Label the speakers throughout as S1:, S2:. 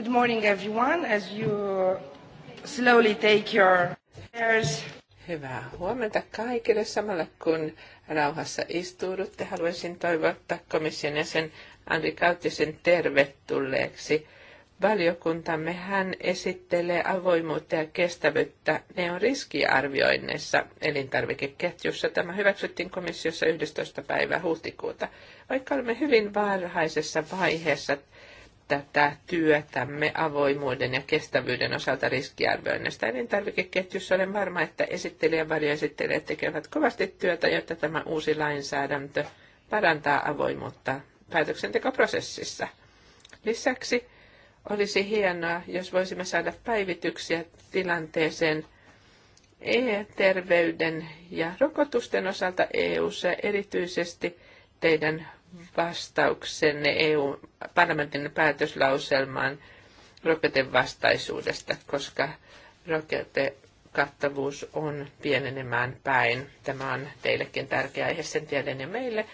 S1: Good morning everyone, as you slowly take your chairs.
S2: Hyvää huomenta kaikille. Samalla kun rauhassa istuudutte, haluaisin toivottaa komission jäsen Andri Kautisen tervetulleeksi valiokuntamme hän esittelee avoimuutta ja kestävyyttä Ne on riskiarvioinneissa elintarvikeketjussa. Tämä hyväksyttiin komissiossa 11. päivä huhtikuuta. Vaikka olemme hyvin varhaisessa vaiheessa tätä työtämme avoimuuden ja kestävyyden osalta riskiarvioinnista. Elintarvikeketjussa olen varma, että esittelijä ja varjoesittelijät tekevät kovasti työtä, jotta tämä uusi lainsäädäntö parantaa avoimuutta päätöksentekoprosessissa. Lisäksi olisi hienoa, jos voisimme saada päivityksiä tilanteeseen e-terveyden ja rokotusten osalta EU-ssa erityisesti teidän vastauksenne EU-parlamentin päätöslauselmaan rokotevastaisuudesta, koska rokotekattavuus on pienenemään päin. Tämä on teillekin tärkeä aihe, sen tiedän ja meille.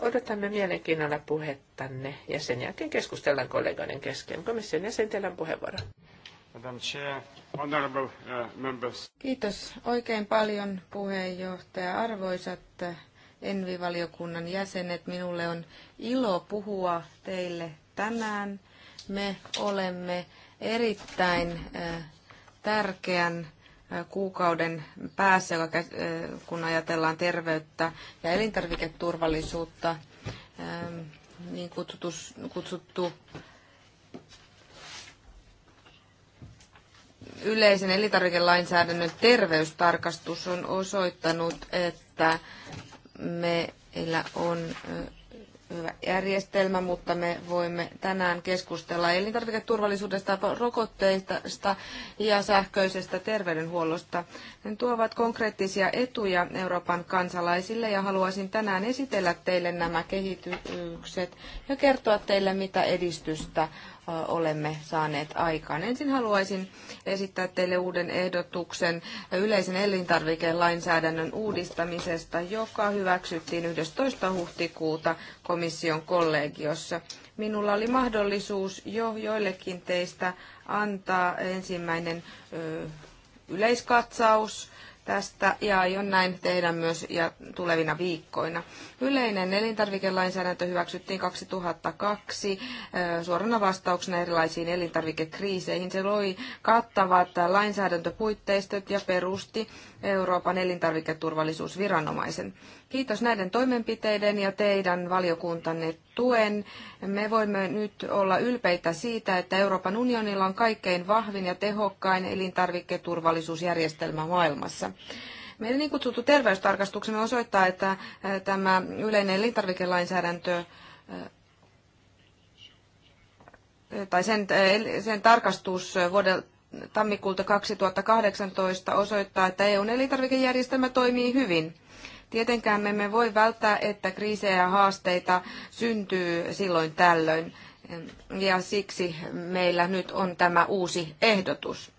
S2: Odotamme mielenkiinnolla puhettanne ja sen jälkeen keskustellaan kollegoiden kesken. Komission
S1: jäsen, teillä on puheenvuoro. Uh, Kiitos oikein paljon puheenjohtaja. Arvoisat Envivaliokunnan jäsenet. Minulle on ilo puhua teille tänään. Me olemme erittäin äh, tärkeän äh, kuukauden päässä, äh, kun ajatellaan terveyttä ja elintarviketurvallisuutta, ähm, niin kutsuttu, kutsuttu yleisen elintarvikelainsäädännön terveystarkastus on osoittanut, että meillä on hyvä järjestelmä, mutta me voimme tänään keskustella elintarviketurvallisuudesta, rokotteista ja sähköisestä terveydenhuollosta. Ne tuovat konkreettisia etuja Euroopan kansalaisille ja haluaisin tänään esitellä teille nämä kehitykset ja kertoa teille, mitä edistystä olemme saaneet aikaan. Ensin haluaisin esittää teille uuden ehdotuksen yleisen elintarvikelainsäädännön uudistamisesta, joka hyväksyttiin 11. huhtikuuta komission kollegiossa. Minulla oli mahdollisuus jo joillekin teistä antaa ensimmäinen yleiskatsaus tästä ja aion näin tehdä myös ja tulevina viikkoina. Yleinen elintarvikelainsäädäntö hyväksyttiin 2002 suorana vastauksena erilaisiin elintarvikekriiseihin. Se loi kattavat lainsäädäntöpuitteistot ja perusti Euroopan elintarviketurvallisuusviranomaisen. Kiitos näiden toimenpiteiden ja teidän valiokuntanne tuen. Me voimme nyt olla ylpeitä siitä, että Euroopan unionilla on kaikkein vahvin ja tehokkain elintarviketurvallisuusjärjestelmä maailmassa. Meidän niin kutsuttu terveystarkastuksemme osoittaa, että äh, tämä yleinen elintarvikelainsäädäntö äh, tai sen, äh, sen tarkastus vuodelta tammikuulta 2018 osoittaa, että EUn elintarvikejärjestelmä toimii hyvin. Tietenkään me emme voi välttää, että kriisejä ja haasteita syntyy silloin tällöin. Ja siksi meillä nyt on tämä uusi ehdotus.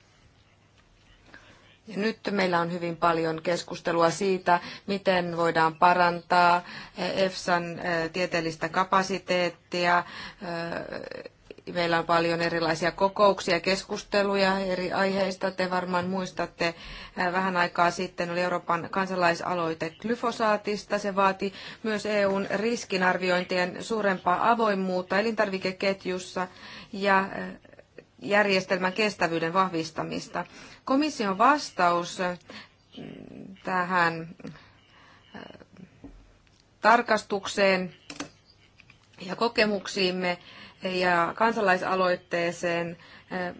S1: Ja nyt meillä on hyvin paljon keskustelua siitä, miten voidaan parantaa eh, EFSAn eh, tieteellistä kapasiteettia, eh, Meillä on paljon erilaisia kokouksia, keskusteluja eri aiheista. Te varmaan muistatte, vähän aikaa sitten oli Euroopan kansalaisaloite glyfosaatista. Se vaati myös EUn riskinarviointien suurempaa avoimuutta elintarvikeketjussa ja järjestelmän kestävyyden vahvistamista. Komission vastaus tähän tarkastukseen ja kokemuksiimme ja kansalaisaloitteeseen eh,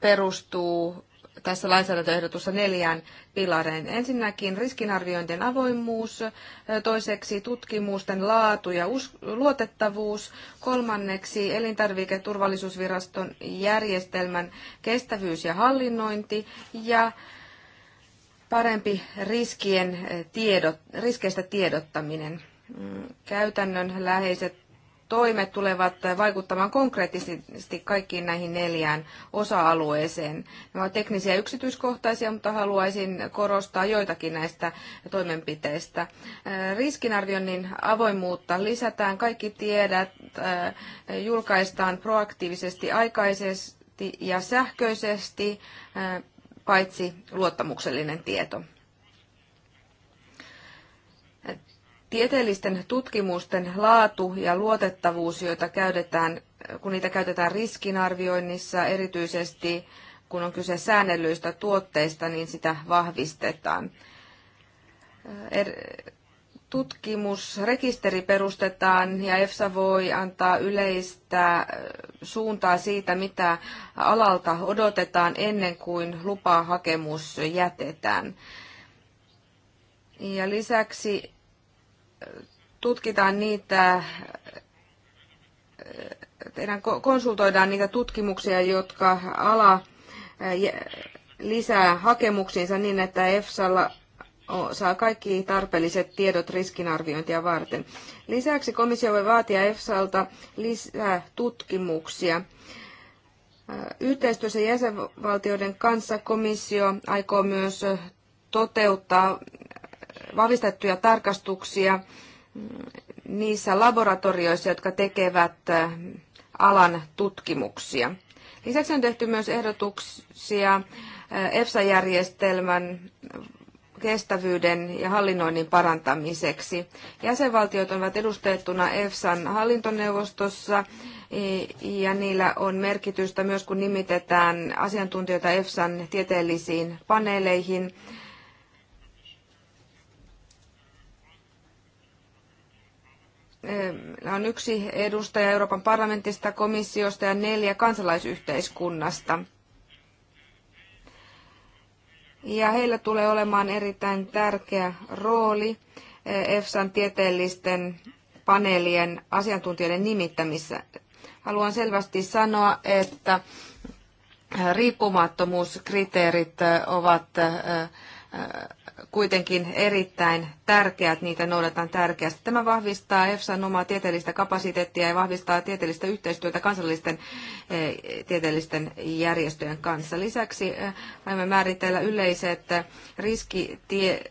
S1: perustuu tässä lainsäädäntöehdotussa neljään pilareen. Ensinnäkin riskinarviointien avoimuus, eh, toiseksi tutkimusten laatu ja luotettavuus, kolmanneksi elintarviketurvallisuusviraston järjestelmän kestävyys ja hallinnointi ja parempi riskien tiedot, riskeistä tiedottaminen käytännön läheiset toimet tulevat vaikuttamaan konkreettisesti kaikkiin näihin neljään osa-alueeseen. Ne ovat teknisiä yksityiskohtaisia, mutta haluaisin korostaa joitakin näistä toimenpiteistä. Äh, riskinarvioinnin avoimuutta lisätään, kaikki tiedät äh, julkaistaan proaktiivisesti aikaisesti ja sähköisesti, äh, paitsi luottamuksellinen tieto. Tieteellisten tutkimusten laatu ja luotettavuus, joita käytetään, kun niitä käytetään riskinarvioinnissa, erityisesti kun on kyse säännellyistä tuotteista, niin sitä vahvistetaan. Er, tutkimusrekisteri perustetaan ja EFSA voi antaa yleistä suuntaa siitä, mitä alalta odotetaan ennen kuin lupahakemus jätetään. Ja lisäksi tutkitaan niitä, tehdään, konsultoidaan niitä tutkimuksia, jotka ala eh, lisää hakemuksiinsa niin, että EFSAlla saa kaikki tarpeelliset tiedot riskinarviointia varten. Lisäksi komissio voi vaatia EFSAlta lisää tutkimuksia. Eh, yhteistyössä jäsenvaltioiden kanssa komissio aikoo myös toteuttaa vahvistettuja tarkastuksia niissä laboratorioissa, jotka tekevät alan tutkimuksia. Lisäksi on tehty myös ehdotuksia EFSA-järjestelmän kestävyyden ja hallinnoinnin parantamiseksi. Jäsenvaltiot ovat edustettuna EFSAn hallintoneuvostossa ja niillä on merkitystä myös kun nimitetään asiantuntijoita EFSAn tieteellisiin paneeleihin on yksi edustaja Euroopan parlamentista, komissiosta ja neljä kansalaisyhteiskunnasta. Ja heillä tulee olemaan erittäin tärkeä rooli EFSAn tieteellisten paneelien asiantuntijoiden nimittämissä. Haluan selvästi sanoa, että riippumattomuuskriteerit ovat kuitenkin erittäin tärkeät, niitä noudatetaan tärkeästi. Tämä vahvistaa EFSAn omaa tieteellistä kapasiteettia ja vahvistaa tieteellistä yhteistyötä kansallisten eh, tieteellisten järjestöjen kanssa. Lisäksi eh, aiemme määritellä yleiset riskikeistä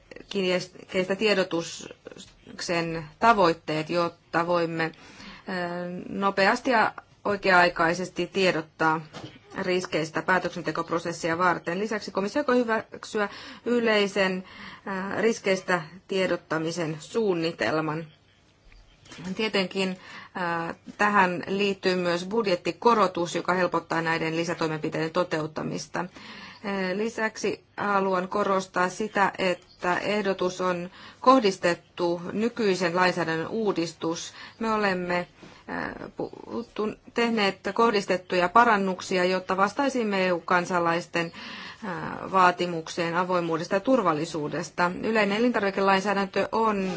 S1: tiedotuksen tavoitteet, jotta voimme eh, nopeasti ja oikea-aikaisesti tiedottaa riskeistä päätöksentekoprosessia varten. Lisäksi komissio voi hyväksyä yleisen äh, riskeistä tiedottamisen suunnitelman. Tietenkin äh, tähän liittyy myös budjettikorotus, joka helpottaa näiden lisätoimenpiteiden toteuttamista. Äh, lisäksi haluan korostaa sitä, että ehdotus on kohdistettu nykyisen lainsäädännön uudistus. Me olemme tehneet kohdistettuja parannuksia, jotta vastaisimme EU-kansalaisten vaatimukseen avoimuudesta ja turvallisuudesta. Yleinen elintarvikelainsäädäntö on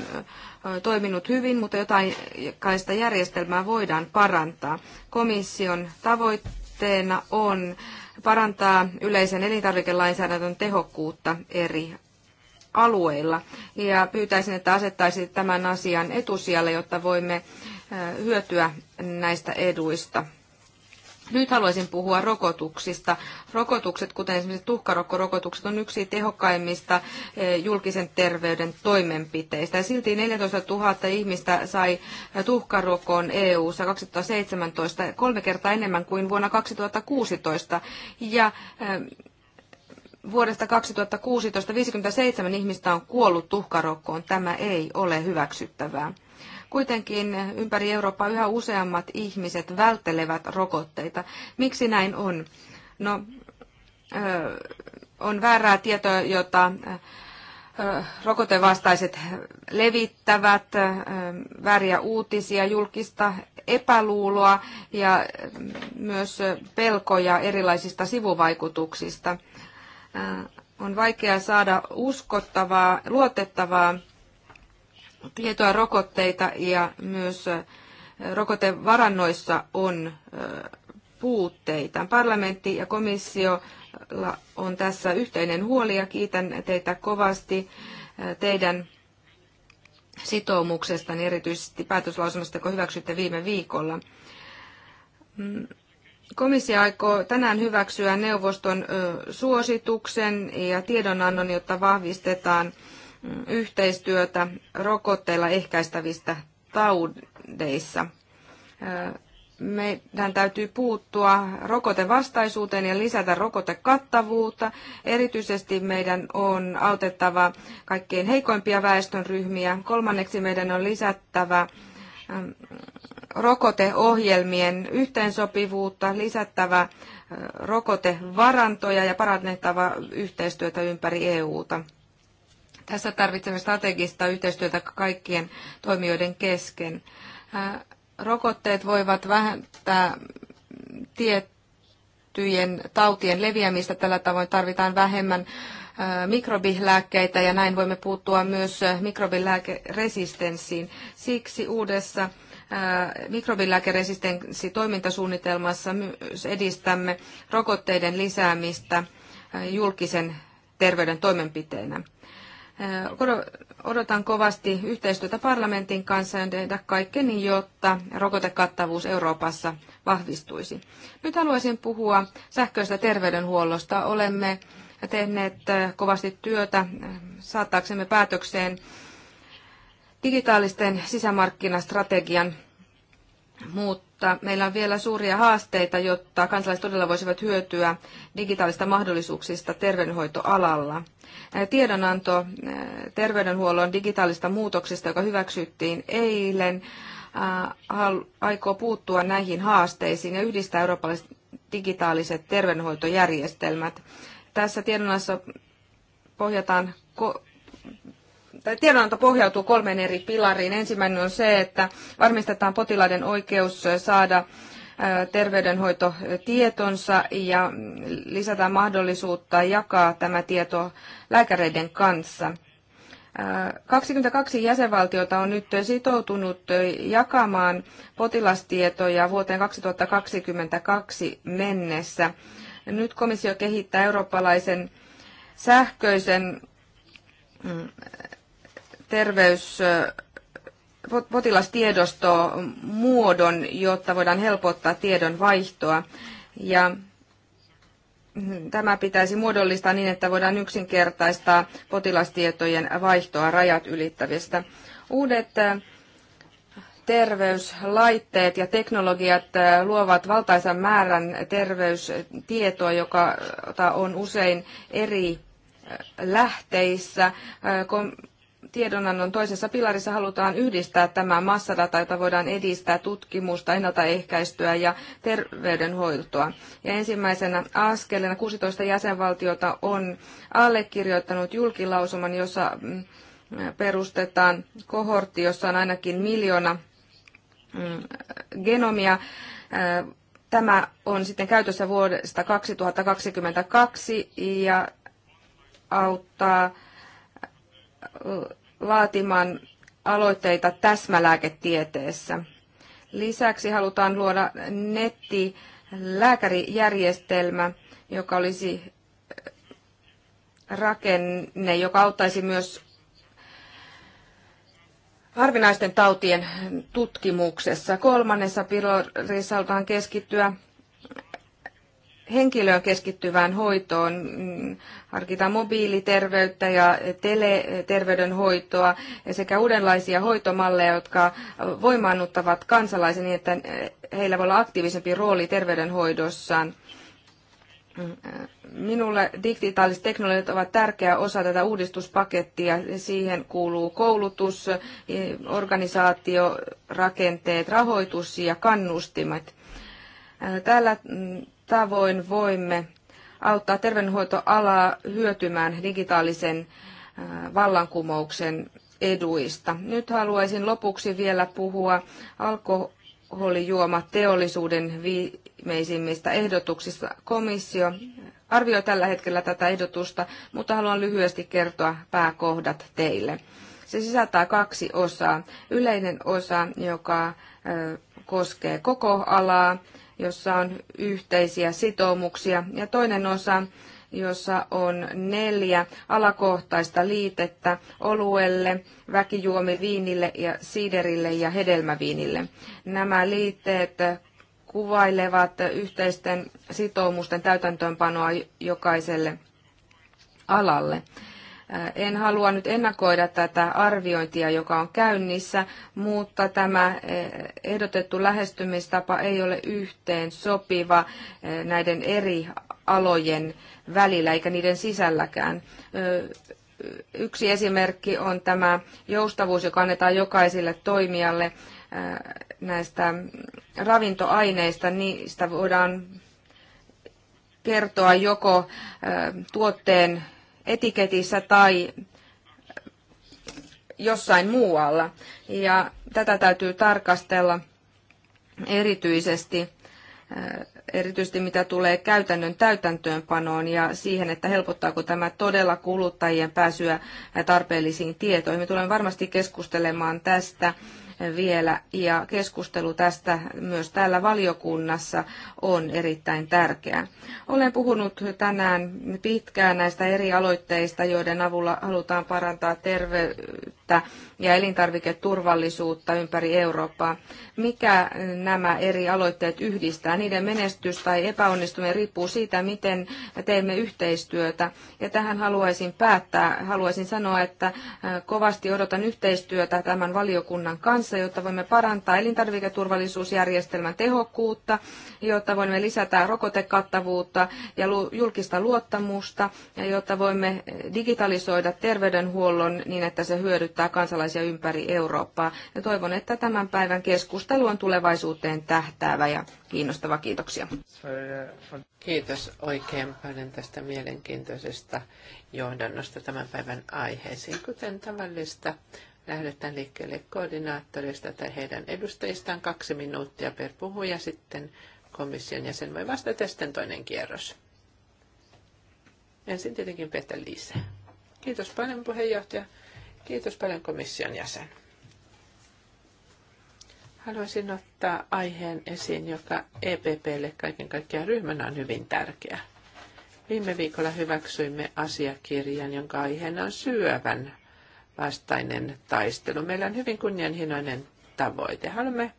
S1: toiminut hyvin, mutta jotain kaista järjestelmää voidaan parantaa. Komission tavoitteena on parantaa yleisen elintarvikelainsäädännön tehokkuutta eri alueilla. Ja pyytäisin, että asettaisit tämän asian etusijalle, jotta voimme hyötyä näistä eduista. Nyt haluaisin puhua rokotuksista. Rokotukset, kuten esimerkiksi tuhkarokkorokotukset, on yksi tehokkaimmista julkisen terveyden toimenpiteistä. Silti 14 000 ihmistä sai tuhkarokon EU-ssa 2017, kolme kertaa enemmän kuin vuonna 2016. Ja vuodesta 2016 57 ihmistä on kuollut tuhkarokkoon. Tämä ei ole hyväksyttävää. Kuitenkin ympäri Eurooppaa yhä useammat ihmiset välttelevät rokotteita. Miksi näin on? No, on väärää tietoa, jota rokotevastaiset levittävät, vääriä uutisia, julkista epäluuloa ja myös pelkoja erilaisista sivuvaikutuksista. On vaikea saada uskottavaa, luotettavaa tietoa rokotteita ja myös rokotevarannoissa on puutteita. Parlamentti ja komissio on tässä yhteinen huoli ja kiitän teitä kovasti teidän niin erityisesti päätöslausumasta, kun hyväksytte viime viikolla. Mm, komissio aikoo tänään hyväksyä neuvoston suosituksen ja tiedonannon, jotta vahvistetaan yhteistyötä rokotteilla ehkäistävistä taudeissa. Meidän täytyy puuttua rokotevastaisuuteen ja lisätä rokotekattavuutta. Erityisesti meidän on autettava kaikkein heikoimpia väestönryhmiä. Kolmanneksi meidän on lisättävä rokoteohjelmien yhteensopivuutta, lisättävä rokotevarantoja ja parannettava yhteistyötä ympäri EUta. Tässä tarvitsemme strategista yhteistyötä kaikkien toimijoiden kesken. Rokotteet voivat vähentää tiettyjen tautien leviämistä. Tällä tavoin tarvitaan vähemmän mikrobilääkkeitä ja näin voimme puuttua myös mikrobilääkeresistenssiin. Siksi uudessa mikrobilääkeresistenssi toimintasuunnitelmassa myös edistämme rokotteiden lisäämistä julkisen terveyden toimenpiteenä. Odotan kovasti yhteistyötä parlamentin kanssa ja tehdä kaikkeni, jotta rokotekattavuus Euroopassa vahvistuisi. Nyt haluaisin puhua sähköistä terveydenhuollosta. Olemme tehneet kovasti työtä saattaaksemme päätökseen digitaalisten sisämarkkinastrategian mutta meillä on vielä suuria haasteita, jotta kansalaiset todella voisivat hyötyä digitaalista mahdollisuuksista terveydenhoitoalalla. Tiedonanto terveydenhuollon digitaalista muutoksista, joka hyväksyttiin eilen, aikoo puuttua näihin haasteisiin ja yhdistää eurooppalaiset digitaaliset terveydenhoitojärjestelmät. Tässä tiedonannossa pohjataan tiedonanto pohjautuu kolmeen eri pilariin. Ensimmäinen on se, että varmistetaan potilaiden oikeus saada terveydenhoitotietonsa ja lisätään mahdollisuutta jakaa tämä tieto lääkäreiden kanssa. 22 jäsenvaltiota on nyt sitoutunut jakamaan potilastietoja vuoteen 2022 mennessä. Nyt komissio kehittää eurooppalaisen sähköisen mm, terveys potilastiedosto muodon, jotta voidaan helpottaa tiedon vaihtoa. Ja mm, tämä pitäisi muodollistaa niin, että voidaan yksinkertaistaa potilastietojen vaihtoa rajat ylittävistä. Uudet terveyslaitteet ja teknologiat luovat valtaisan määrän terveystietoa, joka on usein eri lähteissä tiedonannon toisessa pilarissa halutaan yhdistää tämä massadata, jota voidaan edistää tutkimusta, ennaltaehkäistyä ja terveydenhoitoa. Ja ensimmäisenä askeleena 16 jäsenvaltiota on allekirjoittanut julkilausuman, jossa mm, perustetaan kohortti, jossa on ainakin miljoona mm, genomia. Tämä on sitten käytössä vuodesta 2022 ja auttaa laatimaan aloitteita täsmälääketieteessä. Lisäksi halutaan luoda nettilääkärijärjestelmä, joka olisi äh, rakenne, joka auttaisi myös harvinaisten tautien tutkimuksessa. Kolmannessa pilorissa halutaan keskittyä henkilöön keskittyvään hoitoon. Mm, harkitaan mobiiliterveyttä ja teleterveydenhoitoa sekä uudenlaisia hoitomalleja, jotka voimaannuttavat kansalaisen niin, että heillä voi olla aktiivisempi rooli terveydenhoidossaan. Mm, minulle digitaaliset teknologiat ovat tärkeä osa tätä uudistuspakettia. Siihen kuuluu koulutus, organisaatio, rakenteet, rahoitus ja kannustimet. Täällä mm, tavoin voimme auttaa terveydenhoitoalaa hyötymään digitaalisen vallankumouksen eduista. Nyt haluaisin lopuksi vielä puhua alkoholijuomateollisuuden viimeisimmistä ehdotuksista. Komissio arvioi tällä hetkellä tätä ehdotusta, mutta haluan lyhyesti kertoa pääkohdat teille. Se sisältää kaksi osaa. Yleinen osa, joka koskee koko alaa, jossa on yhteisiä sitoumuksia, ja toinen osa, jossa on neljä alakohtaista liitettä oluelle, väkijuomiviinille ja siiderille ja hedelmäviinille. Nämä liitteet kuvailevat yhteisten sitoumusten täytäntöönpanoa jokaiselle alalle. En halua nyt ennakoida tätä arviointia, joka on käynnissä, mutta tämä ehdotettu lähestymistapa ei ole yhteen sopiva näiden eri alojen välillä eikä niiden sisälläkään. Yksi esimerkki on tämä joustavuus, joka annetaan jokaiselle toimijalle näistä ravintoaineista. Niistä voidaan kertoa joko tuotteen etiketissä tai jossain muualla. Ja tätä täytyy tarkastella erityisesti, äh, erityisesti mitä tulee käytännön täytäntöönpanoon ja siihen, että helpottaako tämä todella kuluttajien pääsyä tarpeellisiin tietoihin. Me tulemme varmasti keskustelemaan tästä vielä ja keskustelu tästä myös täällä valiokunnassa on erittäin tärkeää. Olen puhunut tänään pitkään näistä eri aloitteista, joiden avulla halutaan parantaa terveyttä ja elintarviketurvallisuutta ympäri Eurooppaa. Mikä nämä eri aloitteet yhdistää? Niiden menestys tai epäonnistuminen riippuu siitä, miten teemme yhteistyötä. Ja tähän haluaisin päättää. Haluaisin sanoa, että kovasti odotan yhteistyötä tämän valiokunnan kanssa kanssa, jotta voimme parantaa elintarviketurvallisuusjärjestelmän tehokkuutta, jotta voimme lisätä rokotekattavuutta ja julkista luottamusta, ja jotta voimme digitalisoida terveydenhuollon niin, että se hyödyttää kansalaisia ympäri Eurooppaa. Ja toivon, että tämän päivän keskustelu on tulevaisuuteen tähtäävä ja kiinnostava. Kiitoksia.
S2: Kiitos oikein paljon tästä mielenkiintoisesta johdannosta tämän päivän aiheisiin. Kuten tavallista, lähdetään liikkeelle koordinaattoreista tai heidän edustajistaan kaksi minuuttia per puhuja. Sitten komission jäsen voi vastata ja sitten toinen kierros. Ensin tietenkin Peter Liise. Kiitos paljon puheenjohtaja. Kiitos paljon komission jäsen. Haluaisin ottaa aiheen esiin, joka EPPlle kaiken kaikkiaan ryhmänä on hyvin tärkeä. Viime viikolla hyväksyimme asiakirjan, jonka aiheena on syövän vastainen taistelu. Meillä on hyvin kunnianhimoinen tavoite. Haluamme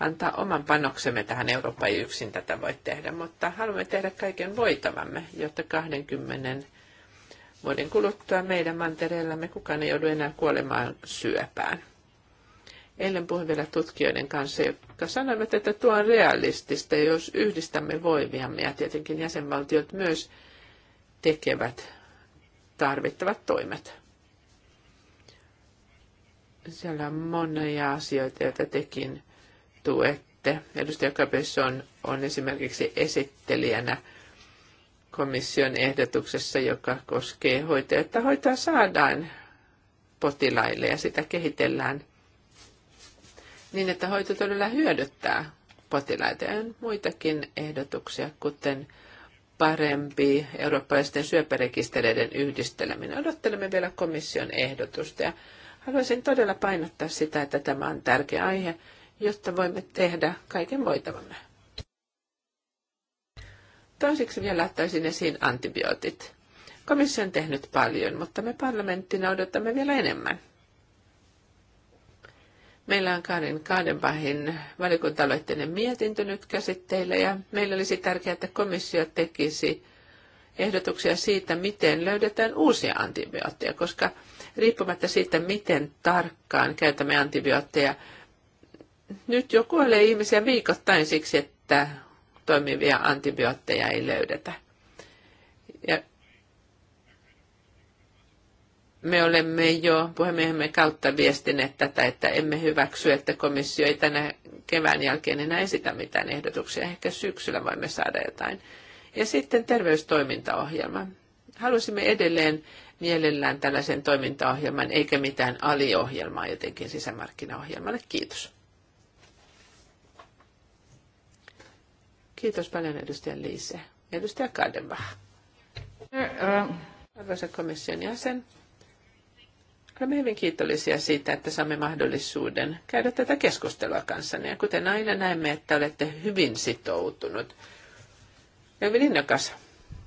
S2: antaa oman panoksemme tähän. Eurooppa ei yksin tätä voi tehdä, mutta haluamme tehdä kaiken voitavamme, jotta 20 vuoden kuluttua meidän mantereellamme kukaan ei joudu enää kuolemaan syöpään. Eilen puhuin vielä tutkijoiden kanssa, jotka sanoivat, että tuo on realistista, jos yhdistämme voimiamme ja tietenkin jäsenvaltiot myös tekevät tarvittavat toimet. Siellä on monia asioita, joita tekin tuette. Edustaja Kapes on, on esimerkiksi esittelijänä komission ehdotuksessa, joka koskee hoitoa, että hoitoa saadaan potilaille ja sitä kehitellään niin, että hoito todella hyödyttää potilaita. Ja on muitakin ehdotuksia, kuten parempi eurooppalaisten syöpärekistereiden yhdisteleminen. Odottelemme vielä komission ehdotusta ja Haluaisin todella painottaa sitä, että tämä on tärkeä aihe, jotta voimme tehdä kaiken voitavamme. Toiseksi vielä laittaisin esiin antibiootit. Komissio on tehnyt paljon, mutta me parlamenttina odotamme vielä enemmän. Meillä on Karin Kaadenbahin valikuntaloitteinen mietintö nyt käsitteillä ja meillä olisi tärkeää, että komissio tekisi ehdotuksia siitä, miten löydetään uusia antibiootteja, koska riippumatta siitä, miten tarkkaan käytämme antibiootteja. Nyt jo kuolee ihmisiä viikoittain siksi, että toimivia antibiootteja ei löydetä. Ja me olemme jo puhemiehemme kautta viestineet tätä, että emme hyväksy, että komissio ei tänä kevään jälkeen enää esitä mitään ehdotuksia. Ehkä syksyllä voimme saada jotain. Ja sitten terveystoimintaohjelma. Haluaisimme edelleen mielellään tällaisen toimintaohjelman eikä mitään aliohjelmaa jotenkin sisämarkkinaohjelmalle. Kiitos. Kiitos paljon edustaja Liise. Edustaja Kadenbach. Arvoisa komission jäsen, olemme hyvin kiitollisia siitä, että saamme mahdollisuuden käydä tätä keskustelua kanssanne. Ja kuten aina näemme, että olette hyvin sitoutunut ja hyvin innokas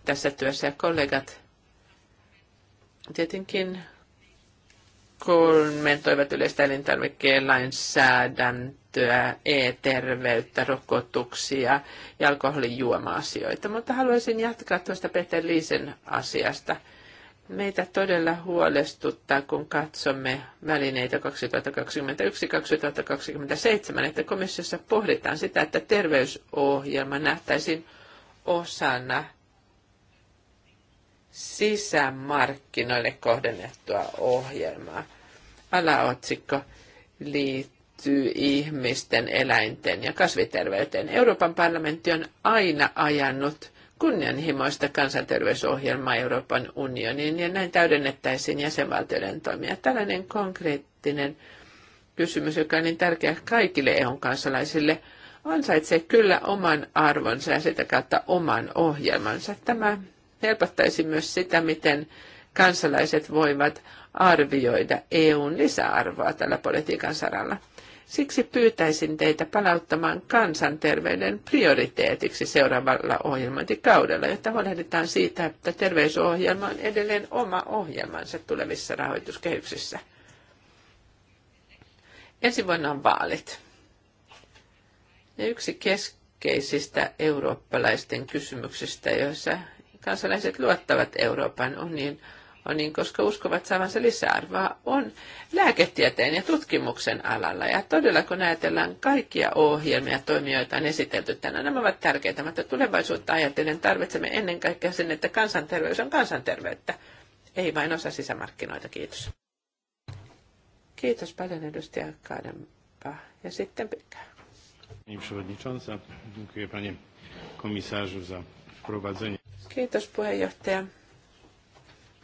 S2: tässä työssä ja kollegat tietenkin kommentoivat yleistä elintarvikkeen lainsäädäntöä, e-terveyttä, rokotuksia ja alkoholijuoma-asioita. Mutta haluaisin jatkaa tuosta Peter Liisen asiasta. Meitä todella huolestuttaa, kun katsomme välineitä 2021-2027, että komissiossa pohditaan sitä, että terveysohjelma nähtäisiin osana – sisämarkkinoille kohdennettua ohjelmaa. Alaotsikko liittyy ihmisten, eläinten ja kasviterveyteen. Euroopan parlamentti on aina ajanut kunnianhimoista kansanterveysohjelmaa Euroopan unioniin ja näin täydennettäisiin jäsenvaltioiden toimia. Tällainen konkreettinen kysymys, joka on niin tärkeä kaikille EUn kansalaisille, ansaitsee kyllä oman arvonsa ja sitä kautta oman ohjelmansa. Tämä helpottaisi myös sitä, miten kansalaiset voivat arvioida EUn lisäarvoa tällä politiikan saralla. Siksi pyytäisin teitä palauttamaan kansanterveyden prioriteetiksi seuraavalla ohjelmointikaudella, jotta huolehditaan siitä, että terveysohjelma on edelleen oma ohjelmansa tulevissa rahoituskehyksissä. Ensi vuonna on vaalit. Ja yksi keskeisistä eurooppalaisten kysymyksistä, joissa kansalaiset luottavat Euroopan unioniin, niin, koska uskovat saavansa lisäarvoa, on lääketieteen ja tutkimuksen alalla. Ja todella kun ajatellaan kaikkia ohjelmia ja toimijoita on esitelty tänään, nämä ovat tärkeitä, mutta tulevaisuutta ajatellen tarvitsemme ennen kaikkea sen, että kansanterveys on kansanterveyttä, ei vain osa sisämarkkinoita. Kiitos. Kiitos paljon edustaja Kadenpa ja sitten pitkään.
S3: Panie przewodnicząca, dziękuję panie komisarzu za
S2: Kiitos puheenjohtaja.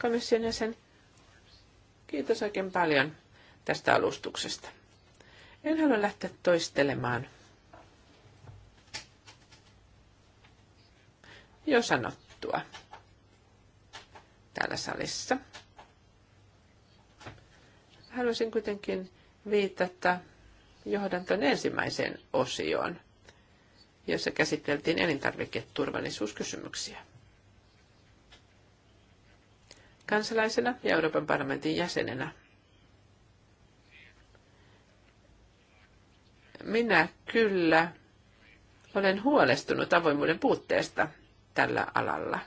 S2: Komission jäsen, kiitos oikein paljon tästä alustuksesta. En halua lähteä toistelemaan jo sanottua täällä salissa. Haluaisin kuitenkin viitata johdanton ensimmäiseen osioon – jossa käsiteltiin elintarviketurvallisuuskysymyksiä. Kansalaisena ja Euroopan parlamentin jäsenenä minä kyllä olen huolestunut avoimuuden puutteesta tällä alalla.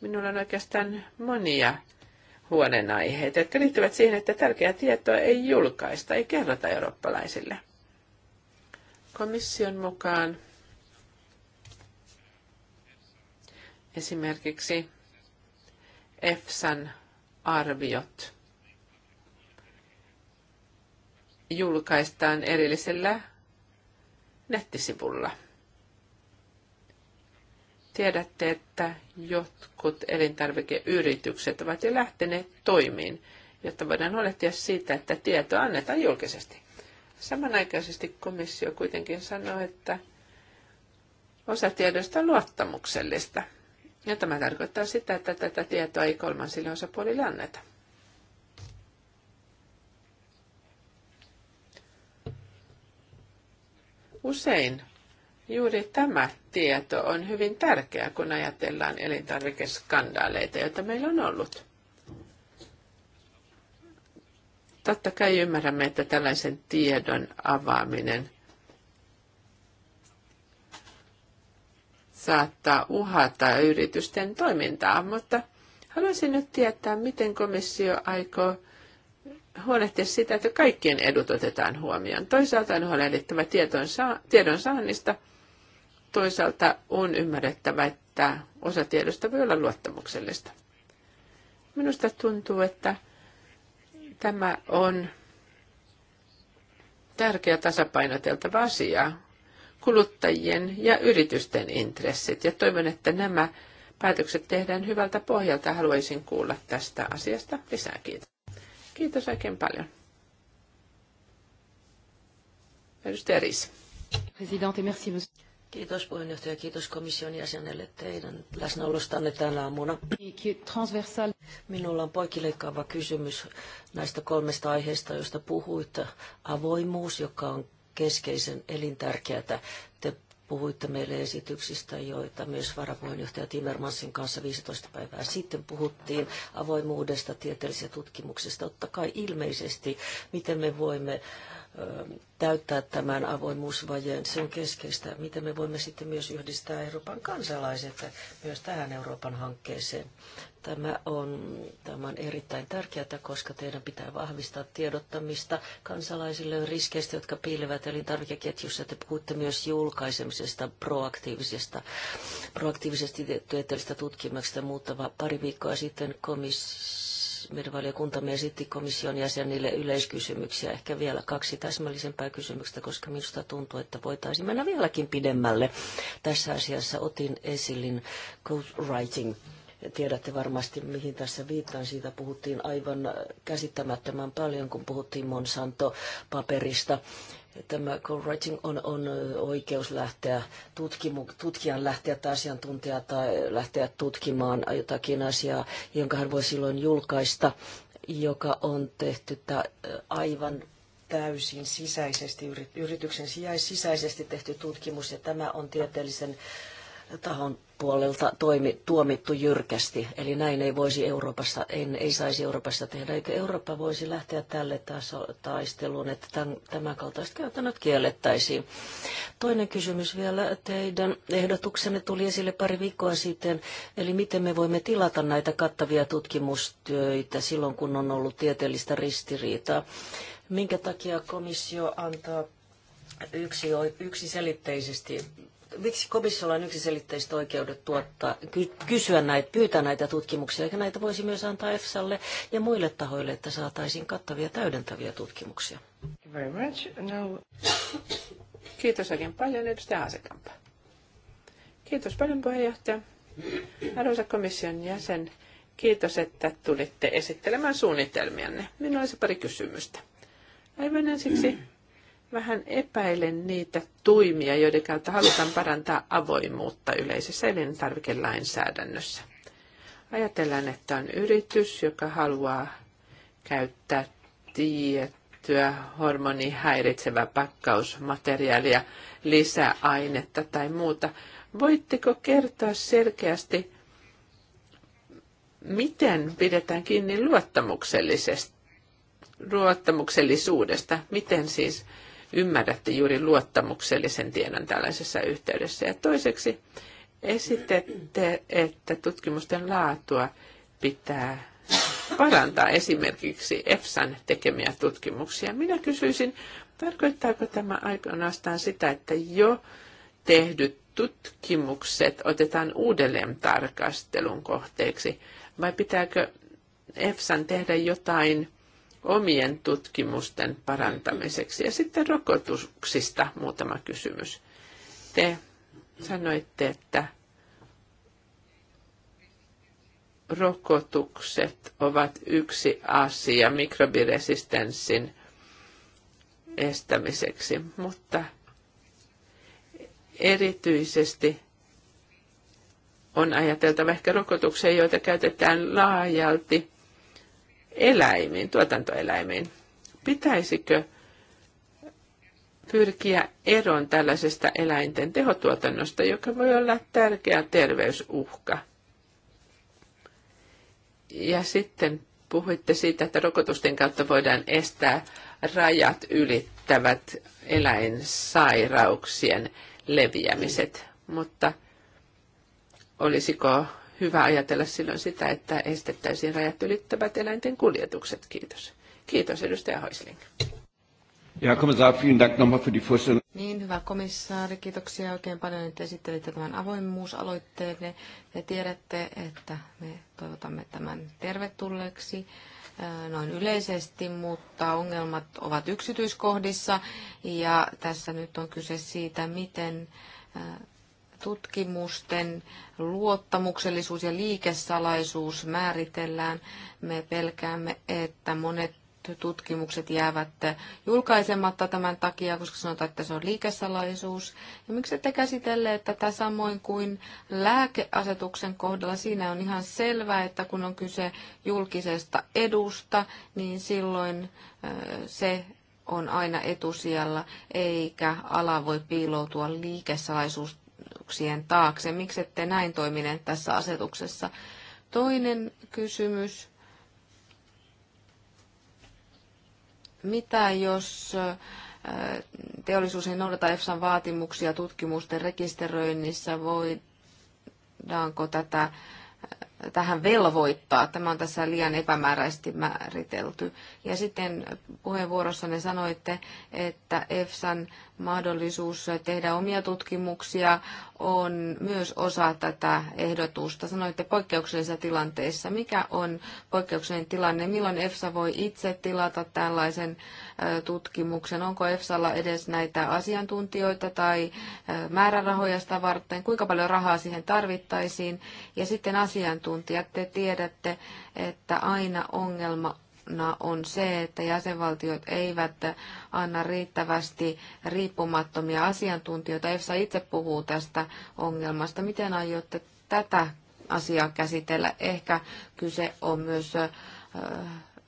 S2: Minulla on oikeastaan monia huolenaiheita, jotka liittyvät siihen, että tärkeää tietoa ei julkaista, ei kerrota eurooppalaisille – Komission mukaan esimerkiksi EFSAn arviot julkaistaan erillisellä nettisivulla. Tiedätte, että jotkut elintarvikeyritykset ovat jo lähteneet toimiin, jotta voidaan huolehtia siitä, että tieto annetaan julkisesti. Samanaikaisesti komissio kuitenkin sanoo, että osa tiedosta on luottamuksellista. Ja tämä tarkoittaa sitä, että tätä tietoa ei kolmansille osapuolille anneta. Usein juuri tämä tieto on hyvin tärkeä, kun ajatellaan elintarvikeskandaaleita, joita meillä on ollut. Totta kai ymmärrämme, että tällaisen tiedon avaaminen saattaa uhata yritysten toimintaa, mutta haluaisin nyt tietää, miten komissio aikoo huolehtia sitä, että kaikkien edut otetaan huomioon. Toisaalta on huolehdittava tiedon, saa, tiedon saannista, toisaalta on ymmärrettävä, että osa tiedosta voi olla luottamuksellista. Minusta tuntuu, että Tämä on tärkeä tasapainoteltava asia, kuluttajien ja yritysten intressit. Ja toivon, että nämä päätökset tehdään hyvältä pohjalta. Haluaisin kuulla tästä asiasta lisää. Kiitos. Kiitos oikein paljon.
S3: Edustaja Riis. Kiitos puheenjohtaja, kiitos komission jäsenelle teidän läsnäolostanne tänä aamuna. Minulla on poikileikkaava kysymys näistä kolmesta aiheesta, joista puhuitte. Avoimuus, joka on keskeisen elintärkeätä. Te puhuitte meille esityksistä, joita myös varapuheenjohtaja Timmermansin kanssa 15 päivää sitten puhuttiin avoimuudesta, tieteellisestä tutkimuksesta. Totta kai ilmeisesti, miten me voimme Ähm, täyttää tämän avoimuusvajeen. Se on keskeistä, miten me voimme sitten myös yhdistää Euroopan kansalaiset myös tähän Euroopan hankkeeseen. Tämä on, tämä on erittäin tärkeää, koska teidän pitää vahvistaa tiedottamista kansalaisille riskeistä, jotka piilevät elintarvikeketjussa. Te puhutte myös julkaisemisesta, proaktiivisesta, proaktiivisesti tieteellisestä tutkimuksesta. Muuttava pari viikkoa sitten komissio meidän valiokuntamme esitti komission jäsenille yleiskysymyksiä. Ehkä vielä kaksi täsmällisempää kysymystä, koska minusta tuntuu, että voitaisiin mennä vieläkin pidemmälle. Tässä asiassa otin esille co-writing tiedätte varmasti, mihin tässä viittaan. Siitä puhuttiin aivan käsittämättömän paljon, kun puhuttiin Monsanto-paperista tämä co-writing on, on oikeus lähteä tutkimu, tutkijan lähteä tai asiantuntija tai lähteä tutkimaan jotakin asiaa, jonka hän voi silloin julkaista, joka on tehty aivan täysin sisäisesti, yrityksen sisäisesti tehty tutkimus, ja tämä on tieteellisen äh, tahon puolelta toimi, tuomittu jyrkästi. Eli näin ei voisi Euroopassa, ei, ei saisi Euroopassa tehdä, eikä Eurooppa voisi lähteä tälle taso, taisteluun, että tämän, tämän kaltaiset käytännöt kiellettäisiin. Toinen kysymys vielä. Teidän ehdotuksenne tuli esille pari viikkoa sitten, eli miten me voimme tilata näitä kattavia tutkimustyöitä silloin, kun on ollut tieteellistä ristiriitaa. Minkä takia komissio antaa yksi, yksiselitteisesti miksi komissiolla on yksiselitteiset oikeudet tuottaa, ky- kysyä näitä, pyytää näitä tutkimuksia, eikä näitä voisi myös antaa EFSAlle ja muille tahoille, että saataisiin kattavia täydentäviä tutkimuksia. Very much. No Kiitos oikein paljon,
S2: edustaja Haasekampa. Kiitos paljon, puheenjohtaja. Arvoisa komission jäsen, kiitos, että tulitte esittelemään suunnitelmianne. Minulla olisi pari kysymystä. Aivan ensiksi, vähän epäilen niitä tuimia, joiden kautta halutaan parantaa avoimuutta yleisessä elintarvikelainsäädännössä. Ajatellaan, että on yritys, joka haluaa käyttää tiettyä hormonihäiritsevää pakkausmateriaalia, lisäainetta tai muuta. Voitteko kertoa selkeästi, miten pidetään kiinni luottamuksellisesta, luottamuksellisuudesta, miten siis ymmärrätte juuri luottamuksellisen tiedon tällaisessa yhteydessä. Ja toiseksi esitette, että tutkimusten laatua pitää parantaa esimerkiksi EFSAn tekemiä tutkimuksia. Minä kysyisin, tarkoittaako tämä aikanaan sitä, että jo tehdyt tutkimukset otetaan uudelleen tarkastelun kohteeksi, vai pitääkö EFSAn tehdä jotain omien tutkimusten parantamiseksi. Ja sitten rokotuksista muutama kysymys. Te sanoitte, että rokotukset ovat yksi asia mikrobiresistenssin estämiseksi, mutta erityisesti on ajateltava ehkä rokotuksia, joita käytetään laajalti eläimiin, tuotantoeläimiin. Pitäisikö pyrkiä eroon tällaisesta eläinten tehotuotannosta, joka voi olla tärkeä terveysuhka? Ja sitten puhuitte siitä, että rokotusten kautta voidaan estää rajat ylittävät eläinsairauksien leviämiset, mutta olisiko hyvä ajatella silloin sitä, että estettäisiin rajat ylittävät eläinten kuljetukset. Kiitos. Kiitos edustaja Hoisling.
S3: Ja komissaari, vielen Dank nochmal für die Vorstellung.
S1: Niin, hyvä komissaari, kiitoksia oikein paljon, että esittelitte tämän avoimuusaloitteen. Te tiedätte, että me toivotamme tämän tervetulleeksi äh, noin yleisesti, mutta ongelmat ovat yksityiskohdissa ja tässä nyt on kyse siitä, miten äh, tutkimusten luottamuksellisuus ja liikesalaisuus määritellään. Me pelkäämme, että monet tutkimukset jäävät julkaisematta tämän takia, koska sanotaan, että se on liikesalaisuus. Ja miksi ette käsitelleet tätä samoin kuin lääkeasetuksen kohdalla? Siinä on ihan selvää, että kun on kyse julkisesta edusta, niin silloin äh, se on aina etusijalla, eikä ala voi piiloutua liikesalaisuus ajatuksien taakse? Miksette näin toimineet tässä asetuksessa? Toinen kysymys. Mitä jos äh, teollisuus ei noudata EFSAn vaatimuksia tutkimusten rekisteröinnissä? Voidaanko tätä, äh, tähän velvoittaa? Tämä on tässä liian epämääräisesti määritelty. Ja sitten puheenvuorossanne sanoitte, että EFSAn mahdollisuus tehdä omia tutkimuksia on myös osa tätä ehdotusta. Sanoitte poikkeuksellisessa tilanteessa. Mikä on poikkeuksellinen tilanne? Milloin EFSA voi itse tilata tällaisen tutkimuksen? Onko EFSAlla edes näitä asiantuntijoita tai määrärahoja sitä varten? Kuinka paljon rahaa siihen tarvittaisiin? Ja sitten asiantuntijat, te tiedätte, että aina ongelma on se, että jäsenvaltiot eivät anna riittävästi riippumattomia asiantuntijoita. EFSA itse puhuu tästä ongelmasta. Miten aiotte tätä asiaa käsitellä? Ehkä kyse on myös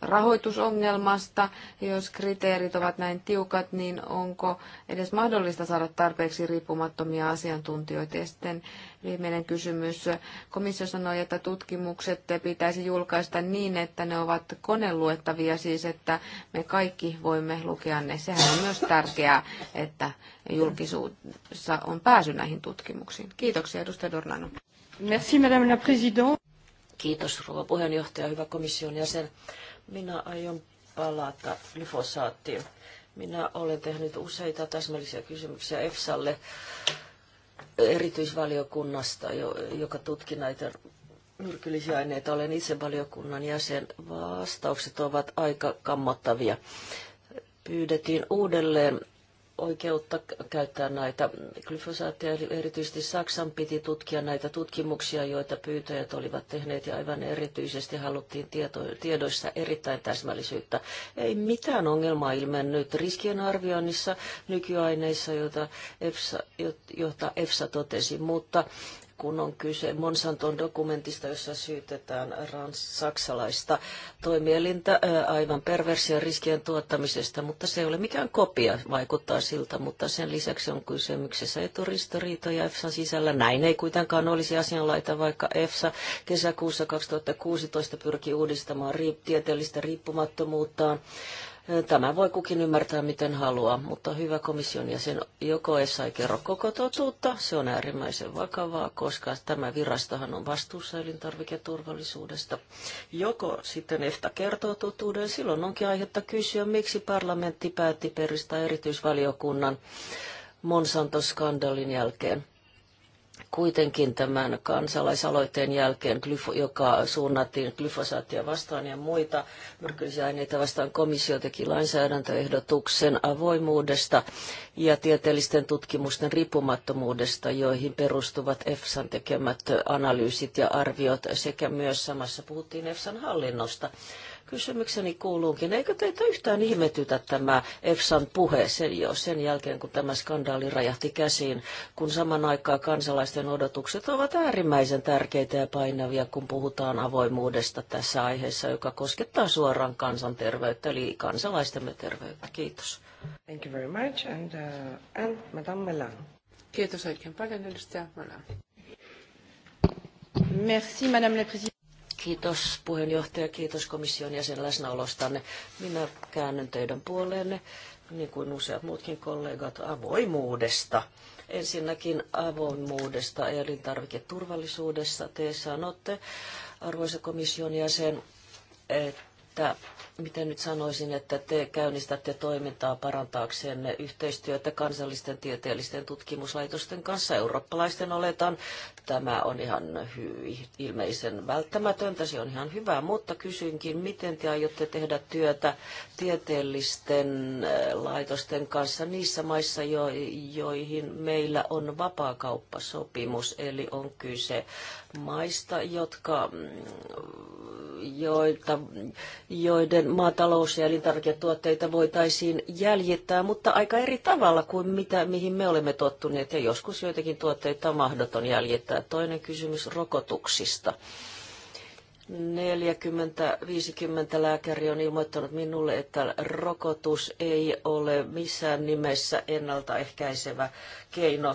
S1: rahoitusongelmasta. Jos kriteerit ovat näin tiukat, niin onko edes mahdollista saada tarpeeksi riippumattomia asiantuntijoita? Ja sitten Viimeinen kysymys. Komissio sanoi, että tutkimukset pitäisi julkaista niin, että ne ovat koneluettavia, siis että me kaikki voimme lukea ne. Sehän on myös tärkeää, että julkisuudessa on pääsy näihin tutkimuksiin.
S3: Kiitoksia, edustaja Dornano.
S1: Merci, madame la présidente.
S3: Kiitos, rouva puheenjohtaja, hyvä komission jäsen. Minä aion palata glyfosaattiin. Minä olen tehnyt useita täsmällisiä kysymyksiä EFSAlle erityisvaliokunnasta, joka tutki näitä myrkyllisiä aineita. Olen itse valiokunnan jäsen. Vastaukset ovat aika kammottavia. Pyydettiin uudelleen oikeutta käyttää näitä glyfosaatteja. Eli erityisesti Saksan piti tutkia näitä tutkimuksia, joita pyytäjät olivat tehneet, ja aivan erityisesti haluttiin tieto, tiedoissa erittäin täsmällisyyttä. Ei mitään ongelmaa ilmennyt riskien arvioinnissa nykyaineissa, joita EFSA, jota EFSA totesi, mutta kun on kyse Monsanton dokumentista, jossa syytetään rans- saksalaista toimielintä aivan perversiön riskien tuottamisesta, mutta se ei ole mikään kopia, vaikuttaa siltä, mutta sen lisäksi on kysymyksessä eturistoriito ja EFSAn sisällä. Näin ei kuitenkaan olisi asianlaita, vaikka EFSA kesäkuussa 2016 pyrki uudistamaan riip- tieteellistä riippumattomuuttaan Tämä voi kukin ymmärtää miten haluaa, mutta hyvä komission jäsen, joko ei kerro koko totuutta, se on äärimmäisen vakavaa, koska tämä virastohan on vastuussa elintarviketurvallisuudesta. Joko sitten EFTA kertoo totuuden, silloin onkin aihetta kysyä, miksi parlamentti päätti peristää erityisvaliokunnan monsanto skandalin jälkeen kuitenkin tämän kansalaisaloitteen jälkeen, joka suunnattiin glyfosaattia vastaan ja muita myrkyllisiä aineita vastaan, komissio teki lainsäädäntöehdotuksen avoimuudesta ja tieteellisten tutkimusten riippumattomuudesta, joihin perustuvat EFSAn tekemät analyysit ja arviot sekä myös samassa puhuttiin EFSAn hallinnosta. Kysymykseni kuuluukin, eikö teitä yhtään ihmetytä tämä EFSAn puhe sen, jo sen jälkeen, kun tämä skandaali räjähti käsiin, kun saman aikaan kansalaisten odotukset ovat äärimmäisen tärkeitä ja painavia, kun puhutaan avoimuudesta tässä aiheessa, joka koskettaa suoraan kansanterveyttä, eli kansalaistemme terveyttä. Kiitos.
S2: Thank you very much. And, uh, and Madame Melan. Kiitos oikein paljon, edustaja
S3: Melan. Merci, Madame la Présidente. Kiitos puheenjohtaja, kiitos komission jäsen läsnäolostanne. Minä käännyn teidän puoleenne, niin kuin useat muutkin kollegat, avoimuudesta. Ensinnäkin avoimuudesta elintarviketurvallisuudessa te sanotte, arvoisa komission jäsen, että miten nyt sanoisin, että te käynnistätte toimintaa parantaakseen yhteistyötä kansallisten tieteellisten tutkimuslaitosten kanssa. Eurooppalaisten oletan, tämä on ihan ilmeisen välttämätöntä, se on ihan hyvä, mutta kysynkin, miten te aiotte tehdä työtä tieteellisten eh, laitosten kanssa niissä maissa, jo- joihin meillä on vapaakauppasopimus, eli on kyse maista, jotka, mm, joita, joiden maatalous- ja elintarviketuotteita voitaisiin jäljittää, mutta aika eri tavalla kuin mitä, mihin me olemme tottuneet, ja joskus joitakin tuotteita on mahdoton jäljittää. Toinen kysymys rokotuksista. 40-50 lääkäri on ilmoittanut minulle, että rokotus ei ole missään nimessä ennaltaehkäisevä keino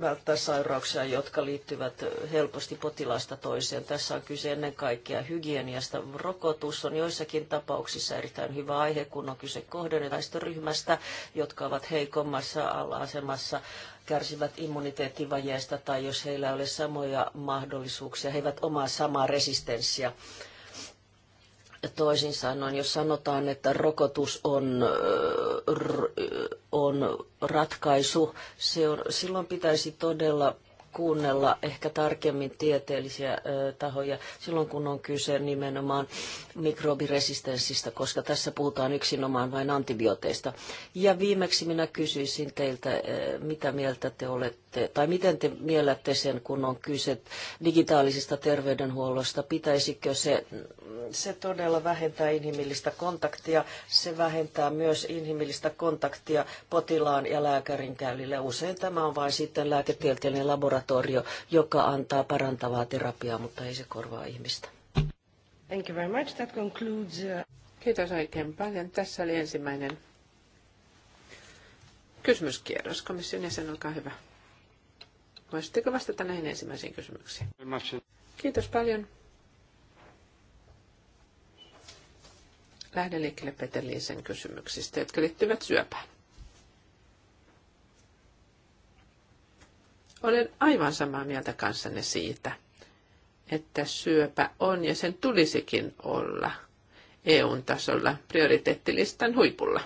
S3: välttää sairauksia, jotka liittyvät helposti potilaasta toiseen. Tässä on kyse ennen kaikkea hygieniasta. Rokotus on joissakin tapauksissa erittäin hyvä aihe, kun on kyse kohdeneväestöryhmästä, jotka ovat heikommassa asemassa kärsivät immuniteettivajeesta tai jos heillä ei ole samoja mahdollisuuksia, he eivät omaa samaa resistenssiä Toisin sanoen, jos sanotaan, että rokotus on, on ratkaisu, se on, silloin pitäisi todella kuunnella ehkä tarkemmin tieteellisiä tahoja silloin, kun on kyse nimenomaan mikrobiresistenssistä, koska tässä puhutaan yksinomaan vain antibiooteista. Ja viimeksi minä kysyisin teiltä, mitä mieltä te olette, tai miten te miellätte sen, kun on kyse digitaalisesta terveydenhuollosta, pitäisikö se se todella vähentää inhimillistä kontaktia. Se vähentää myös inhimillistä kontaktia potilaan ja lääkärin käylille. Usein tämä on vain sitten lääketieteellinen laboratorio, joka antaa parantavaa terapiaa, mutta ei se korvaa ihmistä.
S2: Thank you very much. That concludes... Uh, Kiitos oikein paljon. Tässä oli ensimmäinen kysymyskierros. Komission jäsen, olkaa hyvä. Voisitteko vastata näihin ensimmäisiin kysymyksiin? Kiitos paljon. lähden liikkeelle Peter kysymyksistä, jotka liittyvät syöpään. Olen aivan samaa mieltä kanssanne siitä, että syöpä on ja sen tulisikin olla eu tasolla prioriteettilistan huipulla.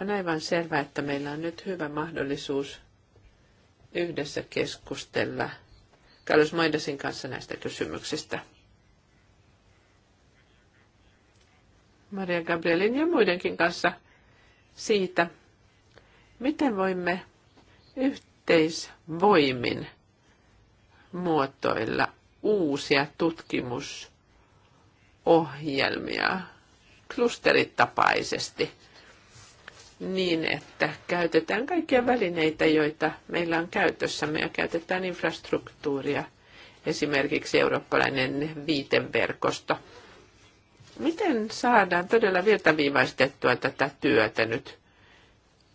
S2: On aivan selvää, että meillä on nyt hyvä mahdollisuus yhdessä keskustella Carlos Maidasin kanssa näistä kysymyksistä – Maria Gabrielin ja muidenkin kanssa siitä, miten voimme yhteisvoimin muotoilla uusia tutkimusohjelmia klusteritapaisesti niin, että käytetään kaikkia välineitä, joita meillä on käytössämme ja käytetään infrastruktuuria, esimerkiksi eurooppalainen viiteverkosto – Miten saadaan todella virtaviivaistettua tätä työtä nyt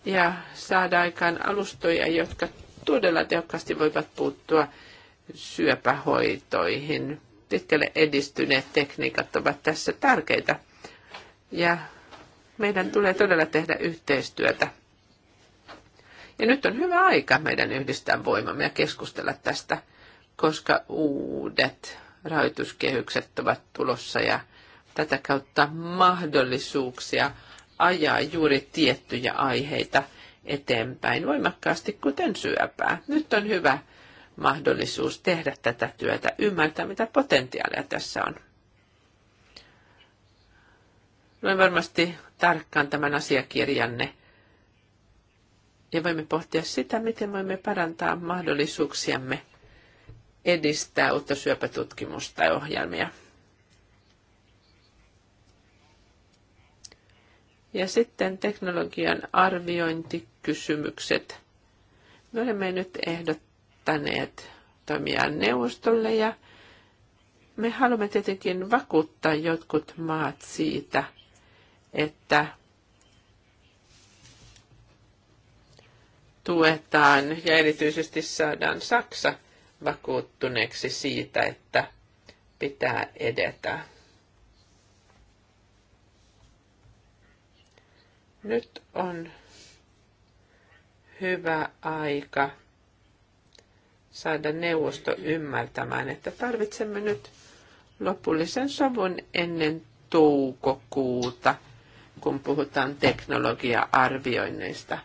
S2: ja saada aikaan alustoja, jotka todella tehokkaasti voivat puuttua syöpähoitoihin. Pitkälle edistyneet tekniikat ovat tässä tärkeitä ja meidän tulee todella tehdä yhteistyötä. Ja nyt on hyvä aika meidän yhdistää voimamme ja keskustella tästä, koska uudet rahoituskehykset ovat tulossa ja tätä kautta mahdollisuuksia ajaa juuri tiettyjä aiheita eteenpäin voimakkaasti, kuten syöpää. Nyt on hyvä mahdollisuus tehdä tätä työtä, ymmärtää mitä potentiaalia tässä on. Luen varmasti tarkkaan tämän asiakirjanne ja voimme pohtia sitä, miten voimme parantaa mahdollisuuksiamme edistää uutta syöpätutkimusta ja ohjelmia. Ja sitten teknologian arviointikysymykset. Me olemme nyt ehdottaneet toimia neuvostolle ja me haluamme tietenkin vakuuttaa jotkut maat siitä, että tuetaan ja erityisesti saadaan Saksa vakuuttuneeksi siitä, että pitää edetä. Nyt on hyvä aika saada neuvosto ymmärtämään, että tarvitsemme nyt lopullisen sovun ennen toukokuuta, kun puhutaan teknologia-arvioinneista.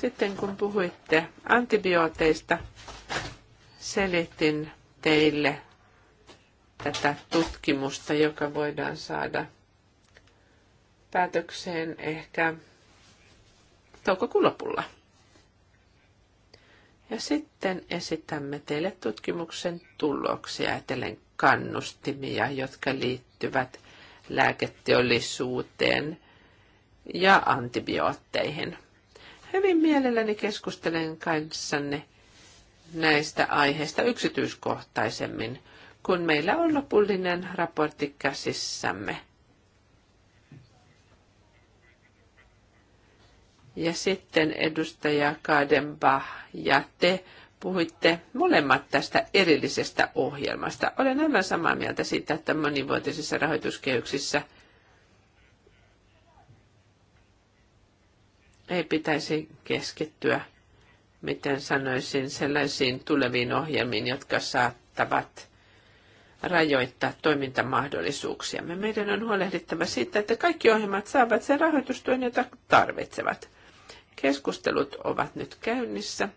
S2: Sitten kun puhuitte antibiooteista, selitin teille tätä tutkimusta, joka voidaan saada päätökseen ehkä toukokuun lopulla. Ja sitten esitämme teille tutkimuksen tuloksia etelen kannustimia, jotka liittyvät lääketeollisuuteen ja antibiootteihin. Hyvin mielelläni keskustelen kanssanne näistä aiheista yksityiskohtaisemmin, kun meillä on lopullinen raportti käsissämme Ja sitten edustaja Kadenba ja te puhuitte molemmat tästä erillisestä ohjelmasta. Olen aivan samaa mieltä siitä, että monivuotisissa rahoituskehyksissä ei pitäisi keskittyä, miten sanoisin, sellaisiin tuleviin ohjelmiin, jotka saattavat rajoittaa toimintamahdollisuuksia. Meidän on huolehdittava siitä, että kaikki ohjelmat saavat sen rahoitustuen, jota tarvitsevat. Keskustelut ovat nyt käynnissä.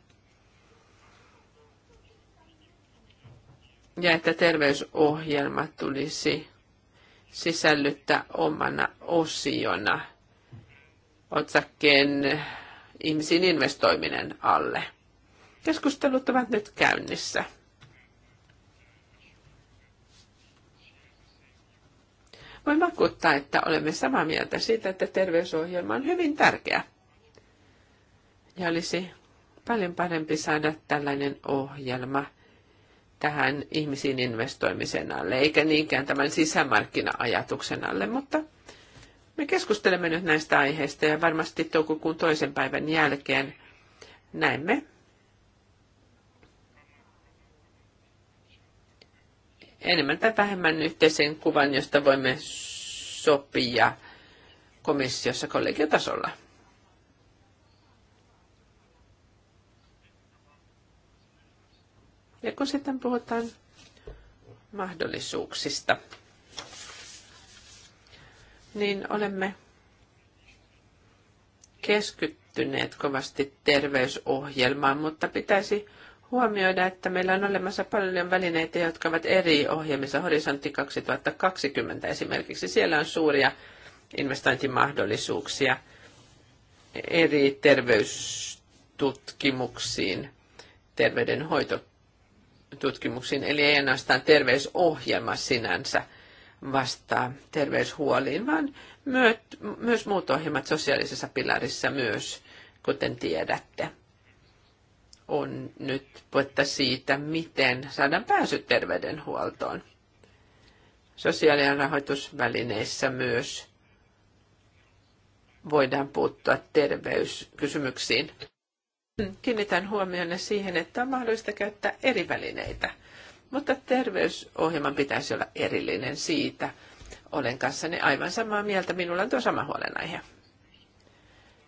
S2: Ja että terveysohjelma tulisi sisällyttää omana osiona otsakkeen ihmisiin investoiminen alle. Keskustelut ovat nyt käynnissä. Voin vakuuttaa, että olemme samaa mieltä siitä, että terveysohjelma on hyvin tärkeä. Ja olisi paljon parempi saada tällainen ohjelma tähän ihmisiin investoimisen alle, eikä niinkään tämän sisämarkkina-ajatuksen alle, mutta me keskustelemme nyt näistä aiheista ja varmasti toukokuun toisen päivän jälkeen näemme, enemmän tai vähemmän yhteisen kuvan, josta voimme sopia komissiossa kollegiotasolla. Ja kun sitten puhutaan mahdollisuuksista, niin olemme keskittyneet kovasti terveysohjelmaan, mutta pitäisi huomioida, että meillä on olemassa paljon välineitä, jotka ovat eri ohjelmissa. Horisontti 2020 esimerkiksi, siellä on suuria investointimahdollisuuksia eri terveystutkimuksiin, terveydenhoito tutkimuksiin, eli ei ainoastaan terveysohjelma sinänsä vastaa terveyshuoliin, vaan myöt, myös muut ohjelmat sosiaalisessa pilarissa myös, kuten tiedätte, on nyt puhetta siitä, miten saadaan pääsy terveydenhuoltoon. Sosiaali- ja rahoitusvälineissä myös voidaan puuttua terveyskysymyksiin. Kiinnitän huomionne siihen, että on mahdollista käyttää eri välineitä, mutta terveysohjelman pitäisi olla erillinen siitä. Olen kanssani aivan samaa mieltä, minulla on tuo sama huolenaihe.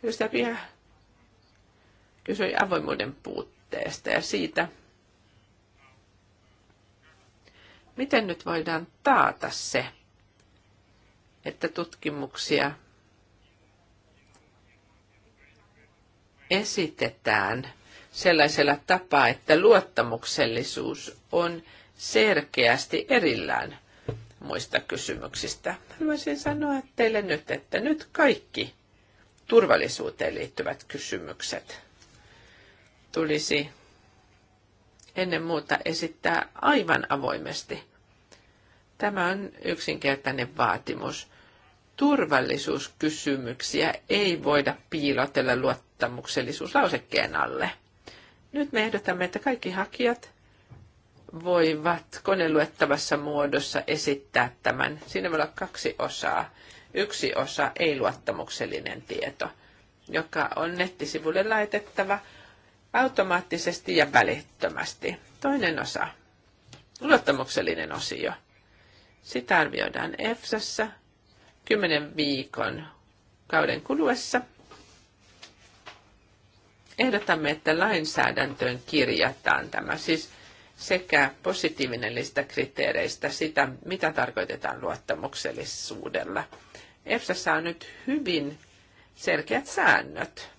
S2: Ystävä Pia kysyi avoimuuden puutteesta ja siitä, miten nyt voidaan taata se, että tutkimuksia esitetään sellaisella tapaa, että luottamuksellisuus on selkeästi erillään muista kysymyksistä. Haluaisin sanoa teille nyt, että nyt kaikki turvallisuuteen liittyvät kysymykset tulisi ennen muuta esittää aivan avoimesti. Tämä on yksinkertainen vaatimus turvallisuuskysymyksiä ei voida piilotella luottamuksellisuuslausekkeen alle. Nyt me ehdotamme, että kaikki hakijat voivat koneluettavassa muodossa esittää tämän. Siinä voi olla kaksi osaa. Yksi osa ei-luottamuksellinen tieto, joka on nettisivulle laitettava automaattisesti ja välittömästi. Toinen osa, luottamuksellinen osio. Sitä arvioidaan EFSassa, kymmenen viikon kauden kuluessa ehdotamme, että lainsäädäntöön kirjataan tämä, siis sekä positiivinen lista kriteereistä sitä, mitä tarkoitetaan luottamuksellisuudella. EFSAssa on nyt hyvin selkeät säännöt,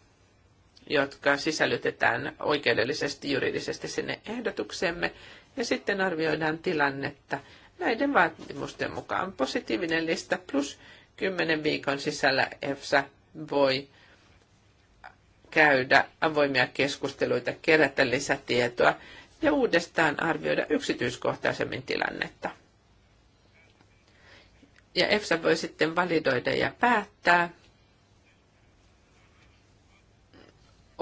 S2: jotka sisällytetään oikeudellisesti, juridisesti sinne ehdotuksemme, ja sitten arvioidaan tilannetta näiden vaatimusten mukaan. Positiivinen lista plus 10 viikon sisällä EFSA voi käydä avoimia keskusteluita, kerätä lisätietoa ja uudestaan arvioida yksityiskohtaisemmin tilannetta. Ja EFSA voi sitten validoida ja päättää,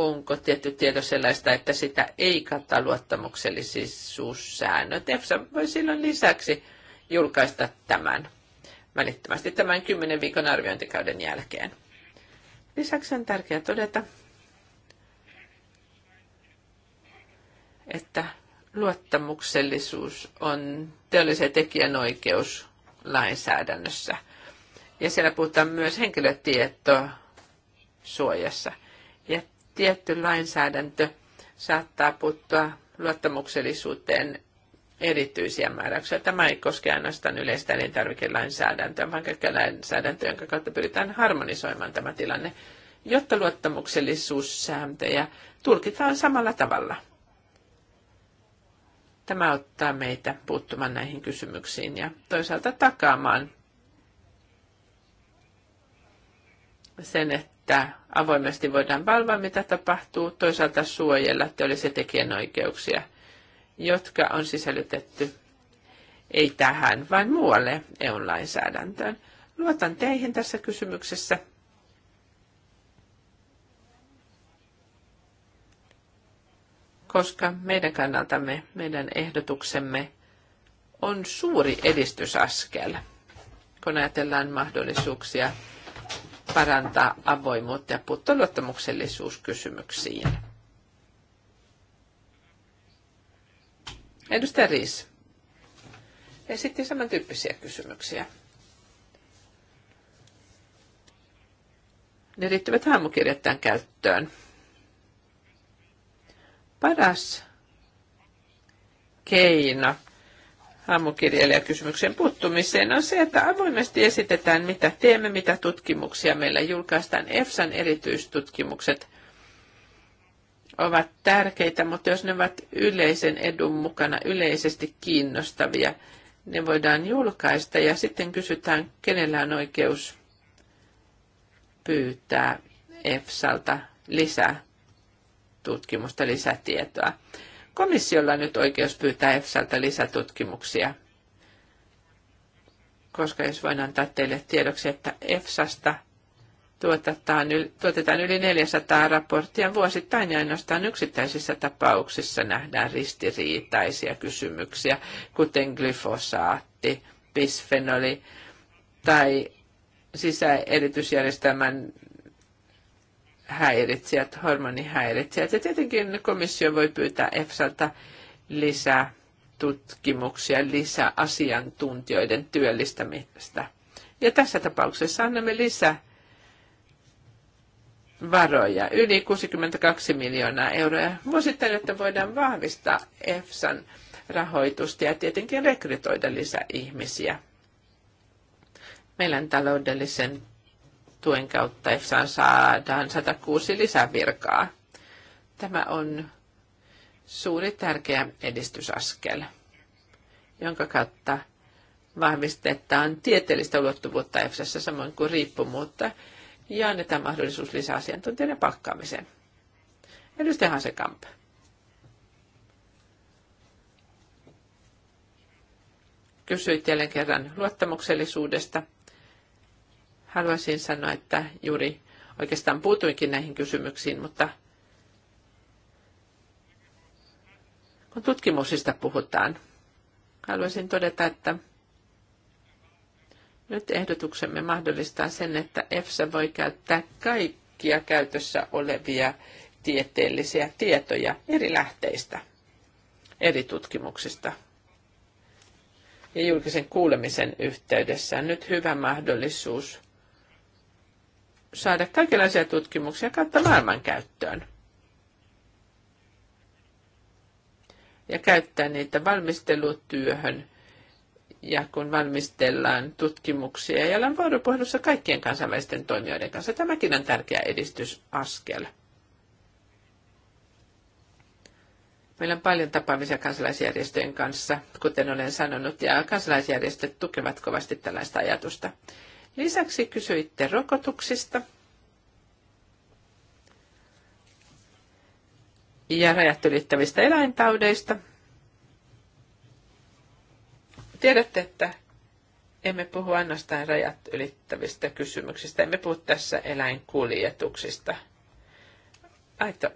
S2: onko tietty tieto sellaista, että sitä ei kata luottamuksellisuussäännöt. EFSA voi silloin lisäksi julkaista tämän välittömästi tämän 10 viikon arviointikauden jälkeen. Lisäksi on tärkeää todeta, että luottamuksellisuus on teollisen tekijänoikeus lainsäädännössä. Ja siellä puhutaan myös henkilötietosuojassa. Ja tietty lainsäädäntö saattaa puuttua luottamuksellisuuteen erityisiä määräyksiä. Tämä ei koske ainoastaan yleistä elintarvikelainsäädäntöä, vaan kaikkea lainsäädäntöä, jonka kautta pyritään harmonisoimaan tämä tilanne, jotta luottamuksellisuussääntöjä tulkitaan samalla tavalla. Tämä auttaa meitä puuttumaan näihin kysymyksiin ja toisaalta takaamaan sen, että että avoimesti voidaan valvoa, mitä tapahtuu, toisaalta suojella teollisia tekijänoikeuksia, jotka on sisällytetty ei tähän, vaan muualle EUn lainsäädäntöön. Luotan teihin tässä kysymyksessä. koska meidän kannaltamme meidän ehdotuksemme on suuri edistysaskel, kun ajatellaan mahdollisuuksia parantaa avoimuutta ja puuttua luottamuksellisuuskysymyksiin. Edustaja Riis esitti samantyyppisiä kysymyksiä. Ne liittyvät haamukirjoittajan käyttöön. Paras keino aamukirjailijakysymyksen puuttumiseen on se, että avoimesti esitetään, mitä teemme, mitä tutkimuksia meillä julkaistaan. EFSAn erityistutkimukset ovat tärkeitä, mutta jos ne ovat yleisen edun mukana yleisesti kiinnostavia, ne voidaan julkaista ja sitten kysytään, kenellä on oikeus pyytää EFSAlta lisää tutkimusta, lisätietoa. Komissiolla on nyt oikeus pyytää EFSältä lisätutkimuksia, koska jos voin antaa teille tiedoksi, että EFSasta tuotetaan, tuotetaan yli 400 raporttia vuosittain ja ainoastaan yksittäisissä tapauksissa nähdään ristiriitaisia kysymyksiä, kuten glyfosaatti, bisfenoli tai sisäeritysjärjestelmän häiritsijät, hormonihäiritsijät. Ja tietenkin komissio voi pyytää EFSAlta lisää tutkimuksia, lisää asiantuntijoiden työllistämistä. Ja tässä tapauksessa annamme lisää varoja, yli 62 miljoonaa euroa vuosittain, että voidaan vahvistaa EFSAn rahoitusta ja tietenkin rekrytoida lisää ihmisiä. Meillä on taloudellisen tuen kautta EFSAan saadaan 106 lisävirkaa. Tämä on suuri tärkeä edistysaskel, jonka kautta vahvistetaan tieteellistä ulottuvuutta EFSAssa samoin kuin riippumuutta ja annetaan mahdollisuus lisäasiantuntijoiden palkkaamiseen. Edustaja Hasekamp. Kysyit jälleen kerran luottamuksellisuudesta – haluaisin sanoa, että juuri oikeastaan puutuinkin näihin kysymyksiin, mutta kun tutkimuksista puhutaan, haluaisin todeta, että nyt ehdotuksemme mahdollistaa sen, että EFSA voi käyttää kaikkia käytössä olevia tieteellisiä tietoja eri lähteistä, eri tutkimuksista. Ja julkisen kuulemisen yhteydessä on nyt hyvä mahdollisuus – saada kaikenlaisia tutkimuksia kautta maailman käyttöön. Ja käyttää niitä valmistelutyöhön ja kun valmistellaan tutkimuksia ja ollaan vuoropuhelussa kaikkien kansainvälisten toimijoiden kanssa. Tämäkin on tärkeä edistysaskel. Meillä on paljon tapaamisia kansalaisjärjestöjen kanssa, kuten olen sanonut, ja kansalaisjärjestöt tukevat kovasti tällaista ajatusta. Lisäksi kysyitte rokotuksista ja rajat ylittävistä eläintaudeista. Tiedätte, että emme puhu ainoastaan rajat ylittävistä kysymyksistä, emme puhu tässä eläinkuljetuksista. Aito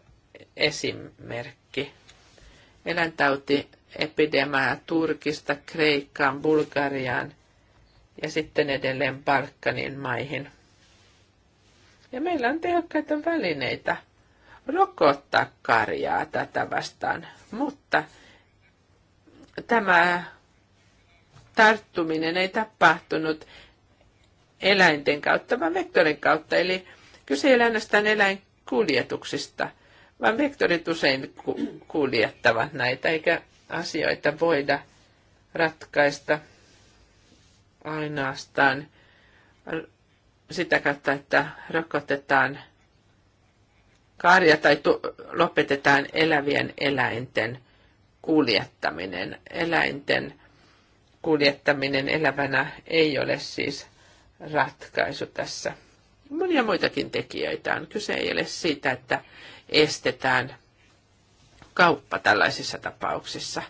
S2: esimerkki. Eläintauti epidemia Turkista, Kreikkaan, Bulgariaan – ja sitten edelleen Balkanin maihin. Ja meillä on tehokkaita välineitä rokottaa karjaa tätä vastaan, mutta tämä tarttuminen ei tapahtunut eläinten kautta, vaan vektorin kautta. Eli kyse ei ole ainoastaan eläinkuljetuksista, vaan vektorit usein ku- kuljettavat näitä, eikä asioita voida ratkaista ainoastaan sitä kautta, että rokotetaan karja tai lopetetaan elävien eläinten kuljettaminen. Eläinten kuljettaminen elävänä ei ole siis ratkaisu tässä. Monia muitakin tekijöitä on. Kyse ei ole siitä, että estetään kauppa tällaisissa tapauksissa.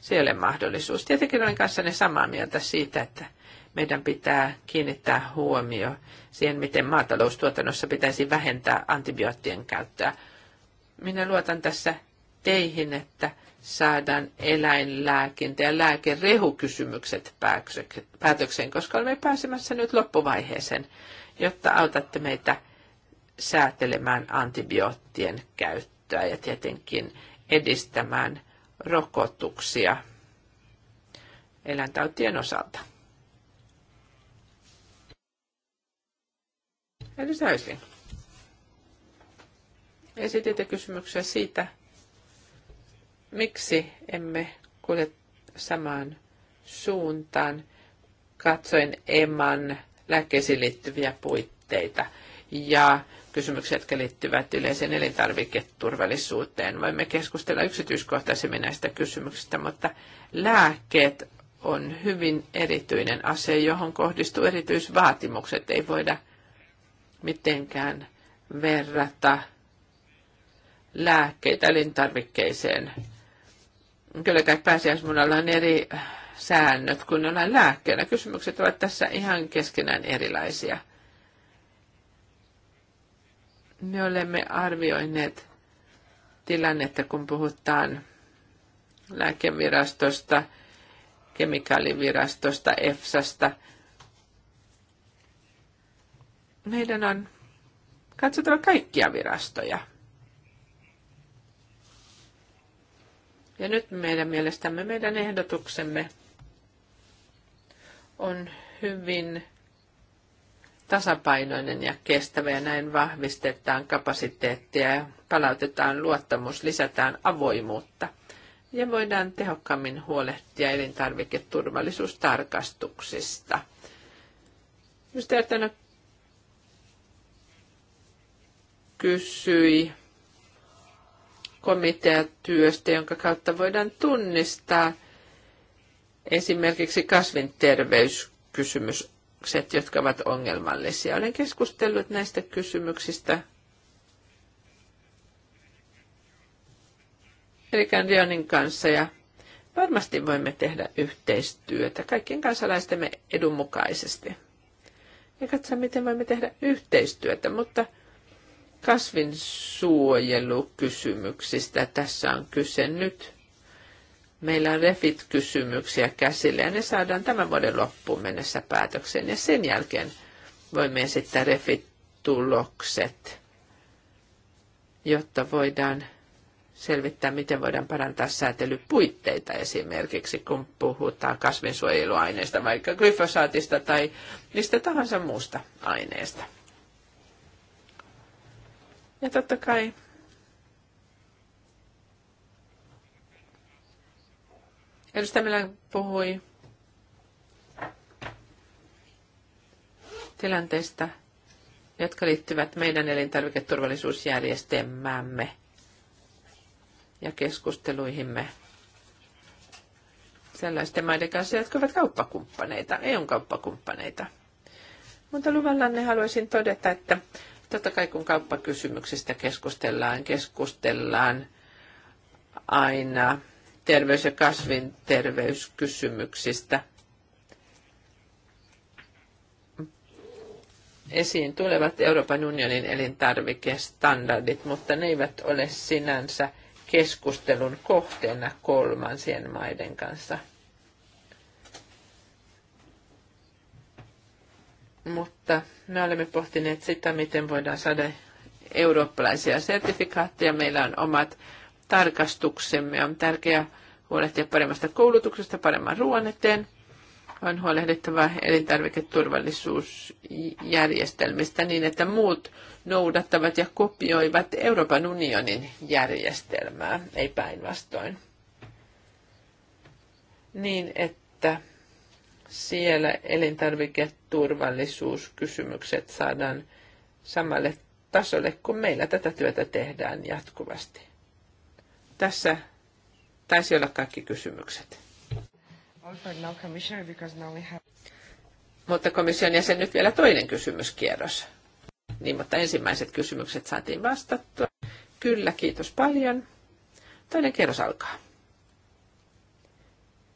S2: Se ei ole mahdollisuus. Tietenkin olen kanssanne samaa mieltä siitä, että meidän pitää kiinnittää huomio siihen, miten maataloustuotannossa pitäisi vähentää antibioottien käyttöä. Minä luotan tässä teihin, että saadaan eläinlääkintä ja lääkerehukysymykset päätökseen, koska olemme pääsemässä nyt loppuvaiheeseen, jotta autatte meitä säätelemään antibioottien käyttöä ja tietenkin edistämään rokotuksia eläintautien osalta. Eli täysin. esititte kysymyksiä siitä, miksi emme kulje samaan suuntaan katsoen eman lääkkeisiin liittyviä puitteita ja kysymykset jotka liittyvät yleiseen elintarviketurvallisuuteen. Voimme keskustella yksityiskohtaisemmin näistä kysymyksistä, mutta lääkkeet on hyvin erityinen asia, johon kohdistuu erityisvaatimukset. Ei voida mitenkään verrata lääkkeitä elintarvikkeeseen. Kyllä kai pääsiäismunalla on eri säännöt kuin jollain lääkkeenä. Kysymykset ovat tässä ihan keskenään erilaisia. Me olemme arvioineet tilannetta, kun puhutaan lääkevirastosta, kemikaalivirastosta, EFSAsta – meidän on katsottava kaikkia virastoja. Ja nyt meidän mielestämme meidän ehdotuksemme on hyvin tasapainoinen ja kestävä ja näin vahvistetaan kapasiteettia ja palautetaan luottamus, lisätään avoimuutta ja voidaan tehokkaammin huolehtia elintarviketurvallisuustarkastuksista. Just kysyi komiteatyöstä, jonka kautta voidaan tunnistaa esimerkiksi kasvinterveyskysymykset, jotka ovat ongelmallisia. Olen keskustellut näistä kysymyksistä Erikan Rionin kanssa ja varmasti voimme tehdä yhteistyötä kaikkien kansalaistemme edun mukaisesti. Ja katsotaan, miten voimme tehdä yhteistyötä, mutta – kasvinsuojelukysymyksistä tässä on kyse nyt. Meillä on refit-kysymyksiä käsillä ja ne saadaan tämän vuoden loppuun mennessä päätökseen ja sen jälkeen voimme esittää refit-tulokset, jotta voidaan selvittää, miten voidaan parantaa säätelypuitteita esimerkiksi, kun puhutaan kasvinsuojeluaineista, vaikka glyfosaatista tai mistä tahansa muusta aineesta. Ja totta kai Edustaja Milan puhui tilanteista, jotka liittyvät meidän elintarviketurvallisuusjärjestelmäämme ja keskusteluihimme sellaisten maiden kanssa, jotka ovat kauppakumppaneita, eu kauppakumppaneita. Mutta luvallanne haluaisin todeta, että Totta kai kun kauppakysymyksistä keskustellaan, keskustellaan aina terveys- ja kasvinterveyskysymyksistä. Esiin tulevat Euroopan unionin elintarvikestandardit, mutta ne eivät ole sinänsä keskustelun kohteena kolmansien maiden kanssa. mutta me olemme pohtineet sitä, miten voidaan saada eurooppalaisia sertifikaatteja. Meillä on omat tarkastuksemme. On tärkeää huolehtia paremmasta koulutuksesta, paremman ruoan eteen. On huolehdittava elintarviketurvallisuusjärjestelmistä niin, että muut noudattavat ja kopioivat Euroopan unionin järjestelmää, ei päinvastoin. Niin, että siellä elintarviket turvallisuuskysymykset saadaan samalle tasolle, kun meillä tätä työtä tehdään jatkuvasti. Tässä taisi olla kaikki kysymykset. Mutta komission jäsen nyt vielä toinen kysymyskierros. Niin, mutta ensimmäiset kysymykset saatiin vastattua. Kyllä, kiitos paljon. Toinen kierros alkaa.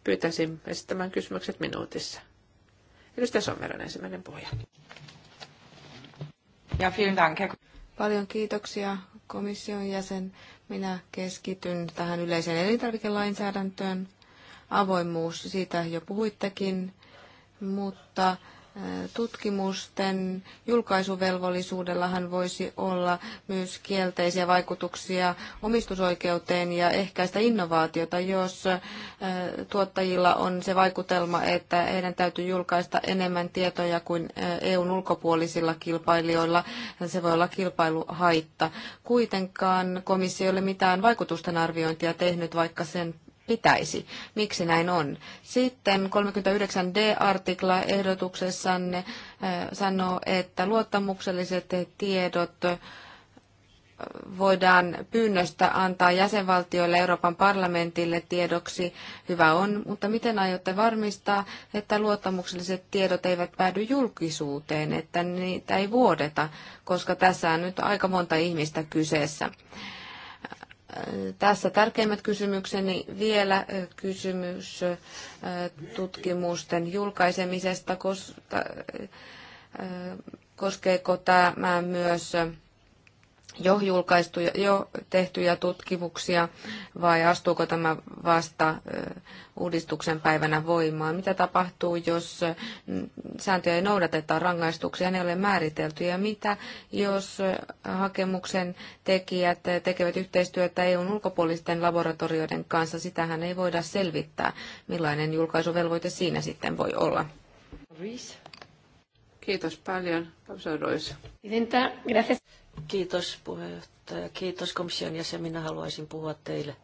S2: Pyytäisin esittämään kysymykset minuutissa. Edustaja Sommeron ensimmäinen puhuja. Ja vielen dank.
S1: Paljon kiitoksia komission jäsen. Minä keskityn tähän yleiseen elintarvikelainsäädäntöön. Avoimuus, siitä jo puhuittekin, mutta tutkimusten julkaisuvelvollisuudellahan voisi olla myös kielteisiä vaikutuksia omistusoikeuteen ja ehkäistä innovaatiota, jos tuottajilla on se vaikutelma, että heidän täytyy julkaista enemmän tietoja kuin EUn ulkopuolisilla kilpailijoilla. Se voi olla kilpailuhaitta. Kuitenkaan komissio ei ole mitään vaikutusten arviointia tehnyt, vaikka sen pitäisi. Miksi näin on? Sitten 39d-artikla ehdotuksessanne äh, sanoo, että luottamukselliset tiedot äh, voidaan pyynnöstä antaa jäsenvaltioille Euroopan parlamentille tiedoksi. Hyvä on, mutta miten aiotte varmistaa, että luottamukselliset tiedot eivät päädy julkisuuteen, että niitä ei vuodeta, koska tässä on nyt aika monta ihmistä kyseessä tässä tärkeimmät kysymykseni. Vielä kysymys tutkimusten julkaisemisesta. Koskeeko tämä myös jo, julkaistu, jo tehtyjä tutkimuksia vai astuuko tämä vasta uudistuksen päivänä voimaan? Mitä tapahtuu, jos sääntöjä ei noudateta, rangaistuksia ne ei ole määritelty? Ja mitä, jos hakemuksen tekijät tekevät yhteistyötä EUn ulkopuolisten laboratorioiden kanssa? Sitähän ei voida selvittää, millainen julkaisuvelvoite siinä sitten voi olla.
S3: Kiitos paljon. Kiitos. Kiitos puheenjohtaja, kiitos komission jäsen. Minä haluaisin puhua teille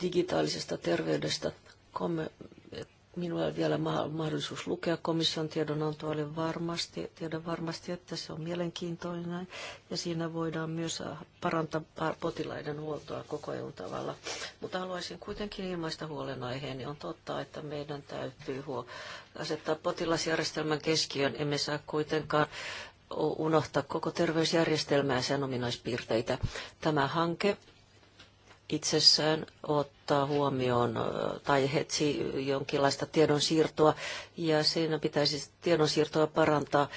S3: digitaalisesta terveydestä. Minulla on vielä mahdollisuus lukea komission tiedonantoa. olen varmasti, tiedän varmasti, että se on mielenkiintoinen ja siinä voidaan myös äh, parantaa potilaiden huoltoa koko ajan tavalla. Mutta haluaisin kuitenkin ilmaista huolenaiheeni. On totta, että meidän täytyy asettaa potilasjärjestelmän keskiön. Emme saa kuitenkaan unohtaa koko terveysjärjestelmää ja sen ominaispiirteitä. Tämä hanke itsessään ottaa huomioon tai hetsi jonkinlaista tiedonsiirtoa ja siinä pitäisi tiedonsiirtoa parantaa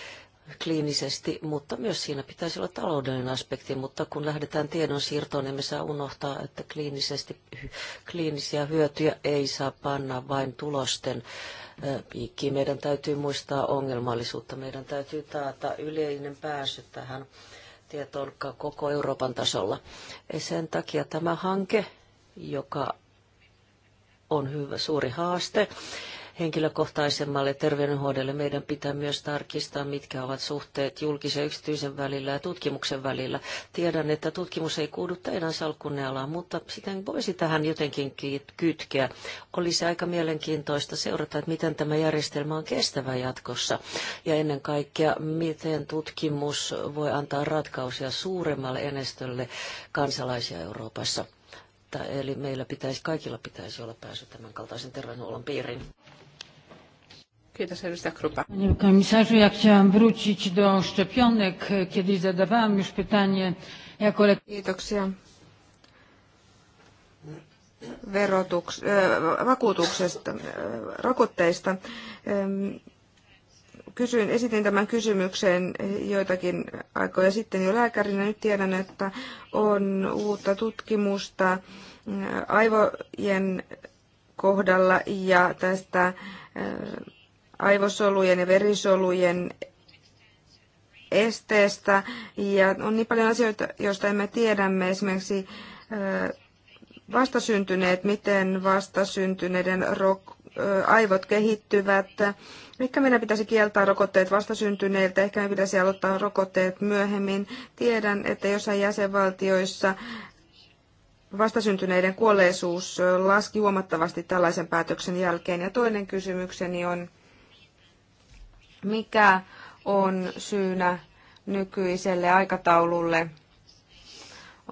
S3: kliinisesti, mutta myös siinä pitäisi olla taloudellinen aspekti, mutta kun lähdetään tiedonsiirtoon, niin emme saa unohtaa, että kliinisesti, kliinisiä hyötyjä ei saa panna vain tulosten äh, piikkiin. Meidän täytyy muistaa ongelmallisuutta. Meidän täytyy taata yleinen pääsy tähän tietoon koko Euroopan tasolla. Sen takia tämä hanke, joka on hyvä, suuri haaste, henkilökohtaisemmalle terveydenhoidolle. Meidän pitää myös tarkistaa, mitkä ovat suhteet julkisen ja yksityisen välillä ja tutkimuksen välillä. Tiedän, että tutkimus ei kuulu teidän salkkunne alaan, mutta sitä voisi tähän jotenkin kytkeä. Olisi aika mielenkiintoista seurata, että miten tämä järjestelmä on kestävä jatkossa ja ennen kaikkea, miten tutkimus voi antaa ratkaisuja suuremmalle enestölle kansalaisia Euroopassa. Eli meillä pitäisi, kaikilla pitäisi olla pääsy tämän kaltaisen terveydenhuollon piiriin. Kiitos, edustaja Krupa. Panie komisarzu, ja chciałam wrócić do szczepionek. Kiedyś zadawałam już
S1: pytanie jako Kiitoksia. Verotuks, äh, vakuutuksesta, äh, rokotteista. Ähm, kysyin, esitin tämän kysymyksen joitakin aikoja sitten jo lääkärinä. Nyt tiedän, että on uutta tutkimusta mm, aivojen kohdalla ja tästä e, aivosolujen ja verisolujen esteestä. Ja on niin paljon asioita, joista emme tiedämme, esimerkiksi vastasyntyneet, miten vastasyntyneiden aivot kehittyvät. Ehkä meidän pitäisi kieltää rokotteet vastasyntyneiltä, ehkä meidän pitäisi aloittaa rokotteet myöhemmin. Tiedän, että jossain jäsenvaltioissa vastasyntyneiden kuolleisuus laski huomattavasti tällaisen päätöksen jälkeen. Ja toinen kysymykseni on, mikä on syynä nykyiselle aikataululle.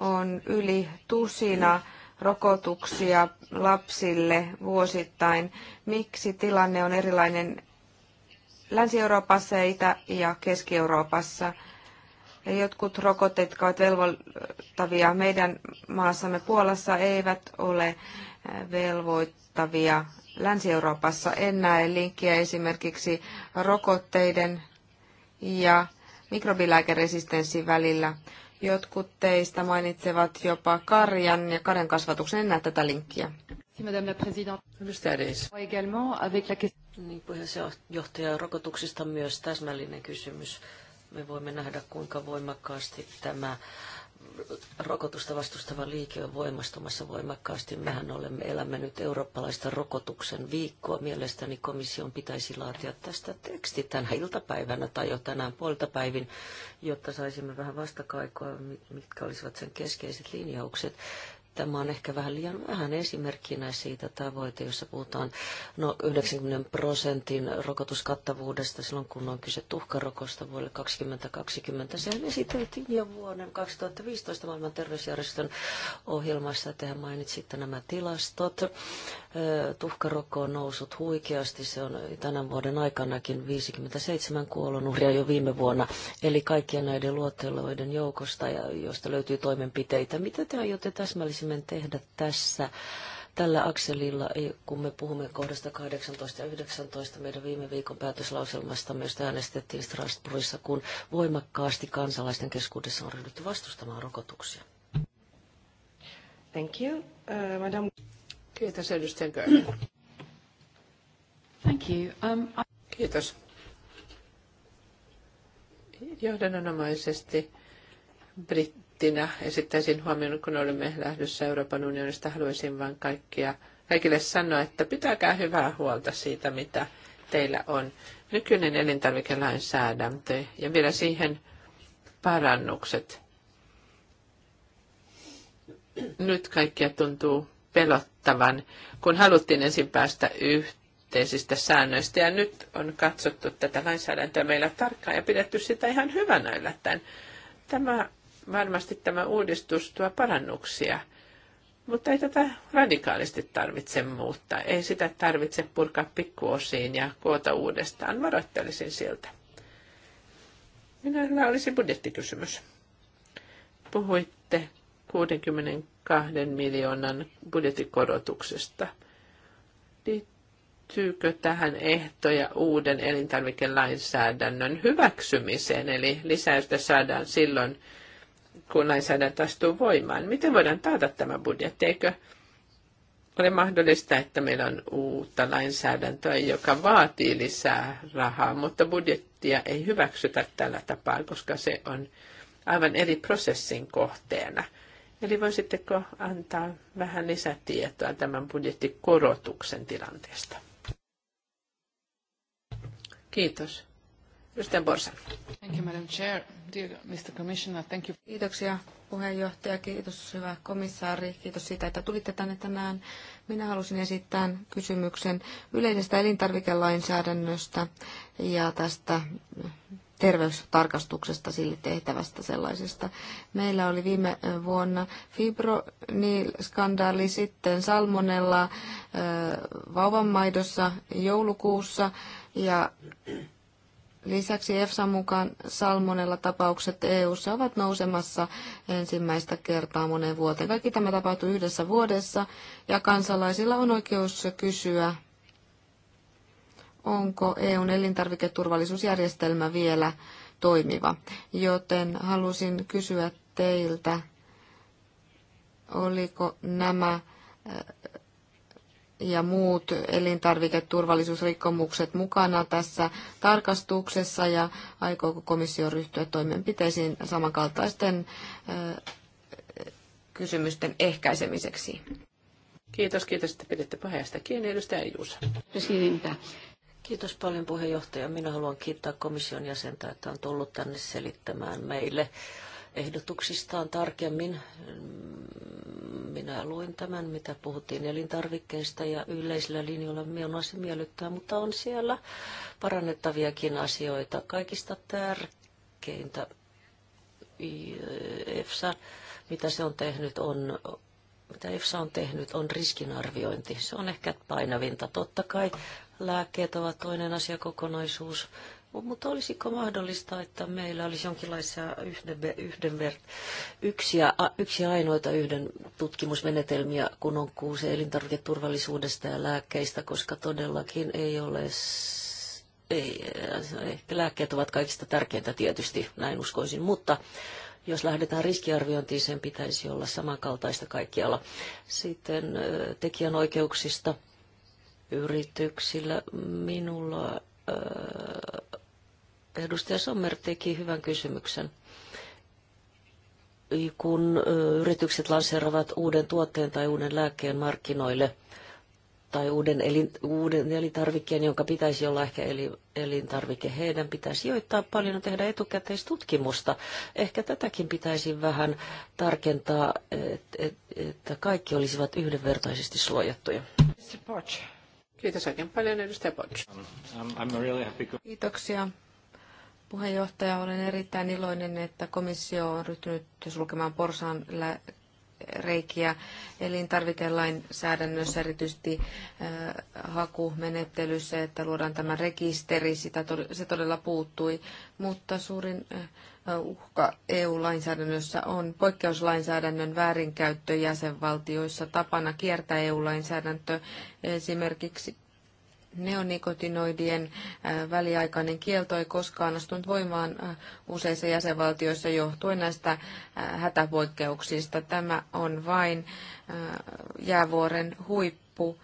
S1: On yli tusina rokotuksia lapsille vuosittain. Miksi tilanne on erilainen Länsi-Euroopassa ja Itä- ja Keski-Euroopassa? Ja jotkut rokotteet, jotka ovat velvoittavia meidän maassamme Puolassa, eivät ole velvoittavia Länsi-Euroopassa. En näe linkkiä esimerkiksi rokotteiden ja mikrobilääkeresistenssin välillä. Jotkut teistä mainitsevat jopa karjan ja karjan kasvatuksen. En näe tätä linkkiä.
S3: niin, puheenjohtaja, rokotuksista myös täsmällinen kysymys. Me voimme nähdä, kuinka voimakkaasti tämä rokotusta vastustava liike on voimastumassa voimakkaasti. Mehän olemme elämme nyt eurooppalaista rokotuksen viikkoa. Mielestäni komission pitäisi laatia tästä teksti tänä iltapäivänä tai jo tänään puoltapäivin, jotta saisimme vähän vastakaikoa, mitkä olisivat sen keskeiset linjaukset. Tämä on ehkä vähän liian vähän esimerkkinä siitä tavoite, jossa puhutaan no 90 prosentin rokotuskattavuudesta silloin, kun on kyse tuhkarokosta vuodelle 2020. Sehän esiteltiin jo vuoden 2015 maailman terveysjärjestön ohjelmassa. Tehän mainitsitte nämä tilastot. Tuhkarokko on noussut huikeasti. Se on tänä vuoden aikanakin 57 kuolonuhria jo viime vuonna. Eli kaikkien näiden luotteloiden joukosta, josta löytyy toimenpiteitä. Mitä te aiotte täsmällisesti haluaisimme tehdä tässä tällä akselilla, kun me puhumme kohdasta 18 ja 19 meidän viime viikon päätöslauselmasta, myös äänestettiin Strasbourgissa, kun voimakkaasti kansalaisten keskuudessa on ryhdytty vastustamaan rokotuksia.
S1: Thank you. Uh,
S3: Madame...
S2: Kiitos, edustaja Thank you. Um, I... Kiitos. Johdannonomaisesti Britt kommenttina esittäisin huomioon, kun olemme lähdössä Euroopan unionista, haluaisin vain kaikkia, kaikille sanoa, että pitäkää hyvää huolta siitä, mitä teillä on. Nykyinen elintarvikelainsäädäntö ja vielä siihen parannukset. Nyt kaikkia tuntuu pelottavan, kun haluttiin ensin päästä yhteisistä säännöistä ja nyt on katsottu tätä lainsäädäntöä meillä tarkkaan ja pidetty sitä ihan hyvänä yllättäen. Tämä varmasti tämä uudistus tuo parannuksia, mutta ei tätä radikaalisti tarvitse muuttaa. Ei sitä tarvitse purkaa pikkuosiin ja koota uudestaan. Varoittelisin siltä. Minulla olisi budjettikysymys. Puhuitte 62 miljoonan budjettikorotuksesta. Liittyykö tähän ehtoja uuden elintarvikelainsäädännön hyväksymiseen? Eli lisäystä saadaan silloin, kun lainsäädäntö astuu voimaan. Miten voidaan taata tämä budjetti? Eikö ole mahdollista, että meillä on uutta lainsäädäntöä, joka vaatii lisää rahaa, mutta budjettia ei hyväksytä tällä tapaa, koska se on aivan eri prosessin kohteena. Eli voisitteko antaa vähän lisätietoa tämän budjettikorotuksen tilanteesta?
S1: Kiitos. Thank you, Madam Chair. Dear Mr. Commissioner, thank you. Kiitoksia puheenjohtaja, kiitos hyvä komissaari, kiitos siitä, että tulitte tänne tänään. Minä halusin esittää kysymyksen yleisestä elintarvikelainsäädännöstä ja tästä terveystarkastuksesta sille tehtävästä sellaisesta. Meillä oli viime vuonna fibronil-skandaali, sitten salmonella vauvanmaidossa joulukuussa ja Lisäksi EFSAn mukaan salmonella tapaukset EU:ssa ovat nousemassa ensimmäistä kertaa moneen vuoteen. Kaikki tämä tapahtuu yhdessä vuodessa ja kansalaisilla on oikeus kysyä, onko EUn elintarviketurvallisuusjärjestelmä vielä toimiva. Joten halusin kysyä teiltä, oliko nämä ja muut elintarviketurvallisuusrikkomukset mukana tässä tarkastuksessa ja aikooko komissio ryhtyä toimenpiteisiin samankaltaisten kysymysten ehkäisemiseksi?
S2: Kiitos, kiitos,
S3: että piditte puheenjohtaja kiinni, edustaja Juusa. Kiitos paljon puheenjohtaja. Minä haluan kiittää komission jäsentä, että on tullut tänne selittämään meille ehdotuksistaan tarkemmin minä luin tämän, mitä puhuttiin elintarvikkeista ja yleisillä linjoilla minua se miellyttää, mutta on siellä parannettaviakin asioita. Kaikista tärkeintä EFSA, mitä se on tehnyt, on mitä EFSA on tehnyt, on riskinarviointi. Se on ehkä painavinta. Totta kai lääkkeet ovat toinen asiakokonaisuus. kokonaisuus mutta olisiko mahdollista, että meillä olisi jonkinlaisia yhden, yhden yksi, ja, yksi ainoita yhden tutkimusmenetelmiä, kun on kuusi elintarviketurvallisuudesta ja lääkkeistä, koska todellakin ei ole ei, eh, ehkä lääkkeet ovat kaikista tärkeintä tietysti, näin uskoisin, mutta jos lähdetään riskiarviointiin, sen pitäisi olla samankaltaista kaikkialla. Sitten eh, tekijänoikeuksista yrityksillä minulla eh, Edustaja Sommer teki hyvän kysymyksen. Kun yritykset lanseeraavat uuden tuotteen tai uuden lääkkeen markkinoille tai uuden, elin, uuden elintarvikkeen, jonka pitäisi olla ehkä elintarvike, heidän pitäisi sijoittaa paljon tehdä etukäteistutkimusta. Ehkä tätäkin pitäisi vähän tarkentaa, että kaikki olisivat yhdenvertaisesti suojattuja.
S2: Kiitos oikein paljon, edustaja Potsch. Um,
S1: Kiitoksia. Puheenjohtaja, olen erittäin iloinen, että komissio on ryhtynyt sulkemaan porsaan reikiä elintarvikelainsäädännössä, erityisesti äh, hakumenettelyssä, että luodaan tämä rekisteri, sitä se todella puuttui, mutta suurin äh, uhka EU-lainsäädännössä on poikkeuslainsäädännön väärinkäyttö jäsenvaltioissa tapana kiertää EU-lainsäädäntö esimerkiksi Neonikotinoidien äh, väliaikainen kielto ei koskaan astunut voimaan äh, useissa jäsenvaltioissa johtuen näistä äh, hätäpoikkeuksista. Tämä on vain jäävuoren huippu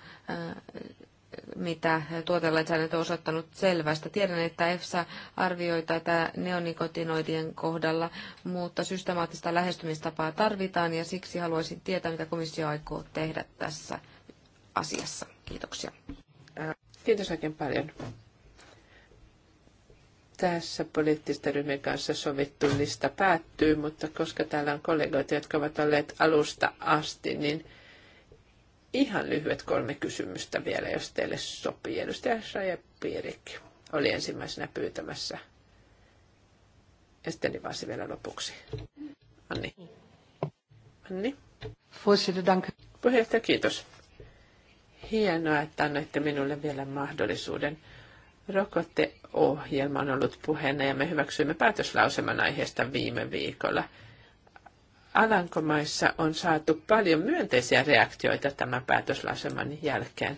S1: mitä tuotelainsäädäntö on osoittanut selvästä. Tiedän, että EFSA arvioi tätä neonikotinoidien kohdalla, mutta systemaattista lähestymistapaa tarvitaan ja siksi haluaisin tietää, mitä komissio aikoo tehdä tässä asiassa. Kiitoksia. Kiitos oikein paljon.
S2: Tässä poliittista ryhmän kanssa sovittu lista päättyy, mutta koska täällä on kollegoita, jotka ovat olleet alusta asti, niin ihan lyhyet kolme kysymystä vielä, jos teille sopii. Edustaja Raja Piirik oli ensimmäisenä pyytämässä. Ja sitten Vasi vielä lopuksi. Anni. Anni. Puheenjohtaja, kiitos hienoa, että annoitte minulle vielä mahdollisuuden. Rokoteohjelma on ollut puheena ja me hyväksyimme päätöslauseman aiheesta viime viikolla. Alankomaissa on saatu paljon myönteisiä reaktioita tämän päätöslauseman jälkeen.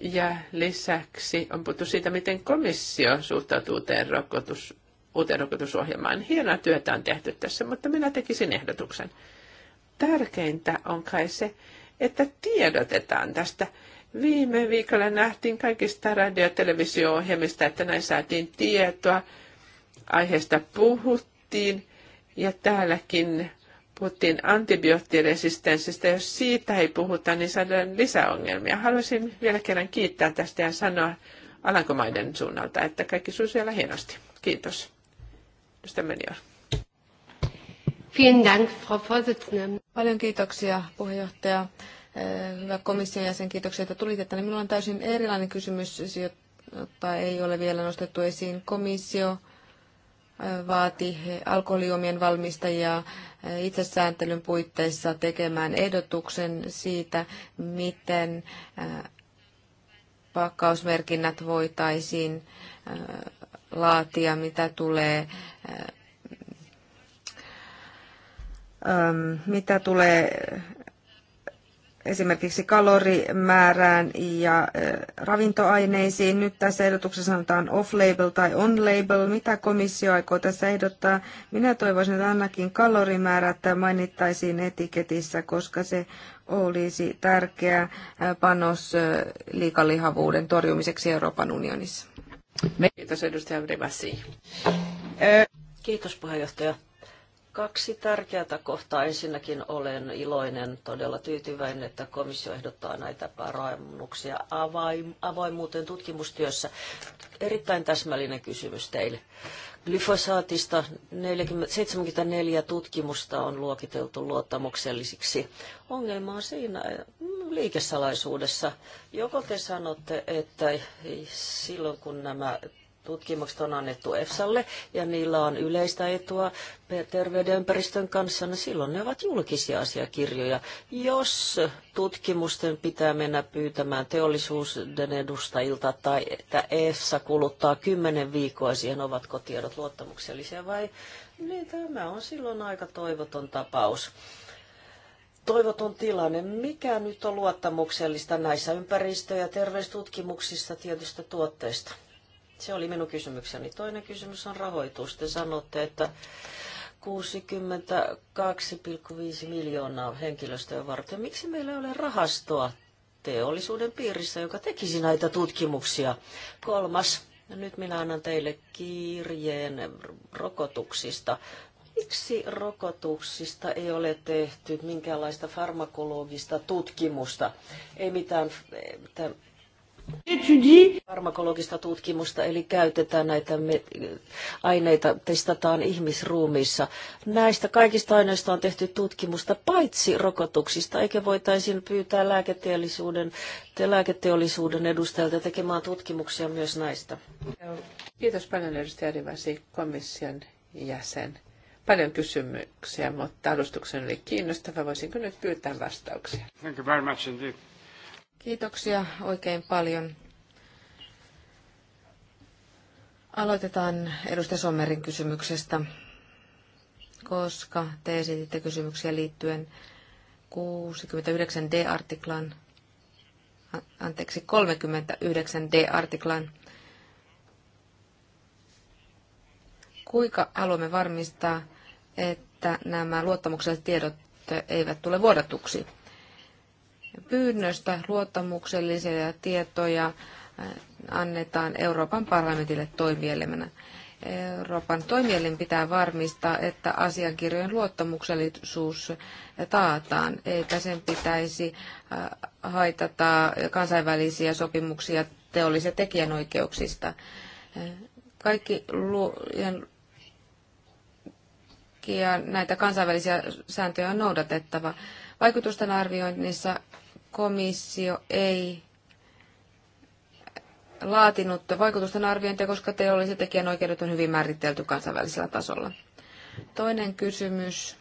S2: Ja lisäksi on puhuttu siitä, miten komissio suhtautuu uuteen, rokotus, uuteen rokotusohjelmaan. Hienoa työtä on tehty tässä, mutta minä tekisin ehdotuksen. Tärkeintä on kai se, että tiedotetaan tästä. Viime viikolla nähtiin kaikista radio- ja televisio-ohjelmista, että näin saatiin tietoa, aiheesta puhuttiin ja täälläkin puhuttiin antibioottiresistenssistä. Jos siitä ei puhuta, niin saadaan lisäongelmia. Haluaisin vielä kerran kiittää tästä ja sanoa Alankomaiden suunnalta, että kaikki suu siellä hienosti. Kiitos. meni Melior.
S1: Vielen Dank, Frau Vorsitzende. Paljon kiitoksia puheenjohtaja. Eh, hyvä komission jäsen, kiitoksia, että tulitte tänne. Minulla on täysin erilainen kysymys, jota ei ole vielä nostettu esiin. Komissio eh, vaati alkoholijuomien valmistajia eh, itsesääntelyn puitteissa tekemään ehdotuksen siitä, miten pakkausmerkinnät voitaisiin laatia, mitä tulee Ähm, mitä tulee äh, esimerkiksi kalorimäärään ja äh, ravintoaineisiin. Nyt tässä ehdotuksessa sanotaan off-label tai on-label. Mitä komissio aikoo tässä ehdottaa? Minä toivoisin, että ainakin kalorimäärät mainittaisiin etiketissä, koska se olisi tärkeä äh, panos liikalihavuuden torjumiseksi Euroopan unionissa.
S3: Kiitos edustaja Rivasi. Kiitos puheenjohtaja kaksi tärkeää kohtaa. Ensinnäkin olen iloinen, todella tyytyväinen, että komissio ehdottaa näitä parannuksia avoimuuteen tutkimustyössä. Erittäin täsmällinen kysymys teille. Glyfosaatista 40, 74 tutkimusta on luokiteltu luottamuksellisiksi. Ongelma on siinä äh, liikesalaisuudessa. Joko te sanotte, että silloin kun nämä tutkimukset on annettu EFSAlle ja niillä on yleistä etua terveydenympäristön kanssa, niin silloin ne ovat julkisia asiakirjoja. Jos tutkimusten pitää mennä pyytämään teollisuuden edustajilta tai että EFSA kuluttaa kymmenen viikkoa siihen, ovatko tiedot luottamuksellisia vai niin tämä on silloin aika toivoton tapaus toivoton tilanne. Mikä nyt on luottamuksellista näissä ympäristö- ja terveystutkimuksissa tietystä tuotteista? Se oli minun kysymykseni. Toinen kysymys on rahoitus. Te sanotte, että 62,5 miljoonaa henkilöstöä varten. Miksi meillä ei ole rahastoa teollisuuden piirissä, joka tekisi näitä tutkimuksia? Kolmas. Nyt minä annan teille kirjeen rokotuksista. Miksi rokotuksista ei ole tehty minkäänlaista farmakologista tutkimusta? Ei mitään Farmakologista tutkimusta, eli käytetään näitä aineita, testataan ihmisruumiissa. Näistä kaikista aineista on tehty tutkimusta, paitsi rokotuksista, eikä voitaisiin pyytää lääketeollisuuden, te lääketeollisuuden edustajilta tekemään tutkimuksia myös näistä. Kiitos paljon
S2: edustaja Rivasi, komission
S3: jäsen.
S2: Paljon kysymyksiä, mutta alustuksen oli kiinnostava. Voisinko nyt pyytää vastauksia? Thank you very much indeed.
S1: Kiitoksia oikein paljon. Aloitetaan edustaja Sommerin kysymyksestä, koska te esititte kysymyksiä liittyen 69D-artiklan, anteeksi 39D-artiklan. Kuinka haluamme varmistaa, että nämä luottamukselliset tiedot eivät tule vuodatuksi? pyynnöstä luottamuksellisia tietoja äh, annetaan Euroopan parlamentille toimielimenä. Euroopan toimielin pitää varmistaa, että asiakirjojen luottamuksellisuus taataan, eikä sen pitäisi äh, haitata kansainvälisiä sopimuksia teollis- ja tekijänoikeuksista. Kaikki näitä kansainvälisiä sääntöjä on noudatettava. Vaikutusten arvioinnissa komissio ei laatinut vaikutusten arviointia, koska teolliset tekijänoikeudet on hyvin määritelty kansainvälisellä tasolla. Toinen kysymys.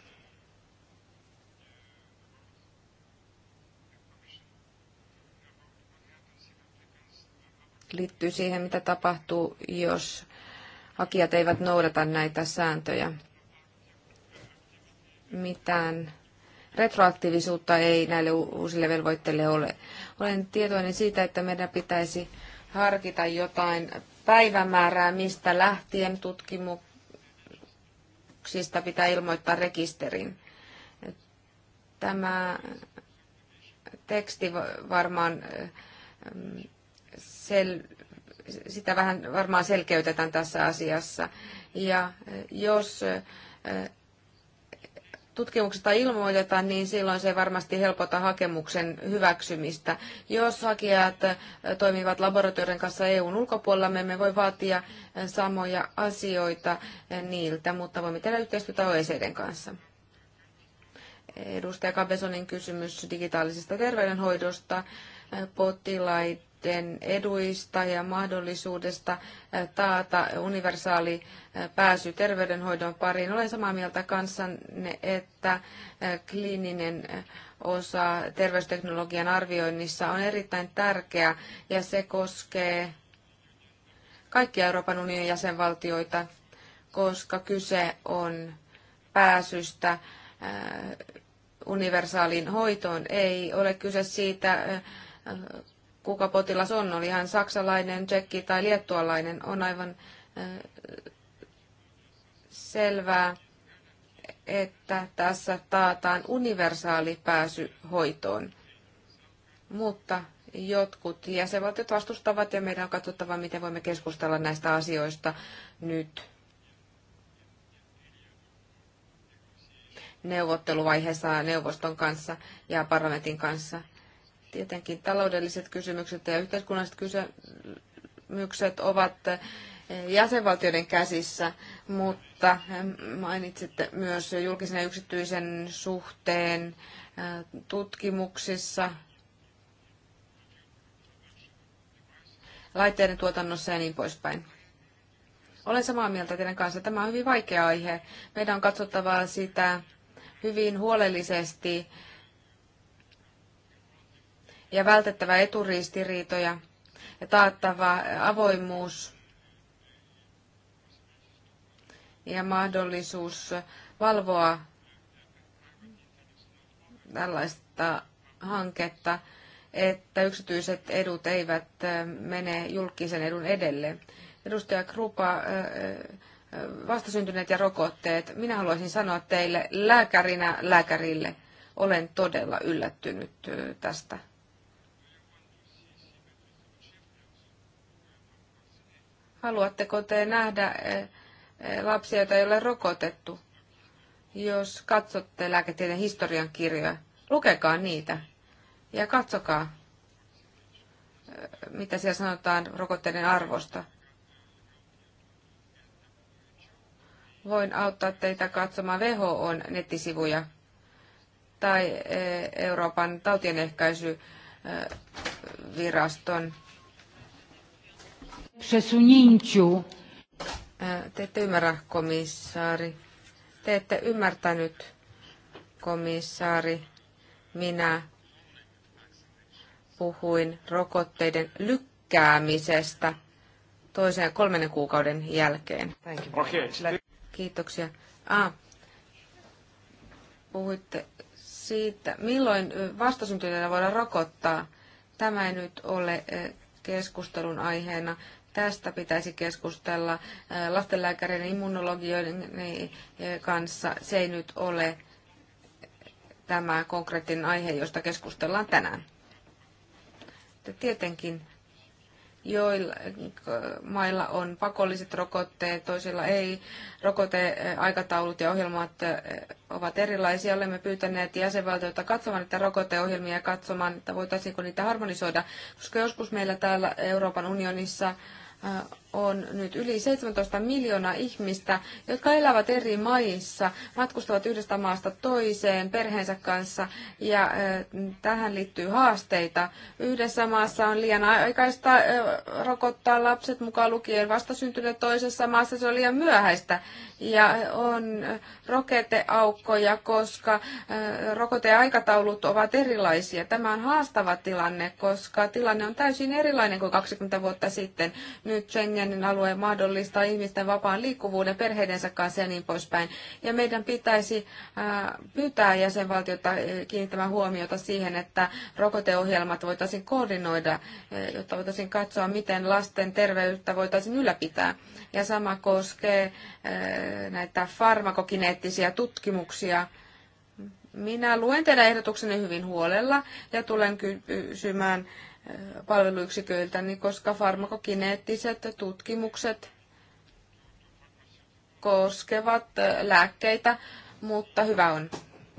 S1: liittyy siihen, mitä tapahtuu, jos hakijat eivät noudata näitä sääntöjä. Mitään retroaktiivisuutta ei näille uusille velvoitteille ole. Olen tietoinen siitä, että meidän pitäisi harkita jotain päivämäärää, mistä lähtien tutkimuksista pitää ilmoittaa rekisterin. Tämä teksti varmaan ähm, sel, sitä vähän varmaan selkeytetään tässä asiassa. Ja äh, jos äh, tutkimuksesta ilmoiteta, niin silloin se varmasti helpota hakemuksen hyväksymistä. Jos hakijat äh, toimivat laboratorion kanssa EUn ulkopuolella, me emme voi vaatia äh, samoja asioita äh, niiltä, mutta voimme tehdä yhteistyötä OECDn kanssa. Edustaja Kabesonin kysymys digitaalisesta terveydenhoidosta. Potilaita niiden eduista ja mahdollisuudesta taata universaali pääsy terveydenhoidon pariin. Olen samaa mieltä kanssanne, että kliininen osa terveysteknologian arvioinnissa on erittäin tärkeä ja se koskee kaikkia Euroopan unionin jäsenvaltioita, koska kyse on pääsystä universaaliin hoitoon. Ei ole kyse siitä, kuka potilas on, oli hän saksalainen, tsekki tai liettualainen, on aivan selvää, että tässä taataan universaali pääsy hoitoon. Mutta jotkut jäsenvaltiot vastustavat ja meidän on katsottava, miten voimme keskustella näistä asioista nyt neuvotteluvaiheessa neuvoston kanssa ja parlamentin kanssa. Tietenkin taloudelliset kysymykset ja yhteiskunnalliset
S3: kysymykset
S1: ovat jäsenvaltioiden käsissä, mutta mainitsitte myös julkisen ja yksityisen suhteen tutkimuksissa, laitteiden tuotannossa ja niin poispäin. Olen samaa mieltä teidän kanssa. Tämä on hyvin vaikea aihe. Meidän on katsottava sitä hyvin huolellisesti ja vältettävä eturistiriitoja ja taattava avoimuus ja mahdollisuus valvoa tällaista hanketta, että yksityiset edut eivät mene julkisen edun edelle. Edustaja Krupa, vastasyntyneet ja rokotteet. Minä haluaisin sanoa teille lääkärinä lääkärille, olen todella yllättynyt tästä Haluatteko te nähdä eh, eh, lapsia, joita ei ole rokotettu? Jos katsotte lääketieteen historian kirjoja, lukekaa niitä ja katsokaa, eh, mitä siellä sanotaan rokotteiden arvosta. Voin auttaa teitä katsomaan WHOn nettisivuja tai Euroopan tautienehkäisyviraston przesunięciu. Te ette ymmärrä, komissaari. Te ette ymmärtänyt, komissaari. Minä puhuin rokotteiden lykkäämisestä ja kolmenen kuukauden jälkeen. Okay. Kiitoksia. Ah, puhuitte siitä, milloin vastasyntyneitä voidaan rokottaa. Tämä ei nyt ole keskustelun aiheena. Tästä pitäisi keskustella lastenlääkäreiden immunologioiden niin, kanssa. Se ei nyt ole tämä konkreettinen aihe, josta keskustellaan tänään. Tietenkin joilla mailla on pakolliset rokotteet, toisilla ei. Rokoteaikataulut ja ohjelmat eh, ovat erilaisia. Olemme pyytäneet jäsenvaltioita katsomaan näitä rokoteohjelmia ja katsomaan, että voitaisiinko niitä harmonisoida, koska joskus meillä täällä Euroopan unionissa eh, on nyt yli 17 miljoonaa ihmistä, jotka elävät eri maissa, matkustavat yhdestä maasta toiseen perheensä kanssa ja tähän liittyy haasteita. Yhdessä maassa on liian aikaista rokottaa lapset mukaan lukien vastasyntyneet toisessa maassa, se on liian myöhäistä ja on rokoteaukkoja, koska rokoteaikataulut ovat erilaisia. Tämä on haastava tilanne, koska tilanne on täysin erilainen kuin 20 vuotta sitten. Nyt Schengen Schengenin alue mahdollistaa ihmisten vapaan liikkuvuuden perheidensä kanssa ja niin poispäin. Ja meidän pitäisi pyytää jäsenvaltiota kiinnittämään huomiota siihen, että rokoteohjelmat voitaisiin koordinoida, jotta voitaisiin katsoa, miten lasten terveyttä voitaisiin ylläpitää. Ja sama koskee näitä farmakokineettisiä tutkimuksia. Minä luen teidän ehdotuksenne hyvin huolella ja tulen kysymään palveluyksiköiltä, niin koska farmakokineettiset tutkimukset koskevat lääkkeitä, mutta hyvä on.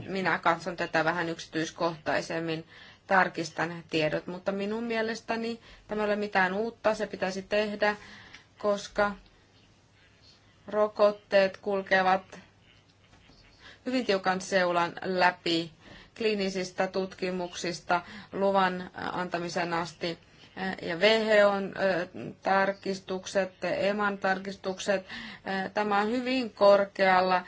S1: Minä katson tätä vähän yksityiskohtaisemmin, tarkistan tiedot, mutta minun mielestäni tämä ei ole mitään uutta, se pitäisi tehdä, koska rokotteet kulkevat hyvin tiukan seulan läpi kliinisistä tutkimuksista luvan äh, antamisen asti. Äh, ja WHOn äh, tarkistukset, EMAN tarkistukset, tämä on hyvin korkealla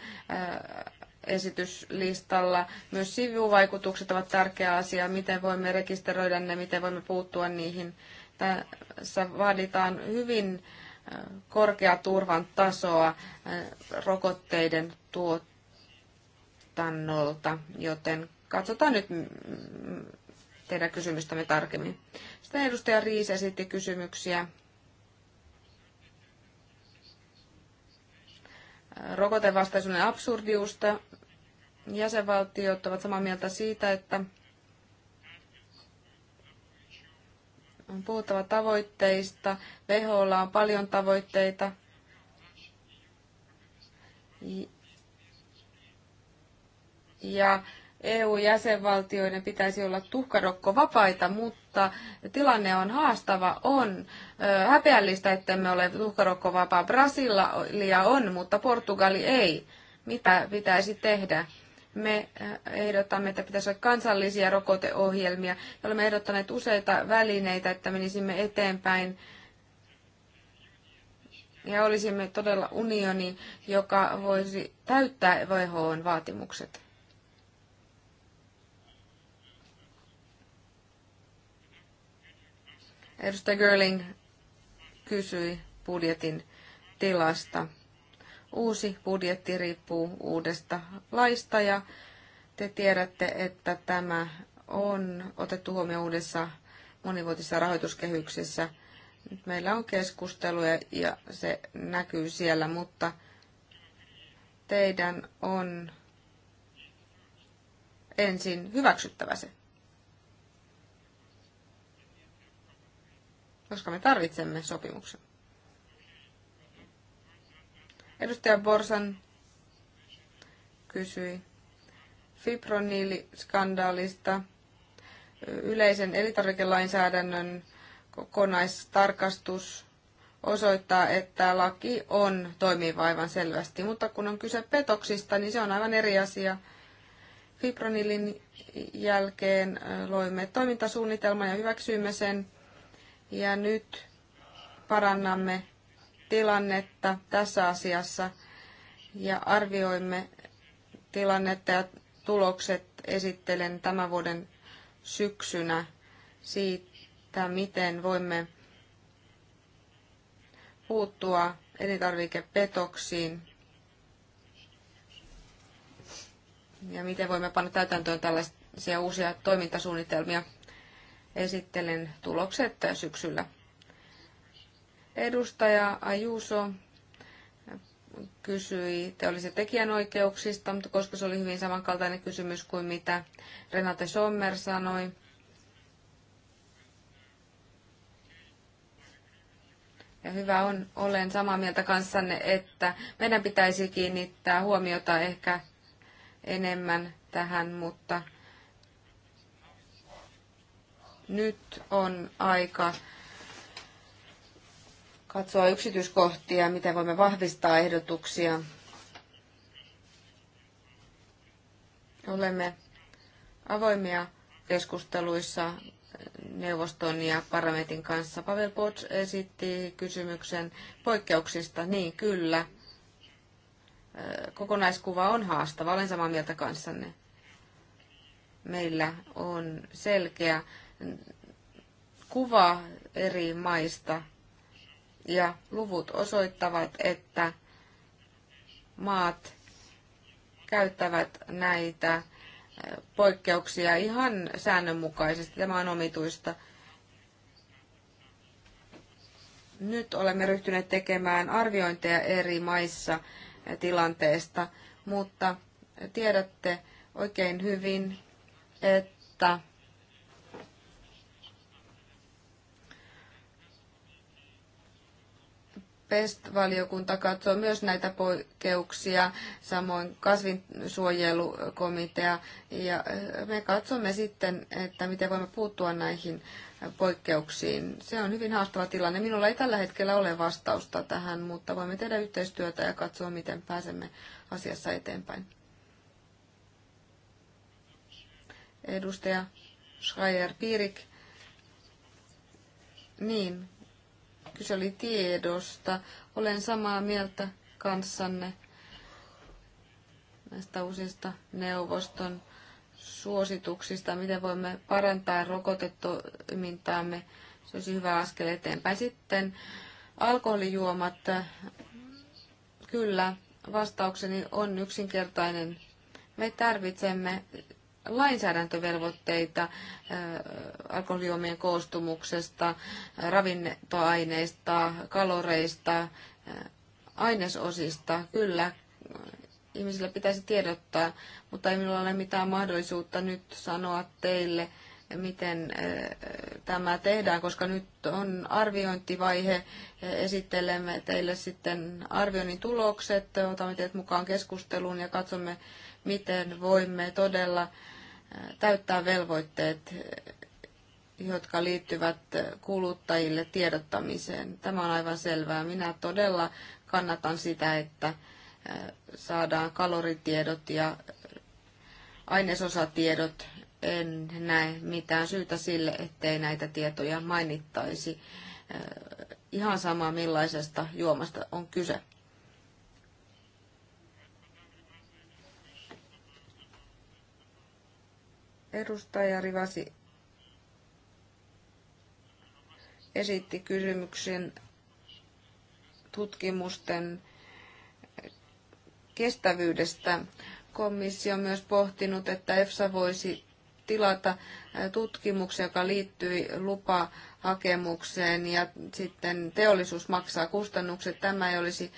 S1: esityslistalla. Myös sivuvaikutukset ovat tärkeä asia, miten voimme rekisteröidä ne, miten voimme puuttua niihin. Tässä vaaditaan hyvin korkea turvan tasoa rokotteiden tuotannolta, joten katsotaan nyt mm, teidän kysymystämme tarkemmin. Sitten edustaja Riis esitti kysymyksiä. Rokotevastaisuuden absurdiusta. Jäsenvaltiot ovat samaa mieltä siitä, että on puhuttava tavoitteista. WHOlla on paljon tavoitteita. Ja EU-jäsenvaltioiden pitäisi olla tuhkarokko mutta tilanne on haastava. On häpeällistä, että me ole tuhkarokko Brasilia on, mutta Portugali ei. Mitä pitäisi tehdä? Me ehdotamme, että pitäisi olla kansallisia rokoteohjelmia. Olemme ehdottaneet useita välineitä, että menisimme eteenpäin ja olisimme todella unioni, joka voisi täyttää WHOn vaatimukset. Edustaja Görling kysyi budjetin tilasta. Uusi budjetti riippuu uudesta laista ja te tiedätte, että tämä on otettu huomioon uudessa monivuotisessa rahoituskehyksessä. Nyt meillä on keskusteluja ja se näkyy siellä, mutta teidän on ensin hyväksyttävä se. koska me tarvitsemme sopimuksen. Edustaja Borsan kysyi fibroniiliskandaalista, yleisen elintarvikelainsäädännön kokonaistarkastus osoittaa, että laki on toimiva aivan selvästi, mutta kun on kyse petoksista, niin se on aivan eri asia. Fibronilin jälkeen loimme toimintasuunnitelman ja hyväksyimme sen. Ja nyt parannamme tilannetta tässä asiassa ja arvioimme tilannetta ja tulokset esittelen tämän vuoden syksynä siitä, miten voimme puuttua elintarvikepetoksiin ja miten voimme panna täytäntöön tällaisia uusia toimintasuunnitelmia esittelen tulokset syksyllä. Edustaja Ajuso kysyi olisi tekijänoikeuksista, mutta koska se oli hyvin samankaltainen kysymys kuin mitä Renate Sommer sanoi, Ja hyvä on, olen samaa mieltä kanssanne, että meidän pitäisi kiinnittää huomiota ehkä enemmän tähän, mutta nyt on aika katsoa yksityiskohtia, miten voimme vahvistaa ehdotuksia. Olemme avoimia keskusteluissa neuvoston ja parlamentin kanssa. Pavel Pots esitti kysymyksen poikkeuksista. Niin, kyllä. Kokonaiskuva on haastava. Olen samaa mieltä kanssanne. Meillä on selkeä kuva eri maista ja luvut osoittavat, että maat käyttävät näitä poikkeuksia ihan säännönmukaisesti. Tämä on omituista. Nyt olemme ryhtyneet tekemään arviointeja eri maissa tilanteesta, mutta tiedätte oikein hyvin, että PEST-valiokunta katsoo myös näitä poikkeuksia, samoin kasvinsuojelukomitea, ja eh, me katsomme sitten, että miten voimme puuttua näihin poikkeuksiin. Se on hyvin haastava tilanne. Minulla ei tällä hetkellä ole vastausta tähän, mutta voimme tehdä yhteistyötä ja katsoa, miten pääsemme asiassa eteenpäin. Edustaja schreier pirik Niin, Kyse oli tiedosta. Olen samaa mieltä kanssanne näistä uusista neuvoston suosituksista, miten voimme parantaa rokotetoimintaamme. Se olisi hyvä askel eteenpäin. Sitten alkoholijuomat. Kyllä, vastaukseni on yksinkertainen. Me tarvitsemme lainsäädäntövelvoitteita äh, alkoholijuomien koostumuksesta, äh, ravintoaineista, kaloreista, äh, ainesosista. Kyllä, ihmisillä pitäisi tiedottaa, mutta ei minulla ole mitään mahdollisuutta nyt sanoa teille, miten tämä tehdään, koska nyt on arviointivaihe. Esittelemme teille sitten arvioinnin tulokset, otamme teidät mukaan keskusteluun ja katsomme, miten voimme todella täyttää velvoitteet, jotka liittyvät kuluttajille tiedottamiseen. Tämä on aivan selvää. Minä todella kannatan sitä, että saadaan kaloritiedot ja ainesosatiedot. En näe mitään syytä sille, ettei näitä tietoja mainittaisi. Ihan sama millaisesta juomasta on kyse. Edustaja Rivasi esitti kysymyksen tutkimusten kestävyydestä. Komissio on myös pohtinut, että EFSA voisi tilata tutkimuksen, joka liittyy lupahakemukseen ja sitten teollisuus maksaa kustannukset. Tämä ei olisi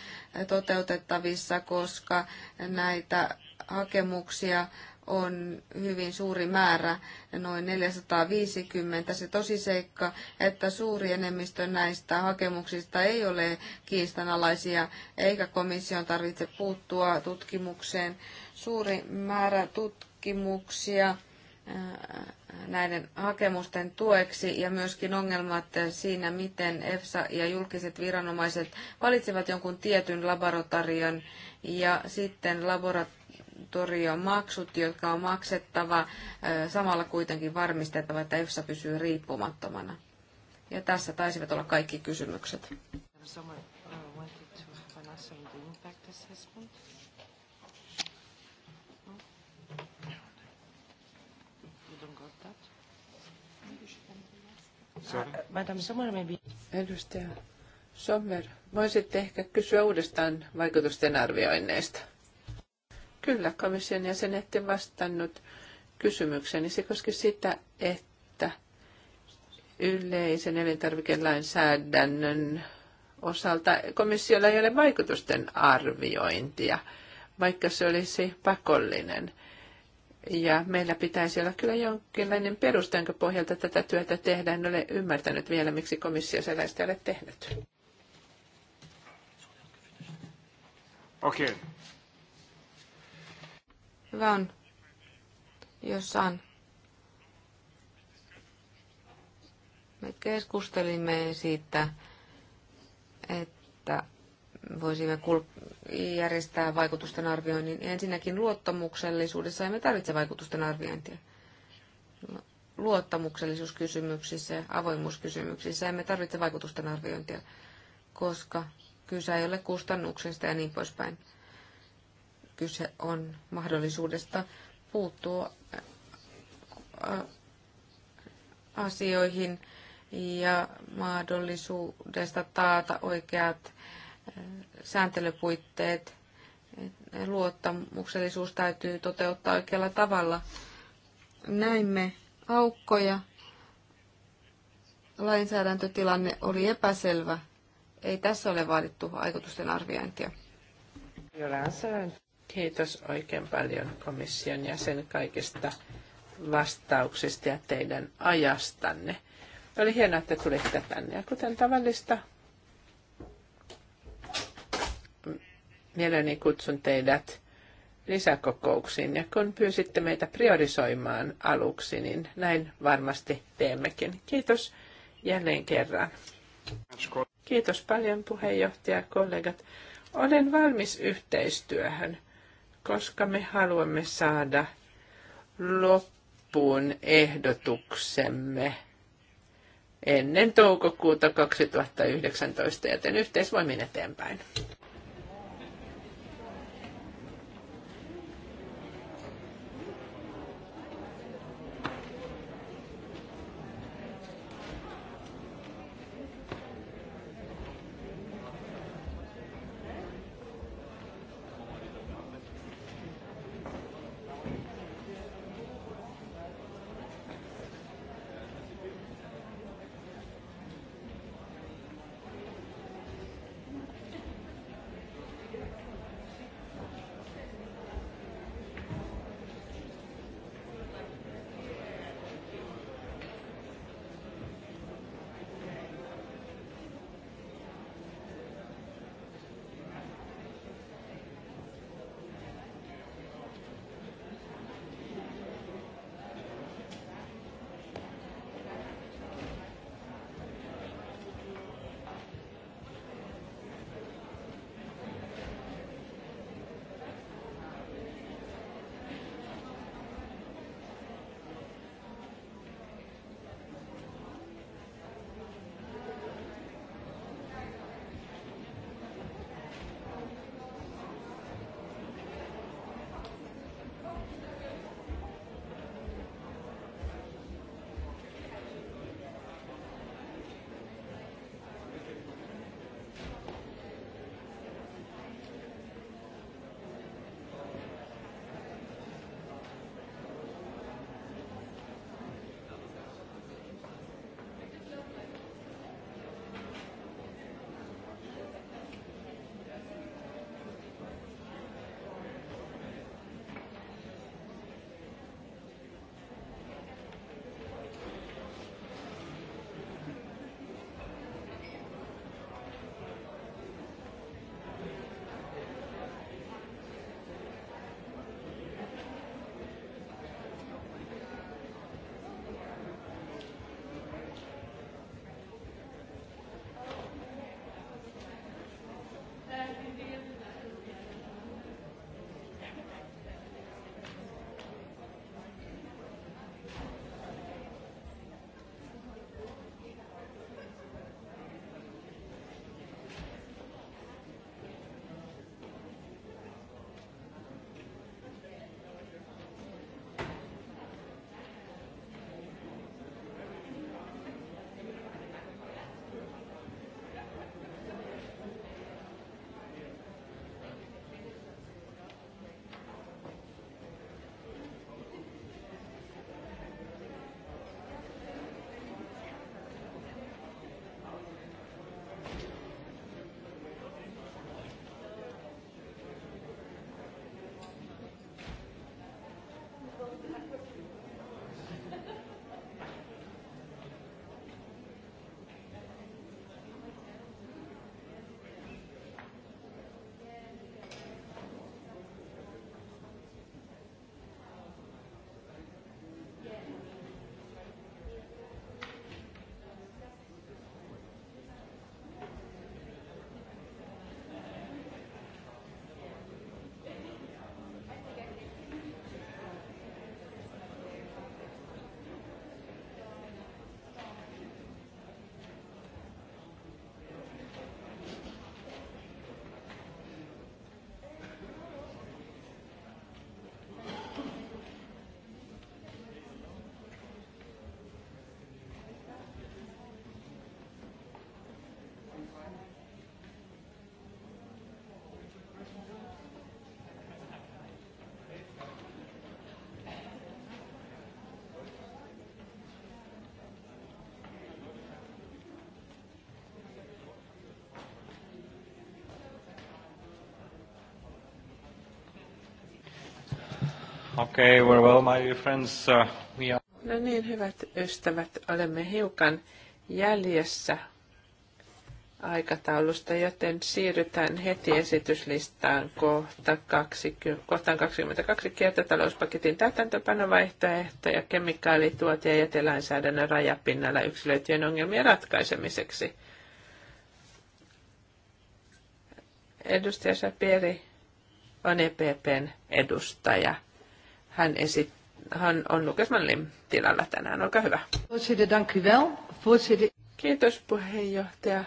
S1: toteutettavissa, koska näitä hakemuksia on hyvin suuri määrä, noin 450. Se tosiseikka, että suuri enemmistö näistä hakemuksista ei ole kiistanalaisia, eikä komission tarvitse puuttua tutkimukseen. Suuri määrä tutkimuksia äh, näiden hakemusten tueksi ja myöskin ongelmat siinä, miten EFSA ja julkiset viranomaiset valitsevat jonkun tietyn laboratorion ja sitten laboratorion torjua maksut, jotka on maksettava, samalla kuitenkin varmistettava, että EFSA pysyy riippumattomana. Ja tässä taisivat olla kaikki kysymykset.
S2: Uh, Edustaja Sommer, voisitte ehkä kysyä uudestaan vaikutusten arvioinneista. Kyllä, komission jäsen ette vastannut kysymykseen. Se koski sitä, että yleisen elintarvikelainsäädännön osalta komissiolla ei ole vaikutusten arviointia, vaikka se olisi pakollinen. Ja meillä pitäisi olla kyllä jonkinlainen peruste, jonka pohjalta tätä työtä tehdään. En ole ymmärtänyt vielä, miksi komissio sellaista ei ole tehnyt.
S3: Okei. Okay.
S1: Hyvä on, jos saan. Me keskustelimme siitä, että voisimme järjestää vaikutusten arvioinnin. Ensinnäkin luottamuksellisuudessa emme tarvitse vaikutusten arviointia. Luottamuksellisuuskysymyksissä ja avoimuuskysymyksissä emme tarvitse vaikutusten arviointia, koska kyse ei ole kustannuksista ja niin poispäin. Kyse on mahdollisuudesta puuttua äh, asioihin ja mahdollisuudesta taata oikeat äh, sääntelypuitteet. Luottamuksellisuus täytyy toteuttaa oikealla tavalla. Näimme aukkoja. Lainsäädäntötilanne oli epäselvä. Ei tässä ole vaadittu vaikutusten arviointia.
S2: Kiitos oikein paljon komission jäsen kaikista vastauksista ja teidän ajastanne. Oli hienoa, että tulitte tänne. Ja kuten tavallista, mielelläni kutsun teidät lisäkokouksiin. Ja kun pyysitte meitä priorisoimaan aluksi, niin näin varmasti teemmekin. Kiitos jälleen kerran. Kiitos paljon puheenjohtaja kollegat. Olen valmis yhteistyöhön koska me haluamme saada loppuun ehdotuksemme ennen toukokuuta 2019, joten yhteisvoimin eteenpäin. Okay, well, well, my friends, uh, we are... No niin, hyvät ystävät, olemme hiukan jäljessä aikataulusta, joten siirrytään heti esityslistaan kohta 20, kohtaan 22 kiertotalouspaketin täytäntöpanovaihtoehto ja kemikaalituote- ja jätelainsäädännön rajapinnalla yksilöityjen ongelmien ratkaisemiseksi. Edustaja Sapieri on EPPn edustaja. Hän, esit, hän on Lukas tilalla tänään. Olkaa hyvä. Kiitos puheenjohtaja.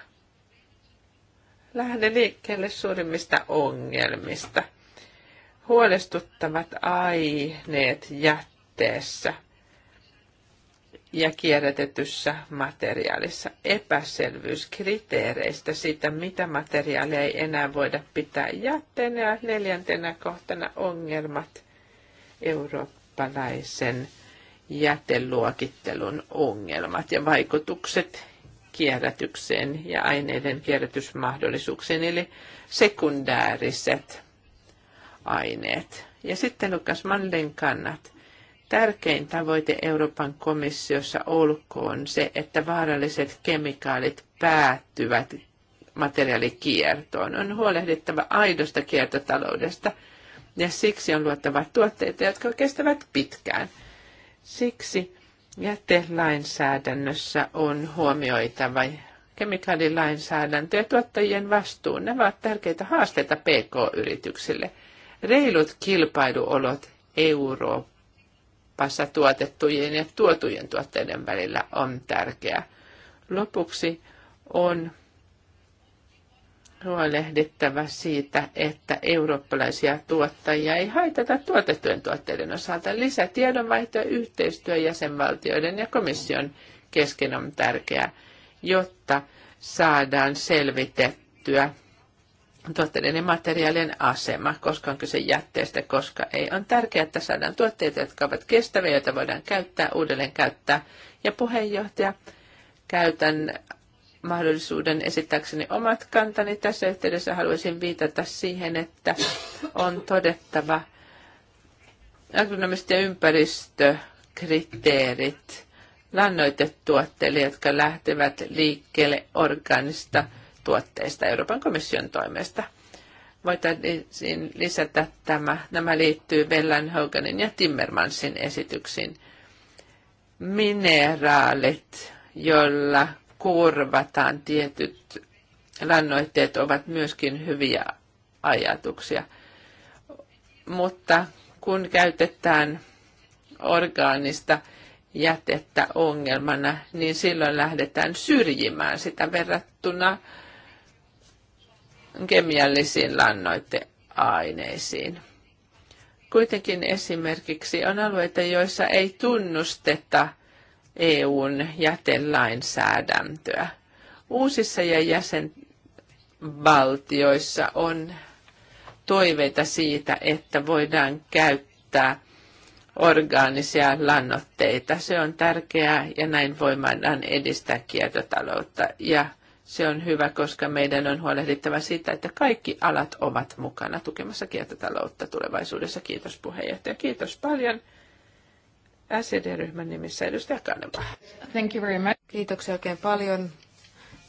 S2: Lähden liikkeelle suurimmista ongelmista. Huolestuttavat aineet jätteessä ja kierrätetyssä materiaalissa epäselvyys kriteereistä siitä, mitä materiaalia ei enää voida pitää jätteenä ja neljäntenä kohtana ongelmat eurooppalaisen jäteluokittelun ongelmat ja vaikutukset kierrätykseen ja aineiden kierrätysmahdollisuuksiin, eli sekundääriset aineet. Ja sitten Lukas Mandlin kannat. Tärkein tavoite Euroopan komissiossa olkoon se, että vaaralliset kemikaalit päättyvät materiaalikiertoon. On huolehdittava aidosta kiertotaloudesta – ja siksi on luottava tuotteita, jotka kestävät pitkään. Siksi jätelainsäädännössä on huomioitava kemikaalilainsäädäntö ja tuottajien vastuu. Nämä ovat tärkeitä haasteita PK-yrityksille. Reilut kilpailuolot Euroopassa tuotettujen ja tuotujen tuotteiden välillä on tärkeää. Lopuksi on huolehdittava siitä, että eurooppalaisia tuottajia ei haitata tuotettujen tuotteiden osalta. Lisätiedonvaihto ja yhteistyö jäsenvaltioiden ja komission kesken on tärkeää, jotta saadaan selvitettyä tuotteiden ja materiaalien asema, koska on kyse jätteestä, koska ei. On tärkeää, että saadaan tuotteita, jotka ovat kestäviä, joita voidaan käyttää, uudelleen käyttää. Ja puheenjohtaja, käytän mahdollisuuden esittääkseni omat kantani. Tässä yhteydessä haluaisin viitata siihen, että on todettava agronomiset ja ympäristökriteerit, lannoitetuotteille, jotka lähtevät liikkeelle organista tuotteista Euroopan komission toimesta. Voitaisiin lisätä tämä. Nämä liittyy Bellan Hoganin ja Timmermansin esityksiin. Mineraalit, joilla korvataan tietyt lannoitteet ovat myöskin hyviä ajatuksia. Mutta kun käytetään orgaanista jätettä ongelmana, niin silloin lähdetään syrjimään sitä verrattuna kemiallisiin lannoiteaineisiin. Kuitenkin esimerkiksi on alueita, joissa ei tunnusteta – EUn jätelainsäädäntöä. Uusissa ja jäsenvaltioissa on toiveita siitä, että voidaan käyttää orgaanisia lannoitteita. Se on tärkeää ja näin voidaan edistää kiertotaloutta. Ja se on hyvä, koska meidän on huolehdittava siitä, että kaikki alat ovat mukana tukemassa kiertotaloutta tulevaisuudessa. Kiitos puheenjohtaja. Kiitos paljon.
S1: SED-ryhmän
S2: nimissä edustaja Kanneva.
S1: Thank you very much. Kiitoksia oikein paljon.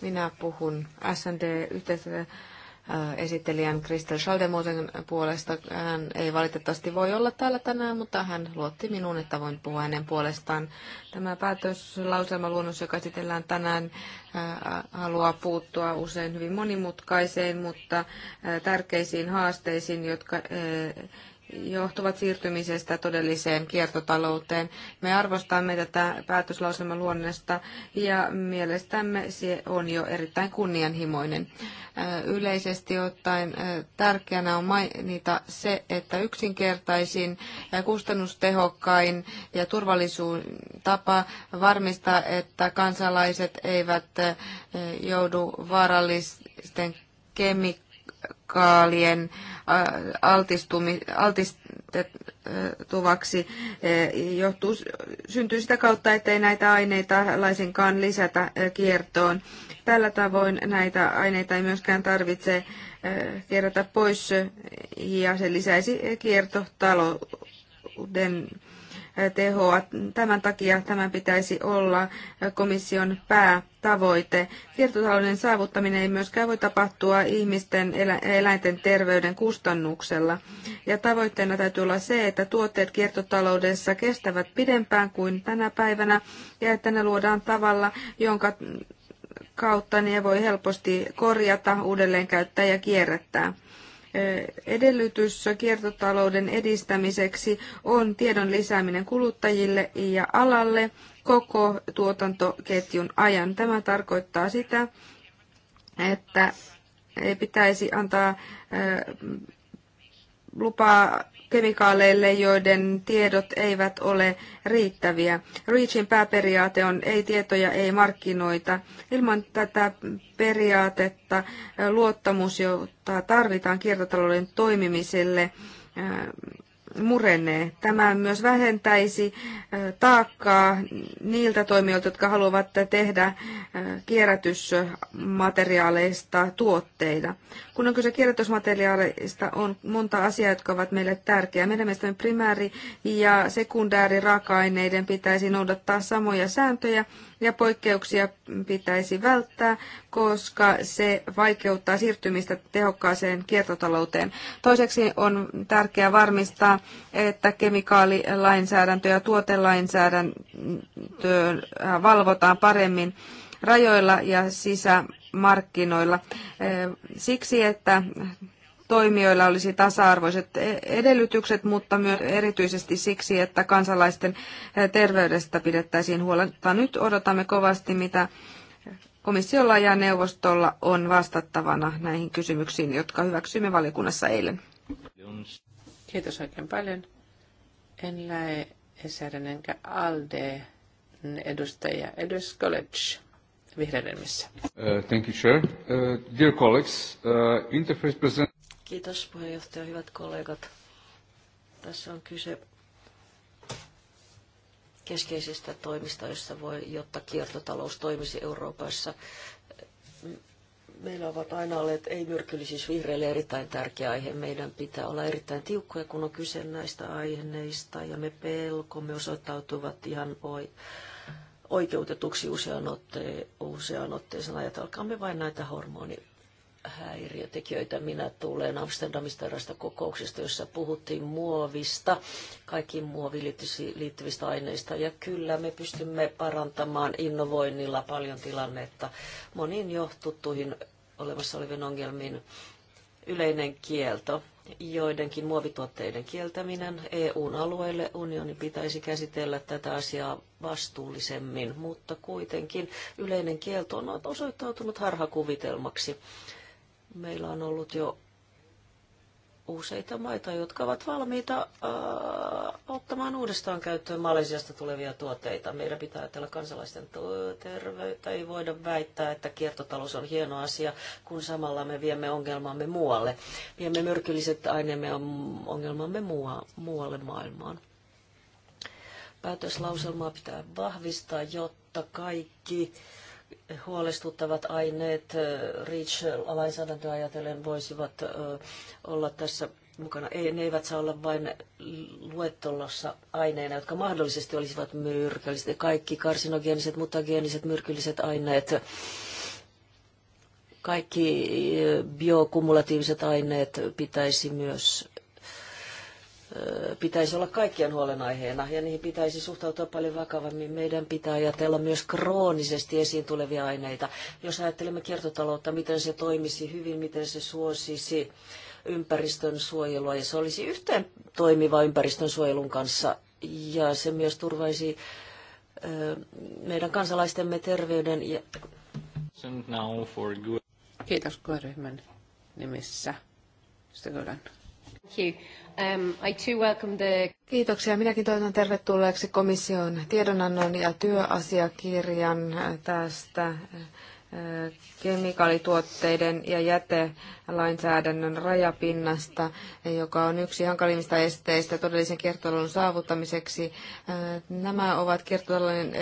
S1: Minä puhun SND-yhteistyötä äh, esittelijän Kristel Schaldemosen puolesta. Hän ei valitettavasti voi olla täällä tänään, mutta hän luotti minuun, että voin puhua hänen puolestaan. Tämä päätöslauselmaluonnos, joka esitellään tänään, äh, haluaa puuttua usein hyvin monimutkaiseen, mutta äh, tärkeisiin haasteisiin, jotka johtuvat siirtymisestä todelliseen kiertotalouteen. Me arvostamme tätä päätöslauselman luonnosta ja mielestämme se on jo erittäin kunnianhimoinen. Äh, yleisesti ottaen äh, tärkeänä on mainita se, että yksinkertaisin, ja kustannustehokkain ja turvallisuus tapa varmistaa, että kansalaiset eivät äh, joudu vaarallisten kemik kemikaalien äh, altistumi, altistuvaksi äh, johtuu, syntyy sitä kautta, ettei näitä aineita laisinkaan lisätä äh, kiertoon. Tällä tavoin näitä aineita ei myöskään tarvitse kerätä pois ja se lisäisi kiertotalouden tehoa. Tämän takia tämän pitäisi olla komission päätavoite. Kiertotalouden saavuttaminen ei myöskään voi tapahtua ihmisten eläinten terveyden kustannuksella. Ja tavoitteena täytyy olla se, että tuotteet kiertotaloudessa kestävät pidempään kuin tänä päivänä ja että ne luodaan tavalla, jonka kautta ne voi helposti korjata, uudelleen käyttää ja kierrättää. Edellytys kiertotalouden edistämiseksi on tiedon lisääminen kuluttajille ja alalle koko tuotantoketjun ajan. Tämä tarkoittaa sitä, että ei pitäisi antaa lupaa kemikaaleille, joiden tiedot eivät ole riittäviä. REACHin pääperiaate on ei tietoja, ei markkinoita. Ilman tätä periaatetta luottamus, jota tarvitaan kiertotalouden toimimiselle, murenee. Tämä myös vähentäisi taakkaa niiltä toimijoilta, jotka haluavat tehdä kierrätysmateriaaleista tuotteita. Kun on kyse kirjoitusmateriaalista, on monta asiaa, jotka ovat meille tärkeää. Meidän mielestämme primääri- ja raaka aineiden pitäisi noudattaa samoja sääntöjä ja poikkeuksia pitäisi välttää, koska se vaikeuttaa siirtymistä tehokkaaseen kiertotalouteen. Toiseksi on tärkeää varmistaa, että kemikaalilainsäädäntö ja tuotelainsäädäntö valvotaan paremmin rajoilla ja sisämarkkinoilla. Eh, siksi, että toimijoilla olisi tasa-arvoiset e- edellytykset, mutta myös erityisesti siksi, että kansalaisten eh, terveydestä pidettäisiin huolta. Nyt odotamme kovasti, mitä komissiolla ja neuvostolla on vastattavana näihin kysymyksiin, jotka hyväksyimme valiokunnassa eilen. Kiitos oikein paljon.
S3: En
S2: lähe Esärinen enkä Alde edustaja Edus College. Uh,
S3: thank you, Chair. Uh, dear colleagues, uh, Interface present... Kiitos puheenjohtaja, hyvät kollegat. Tässä on kyse keskeisistä toimista, joissa voi, jotta kiertotalous toimisi Euroopassa. Meillä ovat aina olleet ei-myrkyllisyys vihreille erittäin tärkeä aihe. Meidän pitää olla erittäin tiukkoja, kun on kyse näistä aiheista, ja me pelkomme osoittautuvat ihan oi, oikeutetuksi usean, otte, usean otteeseen ajatelkaamme vain näitä hormonihäiriötekijöitä. Minä tulen Amsterdamista erästä kokouksesta, jossa puhuttiin muovista, kaikkiin muoviin liittyvistä aineista. Ja kyllä me pystymme parantamaan innovoinnilla paljon tilannetta moniin tuttuihin olemassa oleviin ongelmiin yleinen kielto joidenkin muovituotteiden kieltäminen EUn alueelle. Unioni pitäisi käsitellä tätä asiaa vastuullisemmin, mutta kuitenkin yleinen kielto on osoittautunut harhakuvitelmaksi. Meillä on ollut jo useita maita, jotka ovat valmiita ää, äh, ottamaan uudestaan käyttöön Malesiasta tulevia tuotteita. Meidän pitää ajatella kansalaisten terveyttä. Ei voida väittää, että kiertotalous on hieno asia, kun samalla me viemme ongelmamme muualle. Viemme myrkylliset aineemme ongelmamme mua, muualle maailmaan. Päätöslauselmaa pitää vahvistaa, jotta kaikki huolestuttavat aineet äh, REACH-lainsäädäntöä ajatellen voisivat äh, olla tässä mukana. Ei, ne eivät saa olla vain luettelossa aineina, jotka mahdollisesti olisivat myrkylliset. Kaikki karsinogeeniset, mutageeniset, myrkylliset aineet, kaikki äh, biokumulatiiviset aineet pitäisi myös pitäisi olla kaikkien huolenaiheena ja niihin pitäisi suhtautua paljon vakavammin. Meidän pitää ajatella myös kroonisesti esiin tulevia aineita. Jos ajattelemme kiertotaloutta, miten se toimisi hyvin, miten se suosisi ympäristön suojelua ja se olisi yhteen toimiva ympäristön suojelun kanssa ja se myös turvaisi meidän kansalaistemme terveyden. Ja... Kiitos koeryhmän
S2: nimissä.
S1: Stegolan. Um, Kiitoksia. Minäkin toivotan tervetulleeksi komission tiedonannon ja työasiakirjan äh, tästä äh, kemikaalituotteiden ja jätelainsäädännön rajapinnasta, joka on yksi hankalimmista esteistä todellisen kiertotalouden saavuttamiseksi. Äh, nämä ovat kiertotalouden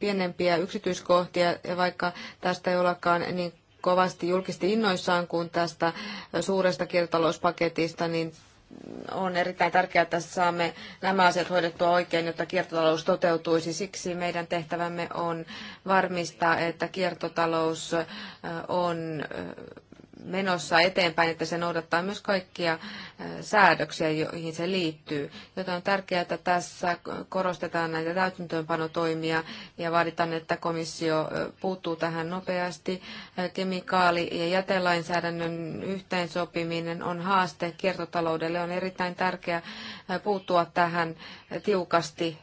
S1: pienempiä yksityiskohtia, ja vaikka tästä ei olekaan niin kovasti julkisesti innoissaan kuin tästä suuresta kiertotalouspaketista, niin on erittäin tärkeää, että saamme nämä asiat hoidettua oikein, jotta kiertotalous toteutuisi. Siksi meidän tehtävämme on varmistaa, että kiertotalous on menossa eteenpäin, että se noudattaa myös kaikkia säädöksiä, joihin se liittyy. Joten on tärkeää, että tässä korostetaan näitä täytäntöönpanotoimia ja vaaditaan, että komissio puuttuu tähän nopeasti. Kemikaali- ja jätelainsäädännön yhteensopiminen on haaste kiertotaloudelle. On erittäin tärkeää puuttua tähän tiukasti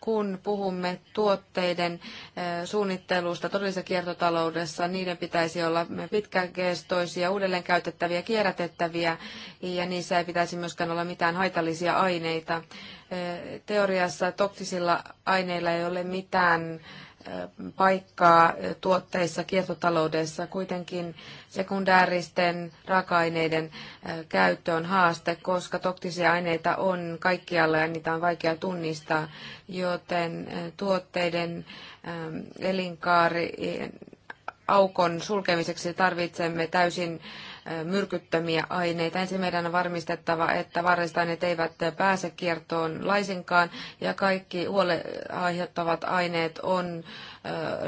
S1: kun puhumme tuotteiden suunnittelusta todellisessa kiertotaloudessa, niiden pitäisi olla pitkäkestoisia, uudelleen käytettäviä, kierrätettäviä ja niissä ei pitäisi myöskään olla mitään haitallisia aineita. Teoriassa toksisilla aineilla ei ole mitään paikkaa tuotteissa, kiertotaloudessa. Kuitenkin sekundääristen raaka-aineiden käyttö on haaste, koska toktisia aineita on kaikkialla ja niitä on vaikea tunnistaa, joten tuotteiden elinkaari aukon sulkemiseksi tarvitsemme täysin myrkyttämiä aineita. Ensin meidän on varmistettava, että varresta-aineet eivät pääse kiertoon laisinkaan ja kaikki huole aiheuttavat aineet on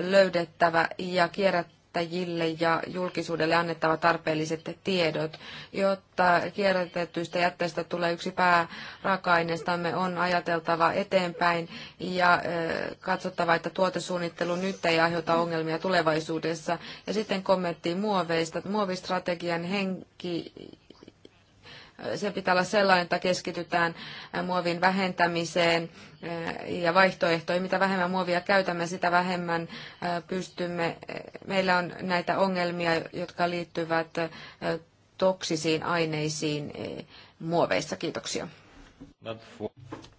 S1: löydettävä ja kierrättävä päättäjille ja julkisuudelle annettava tarpeelliset tiedot, jotta kierrätetyistä jätteistä tulee yksi pääraaka-aineistamme, on ajateltava eteenpäin ja katsottava, että tuotesuunnittelu nyt ei aiheuta ongelmia tulevaisuudessa. Ja sitten kommentti muoveista. Muovistrategian henki sen pitää olla sellainen, että keskitytään muovin vähentämiseen eh, ja vaihtoehtoihin. Mitä vähemmän muovia käytämme, sitä vähemmän eh, pystymme. Eh, meillä on näitä ongelmia, jotka liittyvät toksisiin aineisiin muoveissa. Kiitoksia.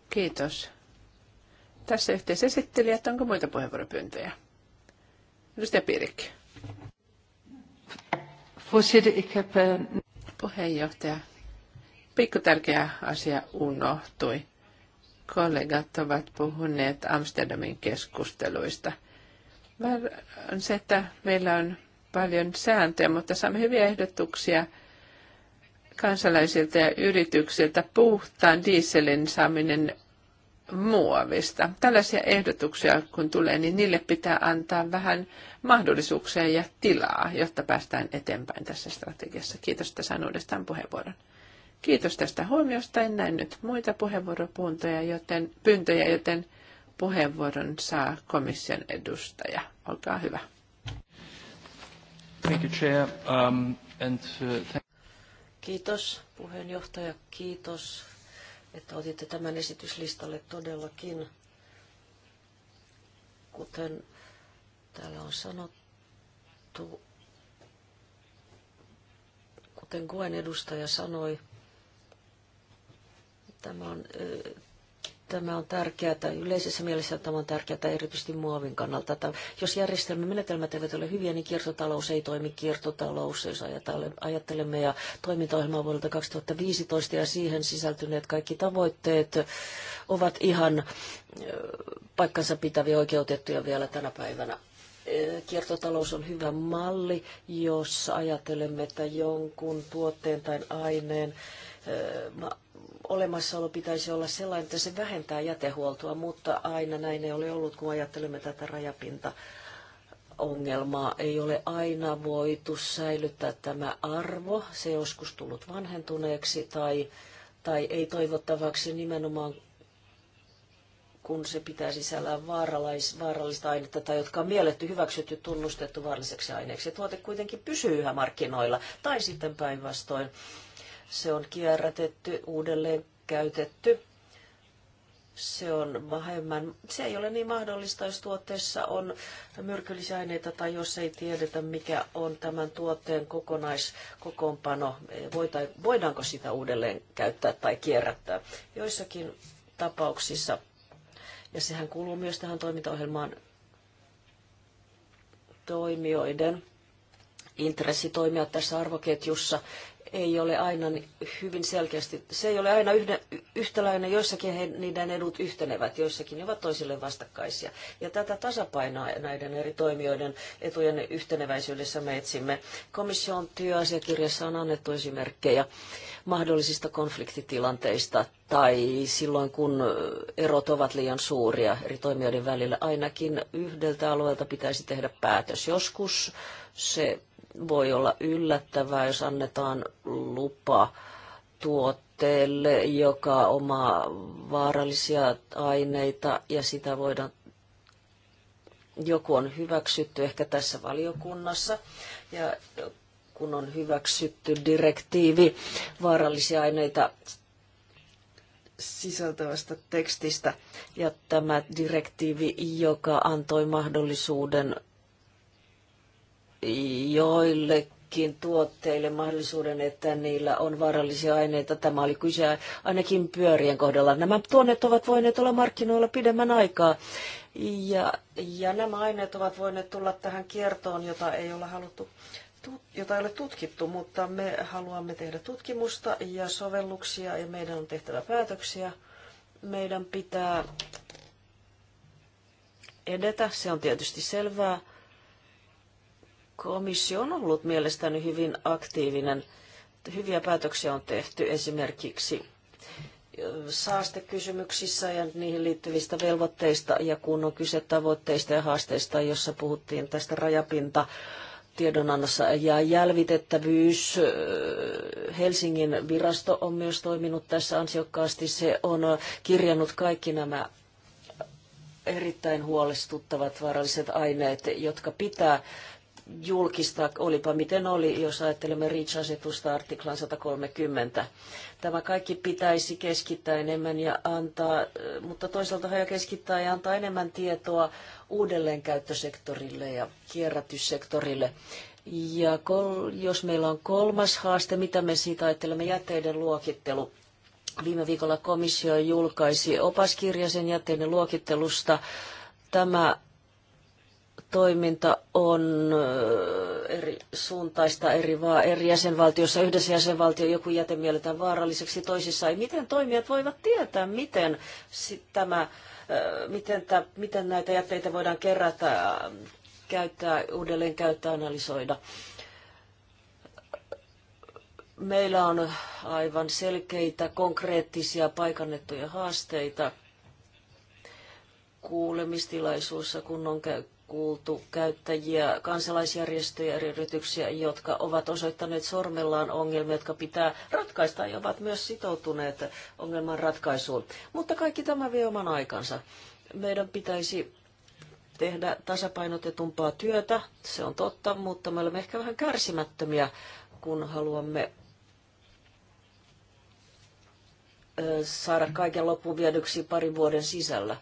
S2: Kiitos. Tässä yhteisesittelijät, onko muita puheenvuoropyyntöjä? Edustaja Piirikki. Puheenjohtaja, pikku tärkeä asia unohtui. Kollegat ovat puhuneet Amsterdamin keskusteluista. On se, että meillä on paljon sääntöjä, mutta saamme hyviä ehdotuksia kansalaisilta ja yrityksiltä puhtaan dieselin saaminen muovista. Tällaisia ehdotuksia kun tulee, niin niille pitää antaa vähän mahdollisuuksia ja tilaa, jotta päästään eteenpäin tässä strategiassa. Kiitos, että sain uudestaan puheenvuoron. Kiitos tästä huomiosta. En näe nyt muita puheenvuoropuntoja, joten, pyyntöjä, joten puheenvuoron saa komission edustaja. Olkaa hyvä.
S1: Thank you, Chair. Um, and, uh,
S3: Kiitos puheenjohtaja, kiitos, että otitte tämän esityslistalle todellakin. Kuten täällä on sanottu, kuten Guen edustaja sanoi, Tämä on, tämä on tärkeää, yleisessä mielessä tämä on tärkeää erityisesti muovin kannalta. Tämä, jos järjestelmän menetelmät eivät ole hyviä, niin kiertotalous ei toimi kiertotalous, jos ajattelemme ja toimintaohjelmaa vuodelta 2015 ja siihen sisältyneet kaikki tavoitteet ovat ihan paikkansa pitäviä oikeutettuja vielä tänä päivänä kiertotalous on hyvä malli, jos ajattelemme, että jonkun tuotteen tai aineen olemassaolo pitäisi olla sellainen, että se vähentää jätehuoltoa, mutta aina näin ei ole ollut, kun ajattelemme tätä rajapinta ongelmaa. Ei ole aina voitu säilyttää tämä arvo, se joskus tullut vanhentuneeksi tai, tai ei toivottavaksi nimenomaan kun se pitää sisällään vaaralais, vaarallista ainetta tai jotka on mielletty, hyväksytty, tunnustettu vaaralliseksi aineeksi. Tuote kuitenkin pysyy yhä markkinoilla tai sitten päinvastoin se on kierrätetty, uudelleen käytetty. Se on vähemmän, se ei ole niin mahdollista, jos tuotteessa on myrkyllisiä aineita tai jos ei tiedetä, mikä on tämän tuotteen kokonaiskokoonpano, voidaanko sitä uudelleen käyttää tai kierrättää. Joissakin tapauksissa, ja sehän kuuluu myös tähän toimintaohjelmaan toimijoiden intressi toimia tässä arvoketjussa ei ole aina hyvin selkeästi, se ei ole aina yhden, yhtäläinen, joissakin he, niiden edut yhtenevät, joissakin ne ovat toisille vastakkaisia. Ja tätä tasapainoa näiden eri toimijoiden etujen yhteneväisyydessä me etsimme. Komission työasiakirjassa on annettu esimerkkejä mahdollisista konfliktitilanteista tai silloin, kun erot ovat liian suuria eri toimijoiden välillä, ainakin yhdeltä alueelta pitäisi tehdä päätös. Joskus se voi olla yllättävää, jos annetaan lupa tuotteelle, joka omaa vaarallisia aineita ja sitä voidaan joku on hyväksytty ehkä tässä valiokunnassa ja kun on hyväksytty direktiivi vaarallisia aineita sisältävästä tekstistä ja tämä direktiivi, joka antoi mahdollisuuden joillekin tuotteille mahdollisuuden, että niillä on vaarallisia aineita. Tämä oli kyse ainakin pyörien kohdalla. Nämä tuonnet ovat voineet olla markkinoilla pidemmän aikaa. Ja, ja nämä aineet ovat voineet tulla tähän kiertoon, jota ei ole haluttu jota ei ole tutkittu, mutta me haluamme tehdä tutkimusta ja sovelluksia ja meidän on tehtävä päätöksiä. Meidän pitää edetä, se on tietysti selvää Komissio on ollut mielestäni hyvin aktiivinen. Hyviä päätöksiä on tehty esimerkiksi saastekysymyksissä ja niihin liittyvistä velvoitteista ja kun on kyse tavoitteista ja haasteista, jossa puhuttiin tästä rajapinta tiedonannossa ja jälvitettävyys. Helsingin virasto on myös toiminut tässä ansiokkaasti. Se on kirjannut kaikki nämä erittäin huolestuttavat vaaralliset aineet, jotka pitää julkista, olipa miten oli, jos ajattelemme REACH-asetusta artiklan 130. Tämä kaikki pitäisi keskittää enemmän ja antaa, mutta toisaalta haja keskittää ja antaa enemmän tietoa uudelleenkäyttösektorille ja kierrätyssektorille. Ja kol, jos meillä on kolmas haaste, mitä me siitä ajattelemme, jätteiden luokittelu. Viime viikolla komissio julkaisi opaskirjasen jätteiden luokittelusta. Tämä toiminta on eri suuntaista eri, vaan eri jäsenvaltiossa. Yhdessä jäsenvaltio joku jäte mielletään vaaralliseksi, toisissa ei. Miten toimijat voivat tietää, miten, tämä, miten, tä, miten näitä jätteitä voidaan kerätä, käyttää, uudelleen käyttää, analysoida? Meillä on aivan selkeitä, konkreettisia, paikannettuja haasteita kuulemistilaisuussa, kun on käy, kuultu käyttäjiä, kansalaisjärjestöjä, eri yrityksiä, jotka ovat osoittaneet sormellaan ongelmia, jotka pitää ratkaista ja ovat myös sitoutuneet ongelman ratkaisuun. Mutta kaikki tämä vie oman aikansa. Meidän pitäisi tehdä tasapainotetumpaa työtä, se on totta, mutta me olemme ehkä vähän kärsimättömiä, kun haluamme saada kaiken loppuun viedyksi parin vuoden sisällä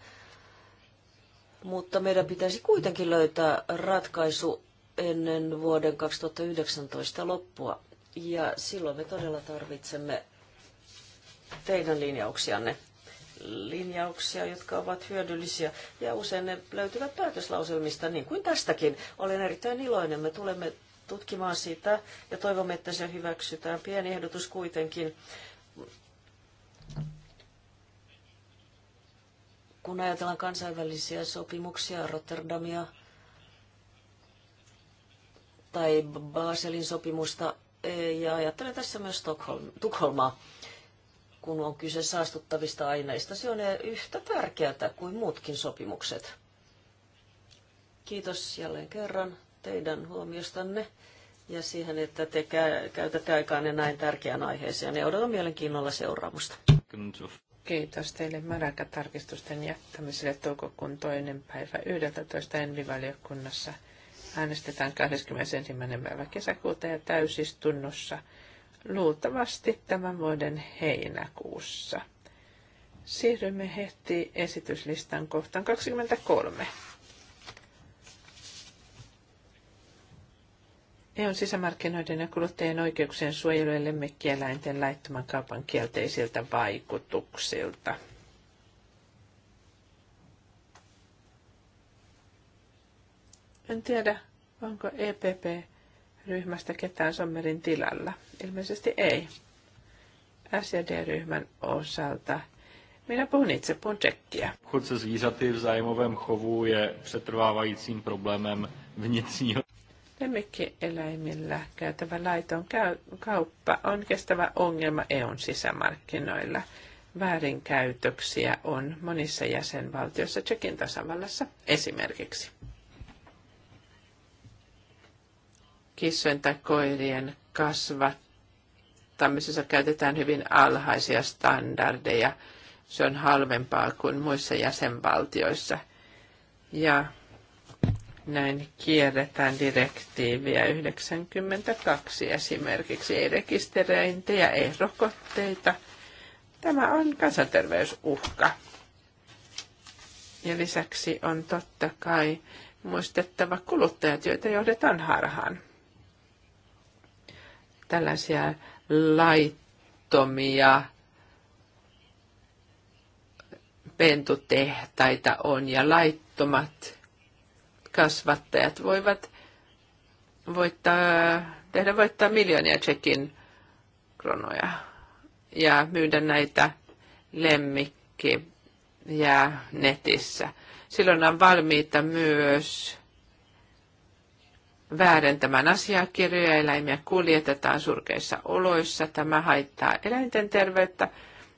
S3: mutta meidän pitäisi kuitenkin löytää ratkaisu ennen vuoden 2019 loppua. Ja silloin me todella tarvitsemme teidän linjauksianne. Linjauksia, jotka ovat hyödyllisiä ja usein ne löytyvät päätöslauselmista, niin kuin tästäkin. Olen erittäin iloinen. Me tulemme tutkimaan sitä ja toivomme, että se hyväksytään. Pieni ehdotus kuitenkin kun ajatellaan kansainvälisiä sopimuksia, Rotterdamia tai Baselin sopimusta, e, ja ajattelen tässä myös Tukholmaa, kun on kyse saastuttavista aineista. Se on e, yhtä tärkeää kuin muutkin sopimukset. Kiitos jälleen kerran teidän huomiostanne ja siihen, että te käytätte aikaa näin tärkeään aiheeseen. Ja odotan mielenkiinnolla seuraamusta. Kiitos teille maraka
S2: jättämiselle toukokuun toinen päivä 11. envivaliokunnassa. Äänestetään 21. päivä kesäkuuta ja täysistunnossa luultavasti tämän vuoden heinäkuussa. Siirrymme heti esityslistan kohtaan 23. EUn sisämarkkinoiden ja kuluttajien oikeuksien suojelu ja lemmikkieläinten laittoman kaupan kielteisiltä vaikutuksilta. En tiedä, onko EPP-ryhmästä ketään Sommerin tilalla. Ilmeisesti ei. SJD-ryhmän osalta. Minä puhun itse, puhun tsekkiä.
S3: Chod se zvířaty v zájmovém chovu je přetrvávajícím problémem vnitřního
S2: Lemmikkieläimillä käytävä laiton kauppa on kestävä ongelma EUn sisämarkkinoilla. Väärinkäytöksiä on monissa jäsenvaltioissa, Tsekin tasavallassa esimerkiksi. Kissojen tai koirien kasvattamisessa käytetään hyvin alhaisia standardeja. Se on halvempaa kuin muissa jäsenvaltioissa. Ja näin kierretään direktiiviä 92 esimerkiksi, ei rekisteröintejä, ei rokotteita. Tämä on kansanterveysuhka. Ja lisäksi on totta kai muistettava kuluttajat, joita johdetaan harhaan. Tällaisia laittomia pentutehtaita on ja laittomat kasvattajat voivat voittaa, tehdä voittaa miljoonia tsekin kronoja ja myydä näitä lemmikki ja netissä. Silloin on valmiita myös väärentämään asiakirjoja. Eläimiä kuljetetaan surkeissa oloissa. Tämä haittaa eläinten terveyttä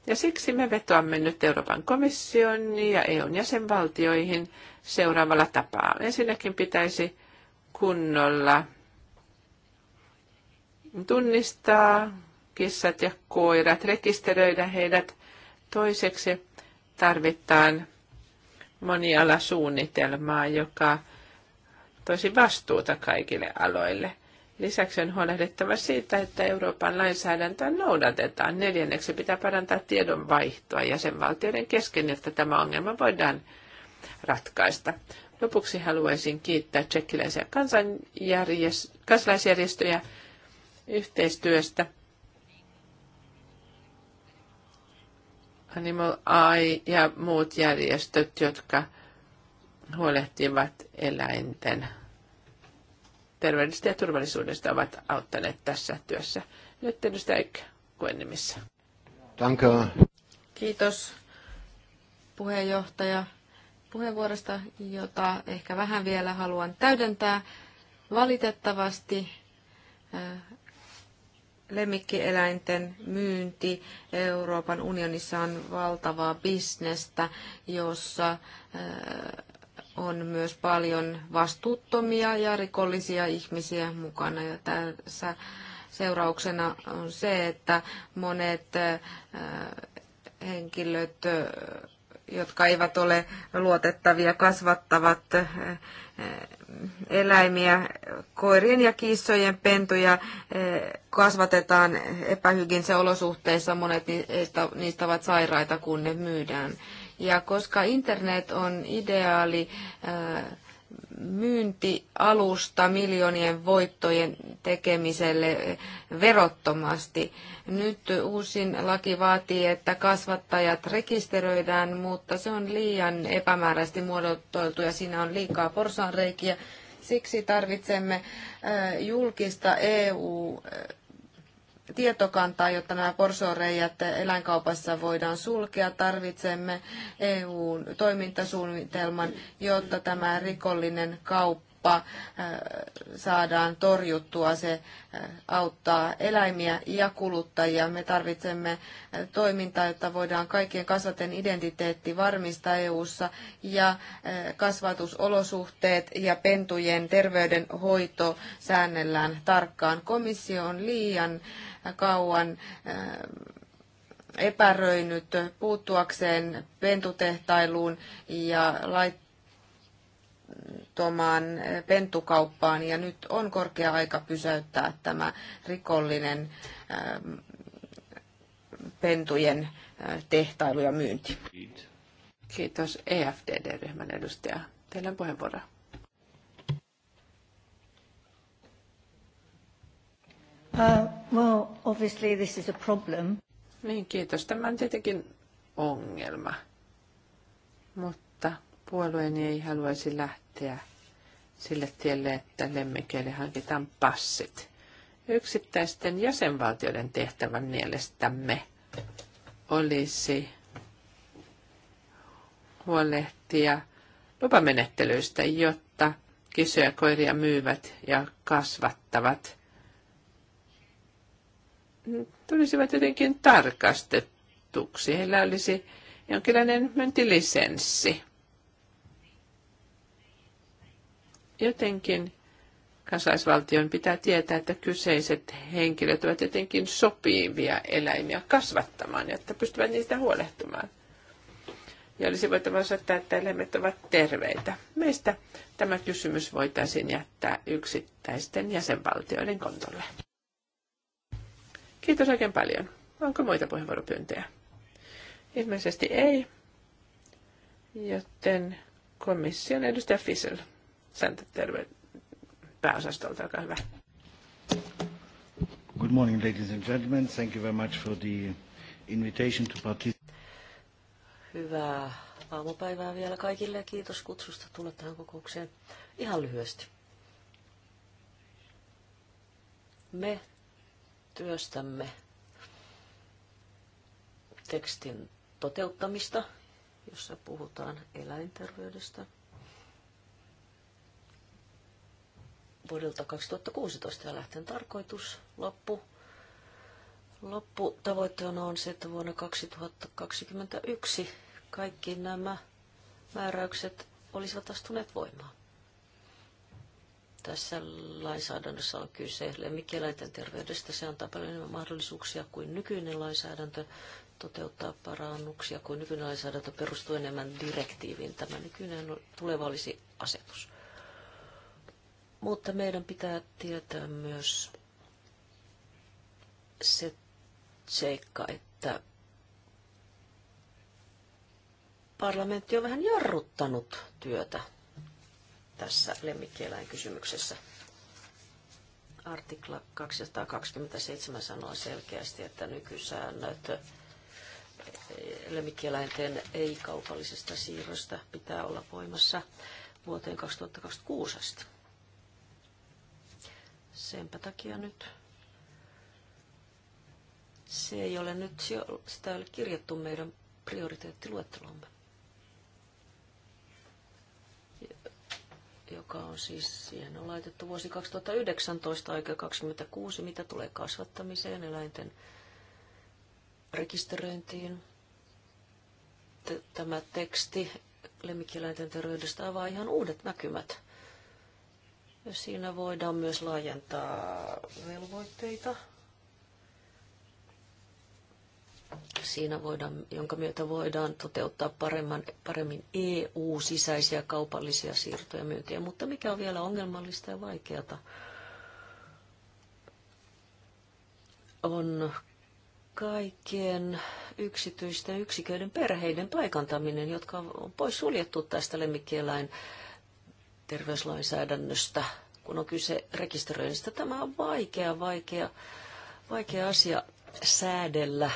S2: ja siksi me vetoamme nyt Euroopan komission ja EUn jäsenvaltioihin seuraavalla tapaa. Ensinnäkin pitäisi kunnolla tunnistaa kissat ja koirat, rekisteröidä heidät. Toiseksi tarvitaan monialasuunnitelmaa, joka toisi vastuuta kaikille aloille. Lisäksi on huolehdittava siitä, että Euroopan lainsäädäntöä noudatetaan. Neljänneksi pitää parantaa tiedonvaihtoa jäsenvaltioiden kesken, jotta tämä ongelma voidaan ratkaista. Lopuksi haluaisin kiittää tsekkiläisiä kansalaisjärjestöjä yhteistyöstä. Animal Eye ja muut järjestöt, jotka huolehtivat eläinten terveydestä ja turvallisuudesta ovat auttaneet tässä työssä. Nyt edustaja Eikä koen nimissä.
S1: Danke. Kiitos puheenjohtaja puheenvuorosta, jota ehkä vähän vielä haluan täydentää. Valitettavasti eh, lemmikkieläinten myynti Euroopan unionissa on valtavaa bisnestä, jossa eh, on myös paljon vastuuttomia ja rikollisia ihmisiä mukana. Ja tässä seurauksena on se, että monet äh, henkilöt, äh, jotka eivät ole luotettavia, kasvattavat äh, eläimiä, koirien ja kissojen pentuja kasvatetaan epähygienisissä olosuhteissa. Monet niistä ovat sairaita, kun ne myydään. Ja koska internet on ideaali äh, myyntialusta miljoonien voittojen tekemiselle äh, verottomasti. Nyt uusin laki vaatii, että kasvattajat rekisteröidään, mutta se on liian epämääräisesti muodotoitu ja siinä on liikaa porsaanreikiä. Siksi tarvitsemme äh, julkista EU tietokantaa, jotta nämä porsoreijat eläinkaupassa voidaan sulkea. Tarvitsemme EU-toimintasuunnitelman, jotta tämä rikollinen kauppa äh, saadaan torjuttua. Se äh, auttaa eläimiä ja kuluttajia. Me tarvitsemme äh, toimintaa, jotta voidaan kaikkien kasvaten identiteetti varmistaa EU-ssa ja kasvatusolosuhteet ja pentujen terveydenhoito säännellään tarkkaan. Komissio on liian kauan äh, epäröinyt puuttuakseen pentutehtailuun ja laittomaan pentukauppaan. Ja nyt on korkea aika pysäyttää tämä rikollinen äh, pentujen äh, tehtailu ja myynti.
S2: Kiitos EFDD-ryhmän edustaja. Teillä on puheenvuoro.
S3: Uh, well, obviously
S2: this is a problem. Niin, kiitos. Tämä on tietenkin ongelma. Mutta puolueeni ei haluaisi lähteä sille tielle, että lemmikeille hankitaan passit. Yksittäisten jäsenvaltioiden tehtävän mielestämme olisi huolehtia lupamenettelyistä, jotta kisoja koiria myyvät ja kasvattavat tulisivat jotenkin tarkastettuksi. Heillä olisi jonkinlainen myyntilisenssi. Jotenkin kansalaisvaltion pitää tietää, että kyseiset henkilöt ovat jotenkin sopivia eläimiä kasvattamaan, jotta pystyvät niistä huolehtimaan. Ja olisi voitava osoittaa, että eläimet ovat terveitä. Meistä tämä kysymys voitaisiin jättää yksittäisten jäsenvaltioiden kontolle. Kiitos oikein paljon. Onko muita puheenvuoropyyntöjä? Ilmeisesti ei, joten komission edustaja Fissel, Terve pääosastolta, olkaa hyvä.
S1: Good morning, ladies and gentlemen. Thank you very much for the invitation to participate.
S3: Hyvää aamupäivää vielä kaikille ja kiitos kutsusta tulla tähän kokoukseen. Ihan lyhyesti. Me työstämme tekstin toteuttamista, jossa puhutaan eläinterveydestä. Vuodelta 2016 lähten tarkoitus loppu. Lopputavoitteena on se, että vuonna 2021 kaikki nämä määräykset olisivat astuneet voimaan. Tässä lainsäädännössä on kyse lemmikkieläinten terveydestä. Se antaa paljon enemmän mahdollisuuksia kuin nykyinen lainsäädäntö toteuttaa parannuksia kuin nykyinen lainsäädäntö perustuu enemmän direktiiviin. Tämä nykyinen tuleva olisi asetus. Mutta meidän pitää tietää myös se seikka, että parlamentti on vähän jarruttanut työtä tässä lemmikkieläinkysymyksessä. Artikla 227 sanoo selkeästi, että nykysäännöt lemmikkieläinten ei-kaupallisesta siirrosta pitää olla voimassa vuoteen 2026 asti. Senpä takia nyt se ei ole nyt, sitä ei ole kirjattu meidän prioriteettiluettelomme. joka on siis, siihen on laitettu vuosi 2019, aika 26, mitä tulee kasvattamiseen, eläinten rekisteröintiin. Tämä teksti lemmikkieläinten terveydestä avaa ihan uudet näkymät. Ja siinä voidaan myös laajentaa velvoitteita siinä voidaan, jonka myötä voidaan toteuttaa paremman, paremmin EU-sisäisiä kaupallisia siirtoja myyntiä. Mutta mikä on vielä ongelmallista ja vaikeata, on kaikkien yksityisten yksiköiden perheiden paikantaminen, jotka on pois suljettu tästä lemmikkieläin terveyslainsäädännöstä, kun on kyse rekisteröinnistä. Tämä on vaikea, vaikea, vaikea asia säädellä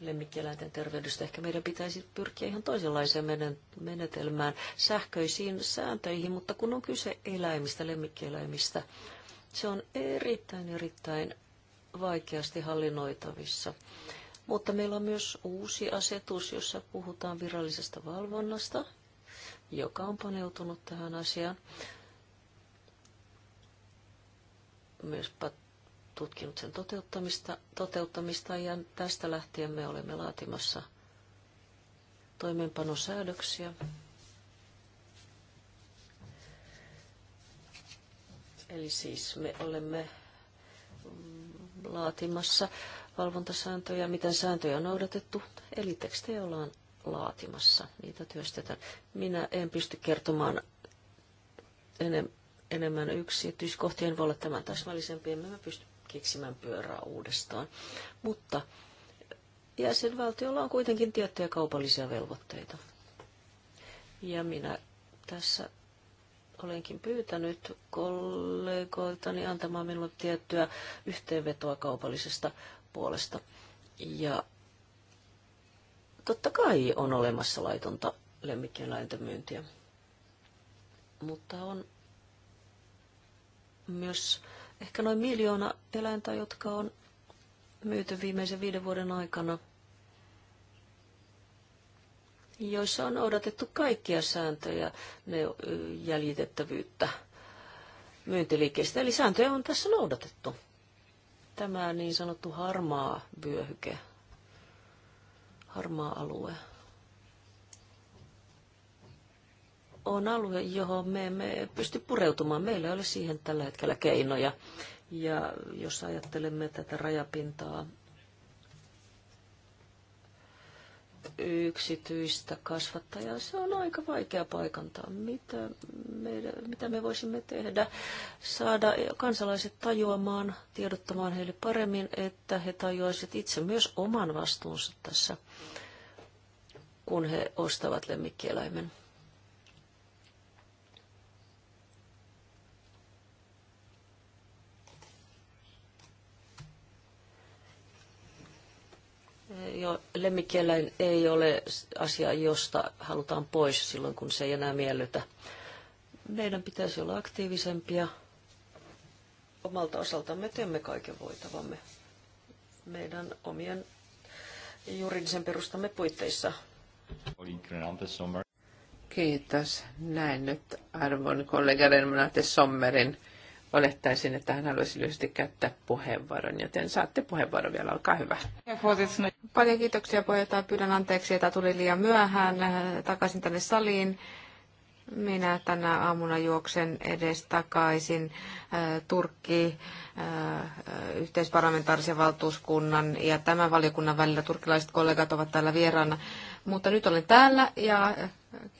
S3: lemmikkieläinten terveydestä. Ehkä meidän pitäisi pyrkiä ihan toisenlaiseen menetelmään, sähköisiin sääntöihin, mutta kun on kyse eläimistä, lemmikkieläimistä, se on erittäin, erittäin vaikeasti hallinnoitavissa. Mutta meillä on myös uusi asetus, jossa puhutaan virallisesta valvonnasta, joka on paneutunut tähän asiaan. Myös sen toteuttamista, toteuttamista ja tästä lähtien me olemme laatimassa toimeenpanosäädöksiä. Eli siis me olemme laatimassa valvontasääntöjä, miten sääntöjä on noudatettu, eli tekstejä ollaan laatimassa, niitä työstetään. Minä en pysty kertomaan enem- enemmän yksityiskohtia, en voi olla tämän täsmällisempi, mä pysty keksimään pyörää uudestaan. Mutta jäsenvaltiolla on kuitenkin tiettyjä kaupallisia velvoitteita. Ja minä tässä olenkin pyytänyt kollegoiltani antamaan minulle tiettyä yhteenvetoa kaupallisesta puolesta. Ja totta kai on olemassa laitonta lemmikkieläinten myyntiä, mutta on myös ehkä noin miljoona eläintä, jotka on myyty viimeisen viiden vuoden aikana, joissa on odotettu kaikkia sääntöjä, ne jäljitettävyyttä myyntiliikkeestä. Eli sääntöjä on tässä noudatettu. Tämä niin sanottu harmaa vyöhyke, harmaa alue. on alue, johon me emme pysty pureutumaan. Meillä ei ole siihen tällä hetkellä keinoja. Ja jos ajattelemme tätä rajapintaa yksityistä kasvattajaa, se on aika vaikea paikantaa. Mitä me, mitä me voisimme tehdä? Saada kansalaiset tajuamaan, tiedottamaan heille paremmin, että he tajuaisivat itse myös oman vastuunsa tässä, kun he ostavat lemmikkieläimen. jo lemmikkieläin ei ole asia, josta halutaan pois silloin, kun se ei enää miellytä. Meidän pitäisi olla aktiivisempia. Omalta osaltamme teemme kaiken voitavamme meidän omien juridisen perustamme puitteissa.
S2: Kiitos. Näin nyt arvon kollega Renmanate Sommerin. Olettaisin, että hän haluaisi lyhyesti käyttää puheenvuoron, joten saatte puheenvuoron vielä. Olkaa hyvä.
S1: Paljon kiitoksia puheenjohtaja. Pyydän anteeksi, että tuli liian myöhään takaisin tänne saliin. Minä tänä aamuna juoksen edes takaisin äh, Turkki äh, yhteisparlamentaarisen valtuuskunnan ja tämän valiokunnan välillä turkkilaiset kollegat ovat täällä vieraana. Mutta nyt olen täällä ja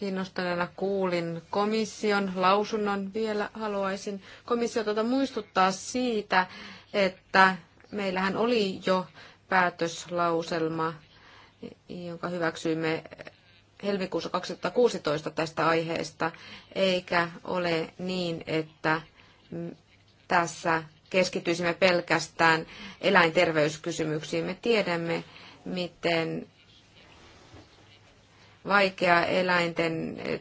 S1: kiinnostuneena kuulin komission lausunnon. Vielä haluaisin komissiota muistuttaa siitä, että meillähän oli jo päätöslauselma, jonka hyväksyimme helmikuussa 2016 tästä aiheesta, eikä ole niin, että tässä keskityisimme pelkästään eläinterveyskysymyksiin. Me tiedämme, miten vaikeaa eläinten eh,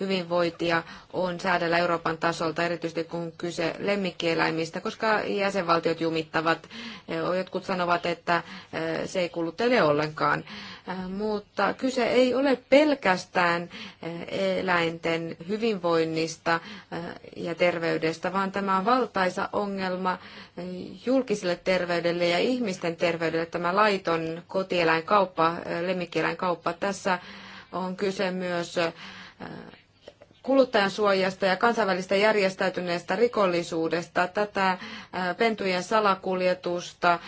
S1: hyvinvointia on säädellä Euroopan tasolta, erityisesti kun kyse lemmikkieläimistä, koska jäsenvaltiot jumittavat. Eh, jotkut sanovat, että eh, se ei kuulu teille ollenkaan. Mutta kyse ei ole pelkästään eläinten hyvinvoinnista ja terveydestä, vaan tämä on valtaisa ongelma julkiselle terveydelle ja ihmisten terveydelle, tämä laiton kotieläinkauppa, lemmikkieläinkauppa. Tässä on kyse myös kuluttajan suojasta ja kansainvälistä järjestäytyneestä rikollisuudesta, tätä pentujen salakuljetusta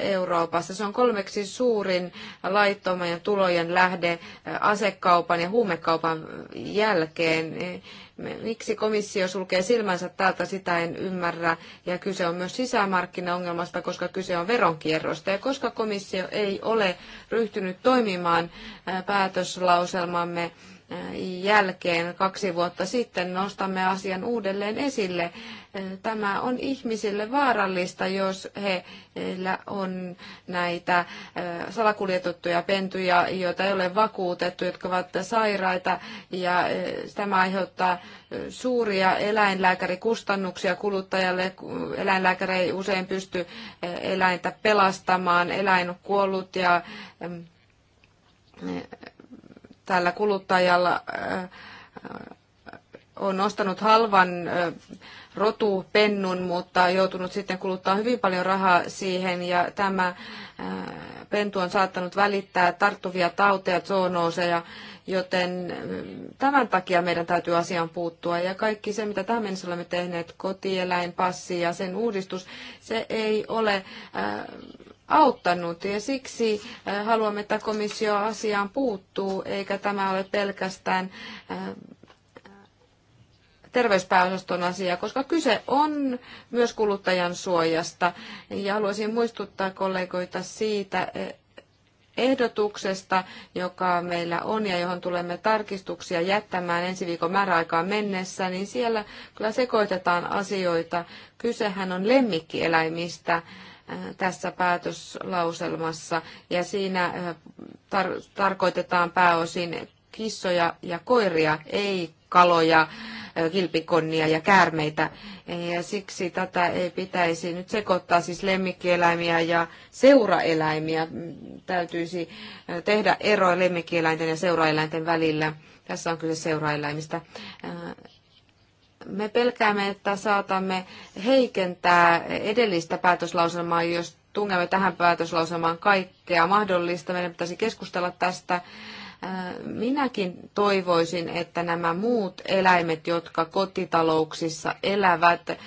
S1: Euroopassa. Se on kolmeksi suurin laittomien tulojen lähde asekaupan ja huumekaupan jälkeen. Miksi komissio sulkee silmänsä tältä, sitä en ymmärrä. Ja kyse on myös sisämarkkinaongelmasta, koska kyse on veronkierrosta. Ja koska komissio ei ole ryhtynyt toimimaan päätöslauselmamme jälkeen kaksi vuotta sitten nostamme asian uudelleen esille. Tämä on ihmisille vaarallista, jos heillä on näitä salakuljetettuja pentuja, joita ei ole vakuutettu, jotka ovat sairaita. Ja tämä aiheuttaa suuria eläinlääkärikustannuksia kuluttajalle. Eläinlääkäri ei usein pysty eläintä pelastamaan. Eläin on kuollut ja tällä kuluttajalla äh, on ostanut halvan äh, rotupennun, mutta joutunut sitten kuluttaa hyvin paljon rahaa siihen ja tämä äh, pentu on saattanut välittää tarttuvia tauteja, zoonooseja, joten tämän takia meidän täytyy asiaan puuttua. Ja kaikki se, mitä tähän mennessä olemme tehneet, kotieläinpassi ja sen uudistus, se ei ole auttanut ja siksi äh, haluamme, että komissio asiaan puuttuu, eikä tämä ole pelkästään äh, terveyspääosaston asia, koska kyse on myös kuluttajan suojasta. Ja haluaisin muistuttaa kollegoita siitä e, ehdotuksesta, joka meillä on ja johon tulemme tarkistuksia jättämään ensi viikon määräaikaan mennessä, niin siellä kyllä sekoitetaan asioita. Kysehän on lemmikkieläimistä tässä päätöslauselmassa ja siinä äh, tar- tarkoitetaan pääosin kissoja ja koiria, ei kaloja, äh, kilpikonnia ja käärmeitä. Ja siksi tätä ei pitäisi nyt sekoittaa, siis lemmikkieläimiä ja seuraeläimiä. Mm, täytyisi äh, tehdä ero lemmikkieläinten ja seuraeläinten välillä. Tässä on kyse seuraeläimistä me pelkäämme, että saatamme heikentää edellistä päätöslauselmaa, jos tungemme tähän päätöslauselmaan kaikkea mahdollista. Meidän pitäisi keskustella tästä. Äh, minäkin toivoisin, että nämä muut eläimet, jotka kotitalouksissa elävät, äh,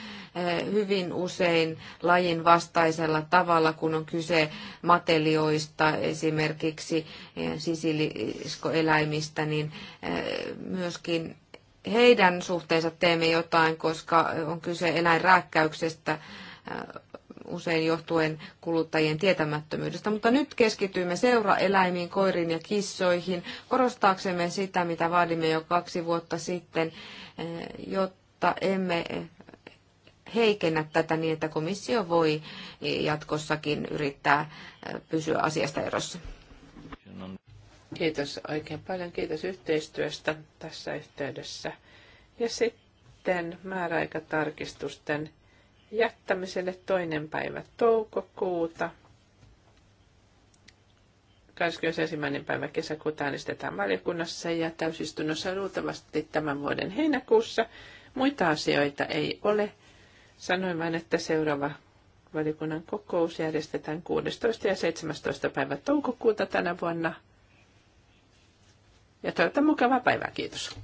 S1: hyvin usein lajin vastaisella tavalla, kun on kyse matelioista, esimerkiksi sisiliskoeläimistä, niin äh, myöskin heidän suhteensa teemme jotain, koska on kyse eläinrääkkäyksestä äh, usein johtuen kuluttajien tietämättömyydestä. Mutta nyt keskitymme seuraeläimiin, koiriin ja kissoihin, korostaaksemme sitä, mitä vaadimme jo kaksi vuotta sitten, äh, jotta emme heikennä tätä niin, että komissio voi jatkossakin yrittää äh, pysyä asiasta erossa. Kiitos oikein
S2: paljon. Kiitos yhteistyöstä tässä yhteydessä. Ja sitten määräaikatarkistusten jättämiselle toinen päivä toukokuuta. 21. päivä kesäkuuta äänestetään valiokunnassa ja täysistunnossa luultavasti tämän vuoden heinäkuussa. Muita asioita ei ole. Sanoin vain, että seuraava valiokunnan kokous järjestetään 16. ja 17. päivä toukokuuta tänä vuonna – ja toivotan mukavaa päivää.
S1: Kiitos.